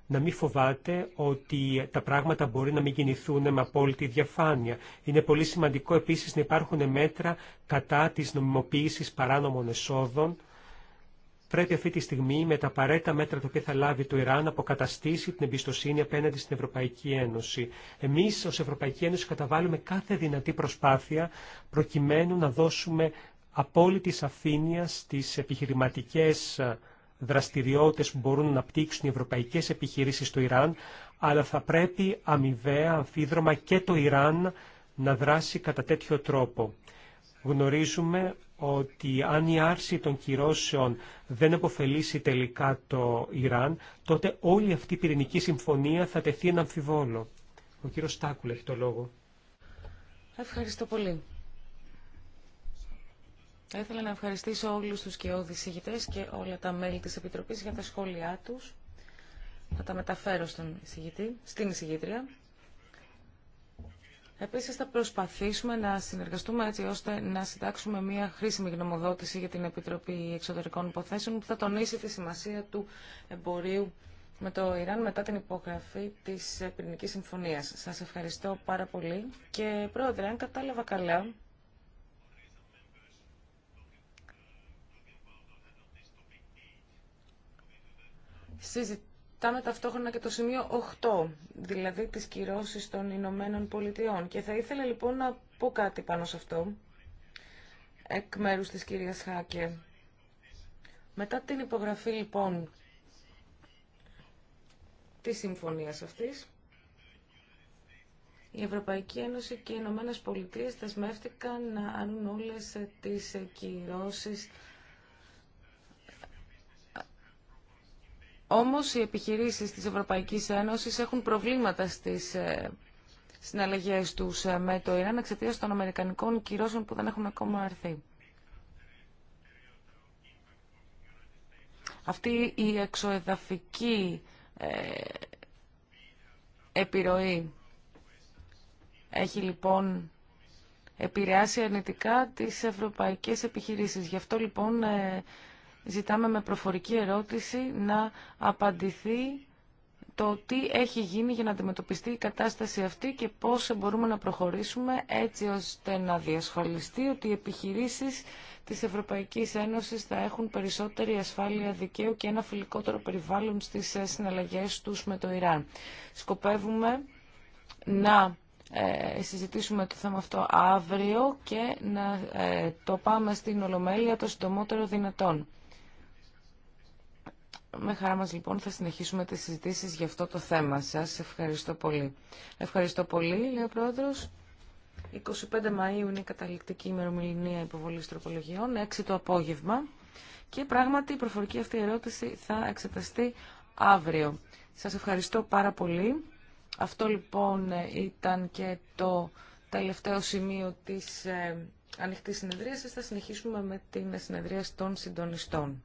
να μην φοβάται ότι τα πράγματα μπορεί να μην κινηθούν με απόλυτη διαφάνεια. Είναι πολύ σημαντικό επίσης να υπάρχουν μέτρα κατά της νομιμοποίησης παράνομων εσόδων. Πρέπει αυτή τη στιγμή με τα απαραίτητα μέτρα τα οποία θα λάβει το Ιράν να αποκαταστήσει την εμπιστοσύνη απέναντι στην Ευρωπαϊκή Ένωση. Εμείς ως Ευρωπαϊκή Ένωση καταβάλουμε κάθε δυνατή προσπάθεια προκειμένου να δώσουμε απόλυτη αφήνεια στις επιχειρηματικές δραστηριότητες που μπορούν να πτύξουν οι ευρωπαϊκές επιχειρήσεις στο Ιράν, αλλά θα πρέπει αμοιβαία, αμφίδρομα και το Ιράν να δράσει κατά τέτοιο τρόπο. Γνωρίζουμε ότι αν η άρση των κυρώσεων δεν αποφελήσει τελικά το Ιράν, τότε όλη αυτή η πυρηνική συμφωνία θα τεθεί ένα αμφιβόλο. Ο κύριος Στάκουλα έχει το λόγο. Ευχαριστώ πολύ. Θα ήθελα να ευχαριστήσω όλους τους κοιόδης ηγητές και όλα τα μέλη της Επιτροπής για τα σχόλιά τους. Θα τα μεταφέρω στον εισηγητή, στην εισηγήτρια. Επίσης θα προσπαθήσουμε να συνεργαστούμε έτσι ώστε να συντάξουμε μια χρήσιμη γνωμοδότηση για την Επιτροπή Εξωτερικών Υποθέσεων που θα τονίσει τη σημασία του εμπορίου με το Ιράν μετά την υπογραφή της πυρηνικής συμφωνίας. Σας ευχαριστώ πάρα πολύ και πρόεδρε, αν κατάλαβα καλά, συζητάμε ταυτόχρονα και το σημείο 8, δηλαδή τις κυρώσεις των Ηνωμένων Πολιτειών. Και θα ήθελα λοιπόν να πω κάτι πάνω σε αυτό, εκ μέρους της κυρίας Χάκε. Μετά την υπογραφή λοιπόν της συμφωνίας αυτής, η Ευρωπαϊκή Ένωση και οι Ηνωμένε Πολιτείε δεσμεύτηκαν να ανούν όλες τις κυρώσει Όμως οι επιχειρήσεις της Ευρωπαϊκής Ένωσης έχουν προβλήματα στις ε, συναλλαγές τους ε, με το Ιράν εξαιτία των Αμερικανικών κυρώσεων που δεν έχουν ακόμα έρθει. Αυτή η εξοεδαφική ε, επιρροή έχει λοιπόν επηρεάσει αρνητικά τις ευρωπαϊκές επιχειρήσεις. Γι' αυτό λοιπόν ζητάμε με προφορική ερώτηση να απαντηθεί το τι έχει γίνει για να αντιμετωπιστεί η κατάσταση αυτή και πώς μπορούμε να προχωρήσουμε έτσι ώστε να διασφαλιστεί ότι οι επιχειρήσεις της Ευρωπαϊκής Ένωσης θα έχουν περισσότερη ασφάλεια δικαίου και ένα φιλικότερο περιβάλλον στις συναλλαγές τους με το Ιράν. Σκοπεύουμε να ε, συζητήσουμε το θέμα αυτό αύριο και να ε, το πάμε στην Ολομέλεια το συντομότερο δυνατόν. Με χαρά μας λοιπόν θα συνεχίσουμε τις συζητήσεις για αυτό το θέμα. Σας ευχαριστώ πολύ. Ευχαριστώ πολύ, λέει ο Πρόεδρος. 25 Μαΐου είναι η καταληκτική ημερομηνία υποβολής τροπολογιών, 6 το απόγευμα. Και πράγματι η προφορική αυτή ερώτηση θα εξεταστεί αύριο. Σας ευχαριστώ πάρα πολύ. Αυτό λοιπόν ήταν και το τελευταίο σημείο της ε, ανοιχτής συνεδρίασης. Θα συνεχίσουμε με την συνεδρία των συντονιστών.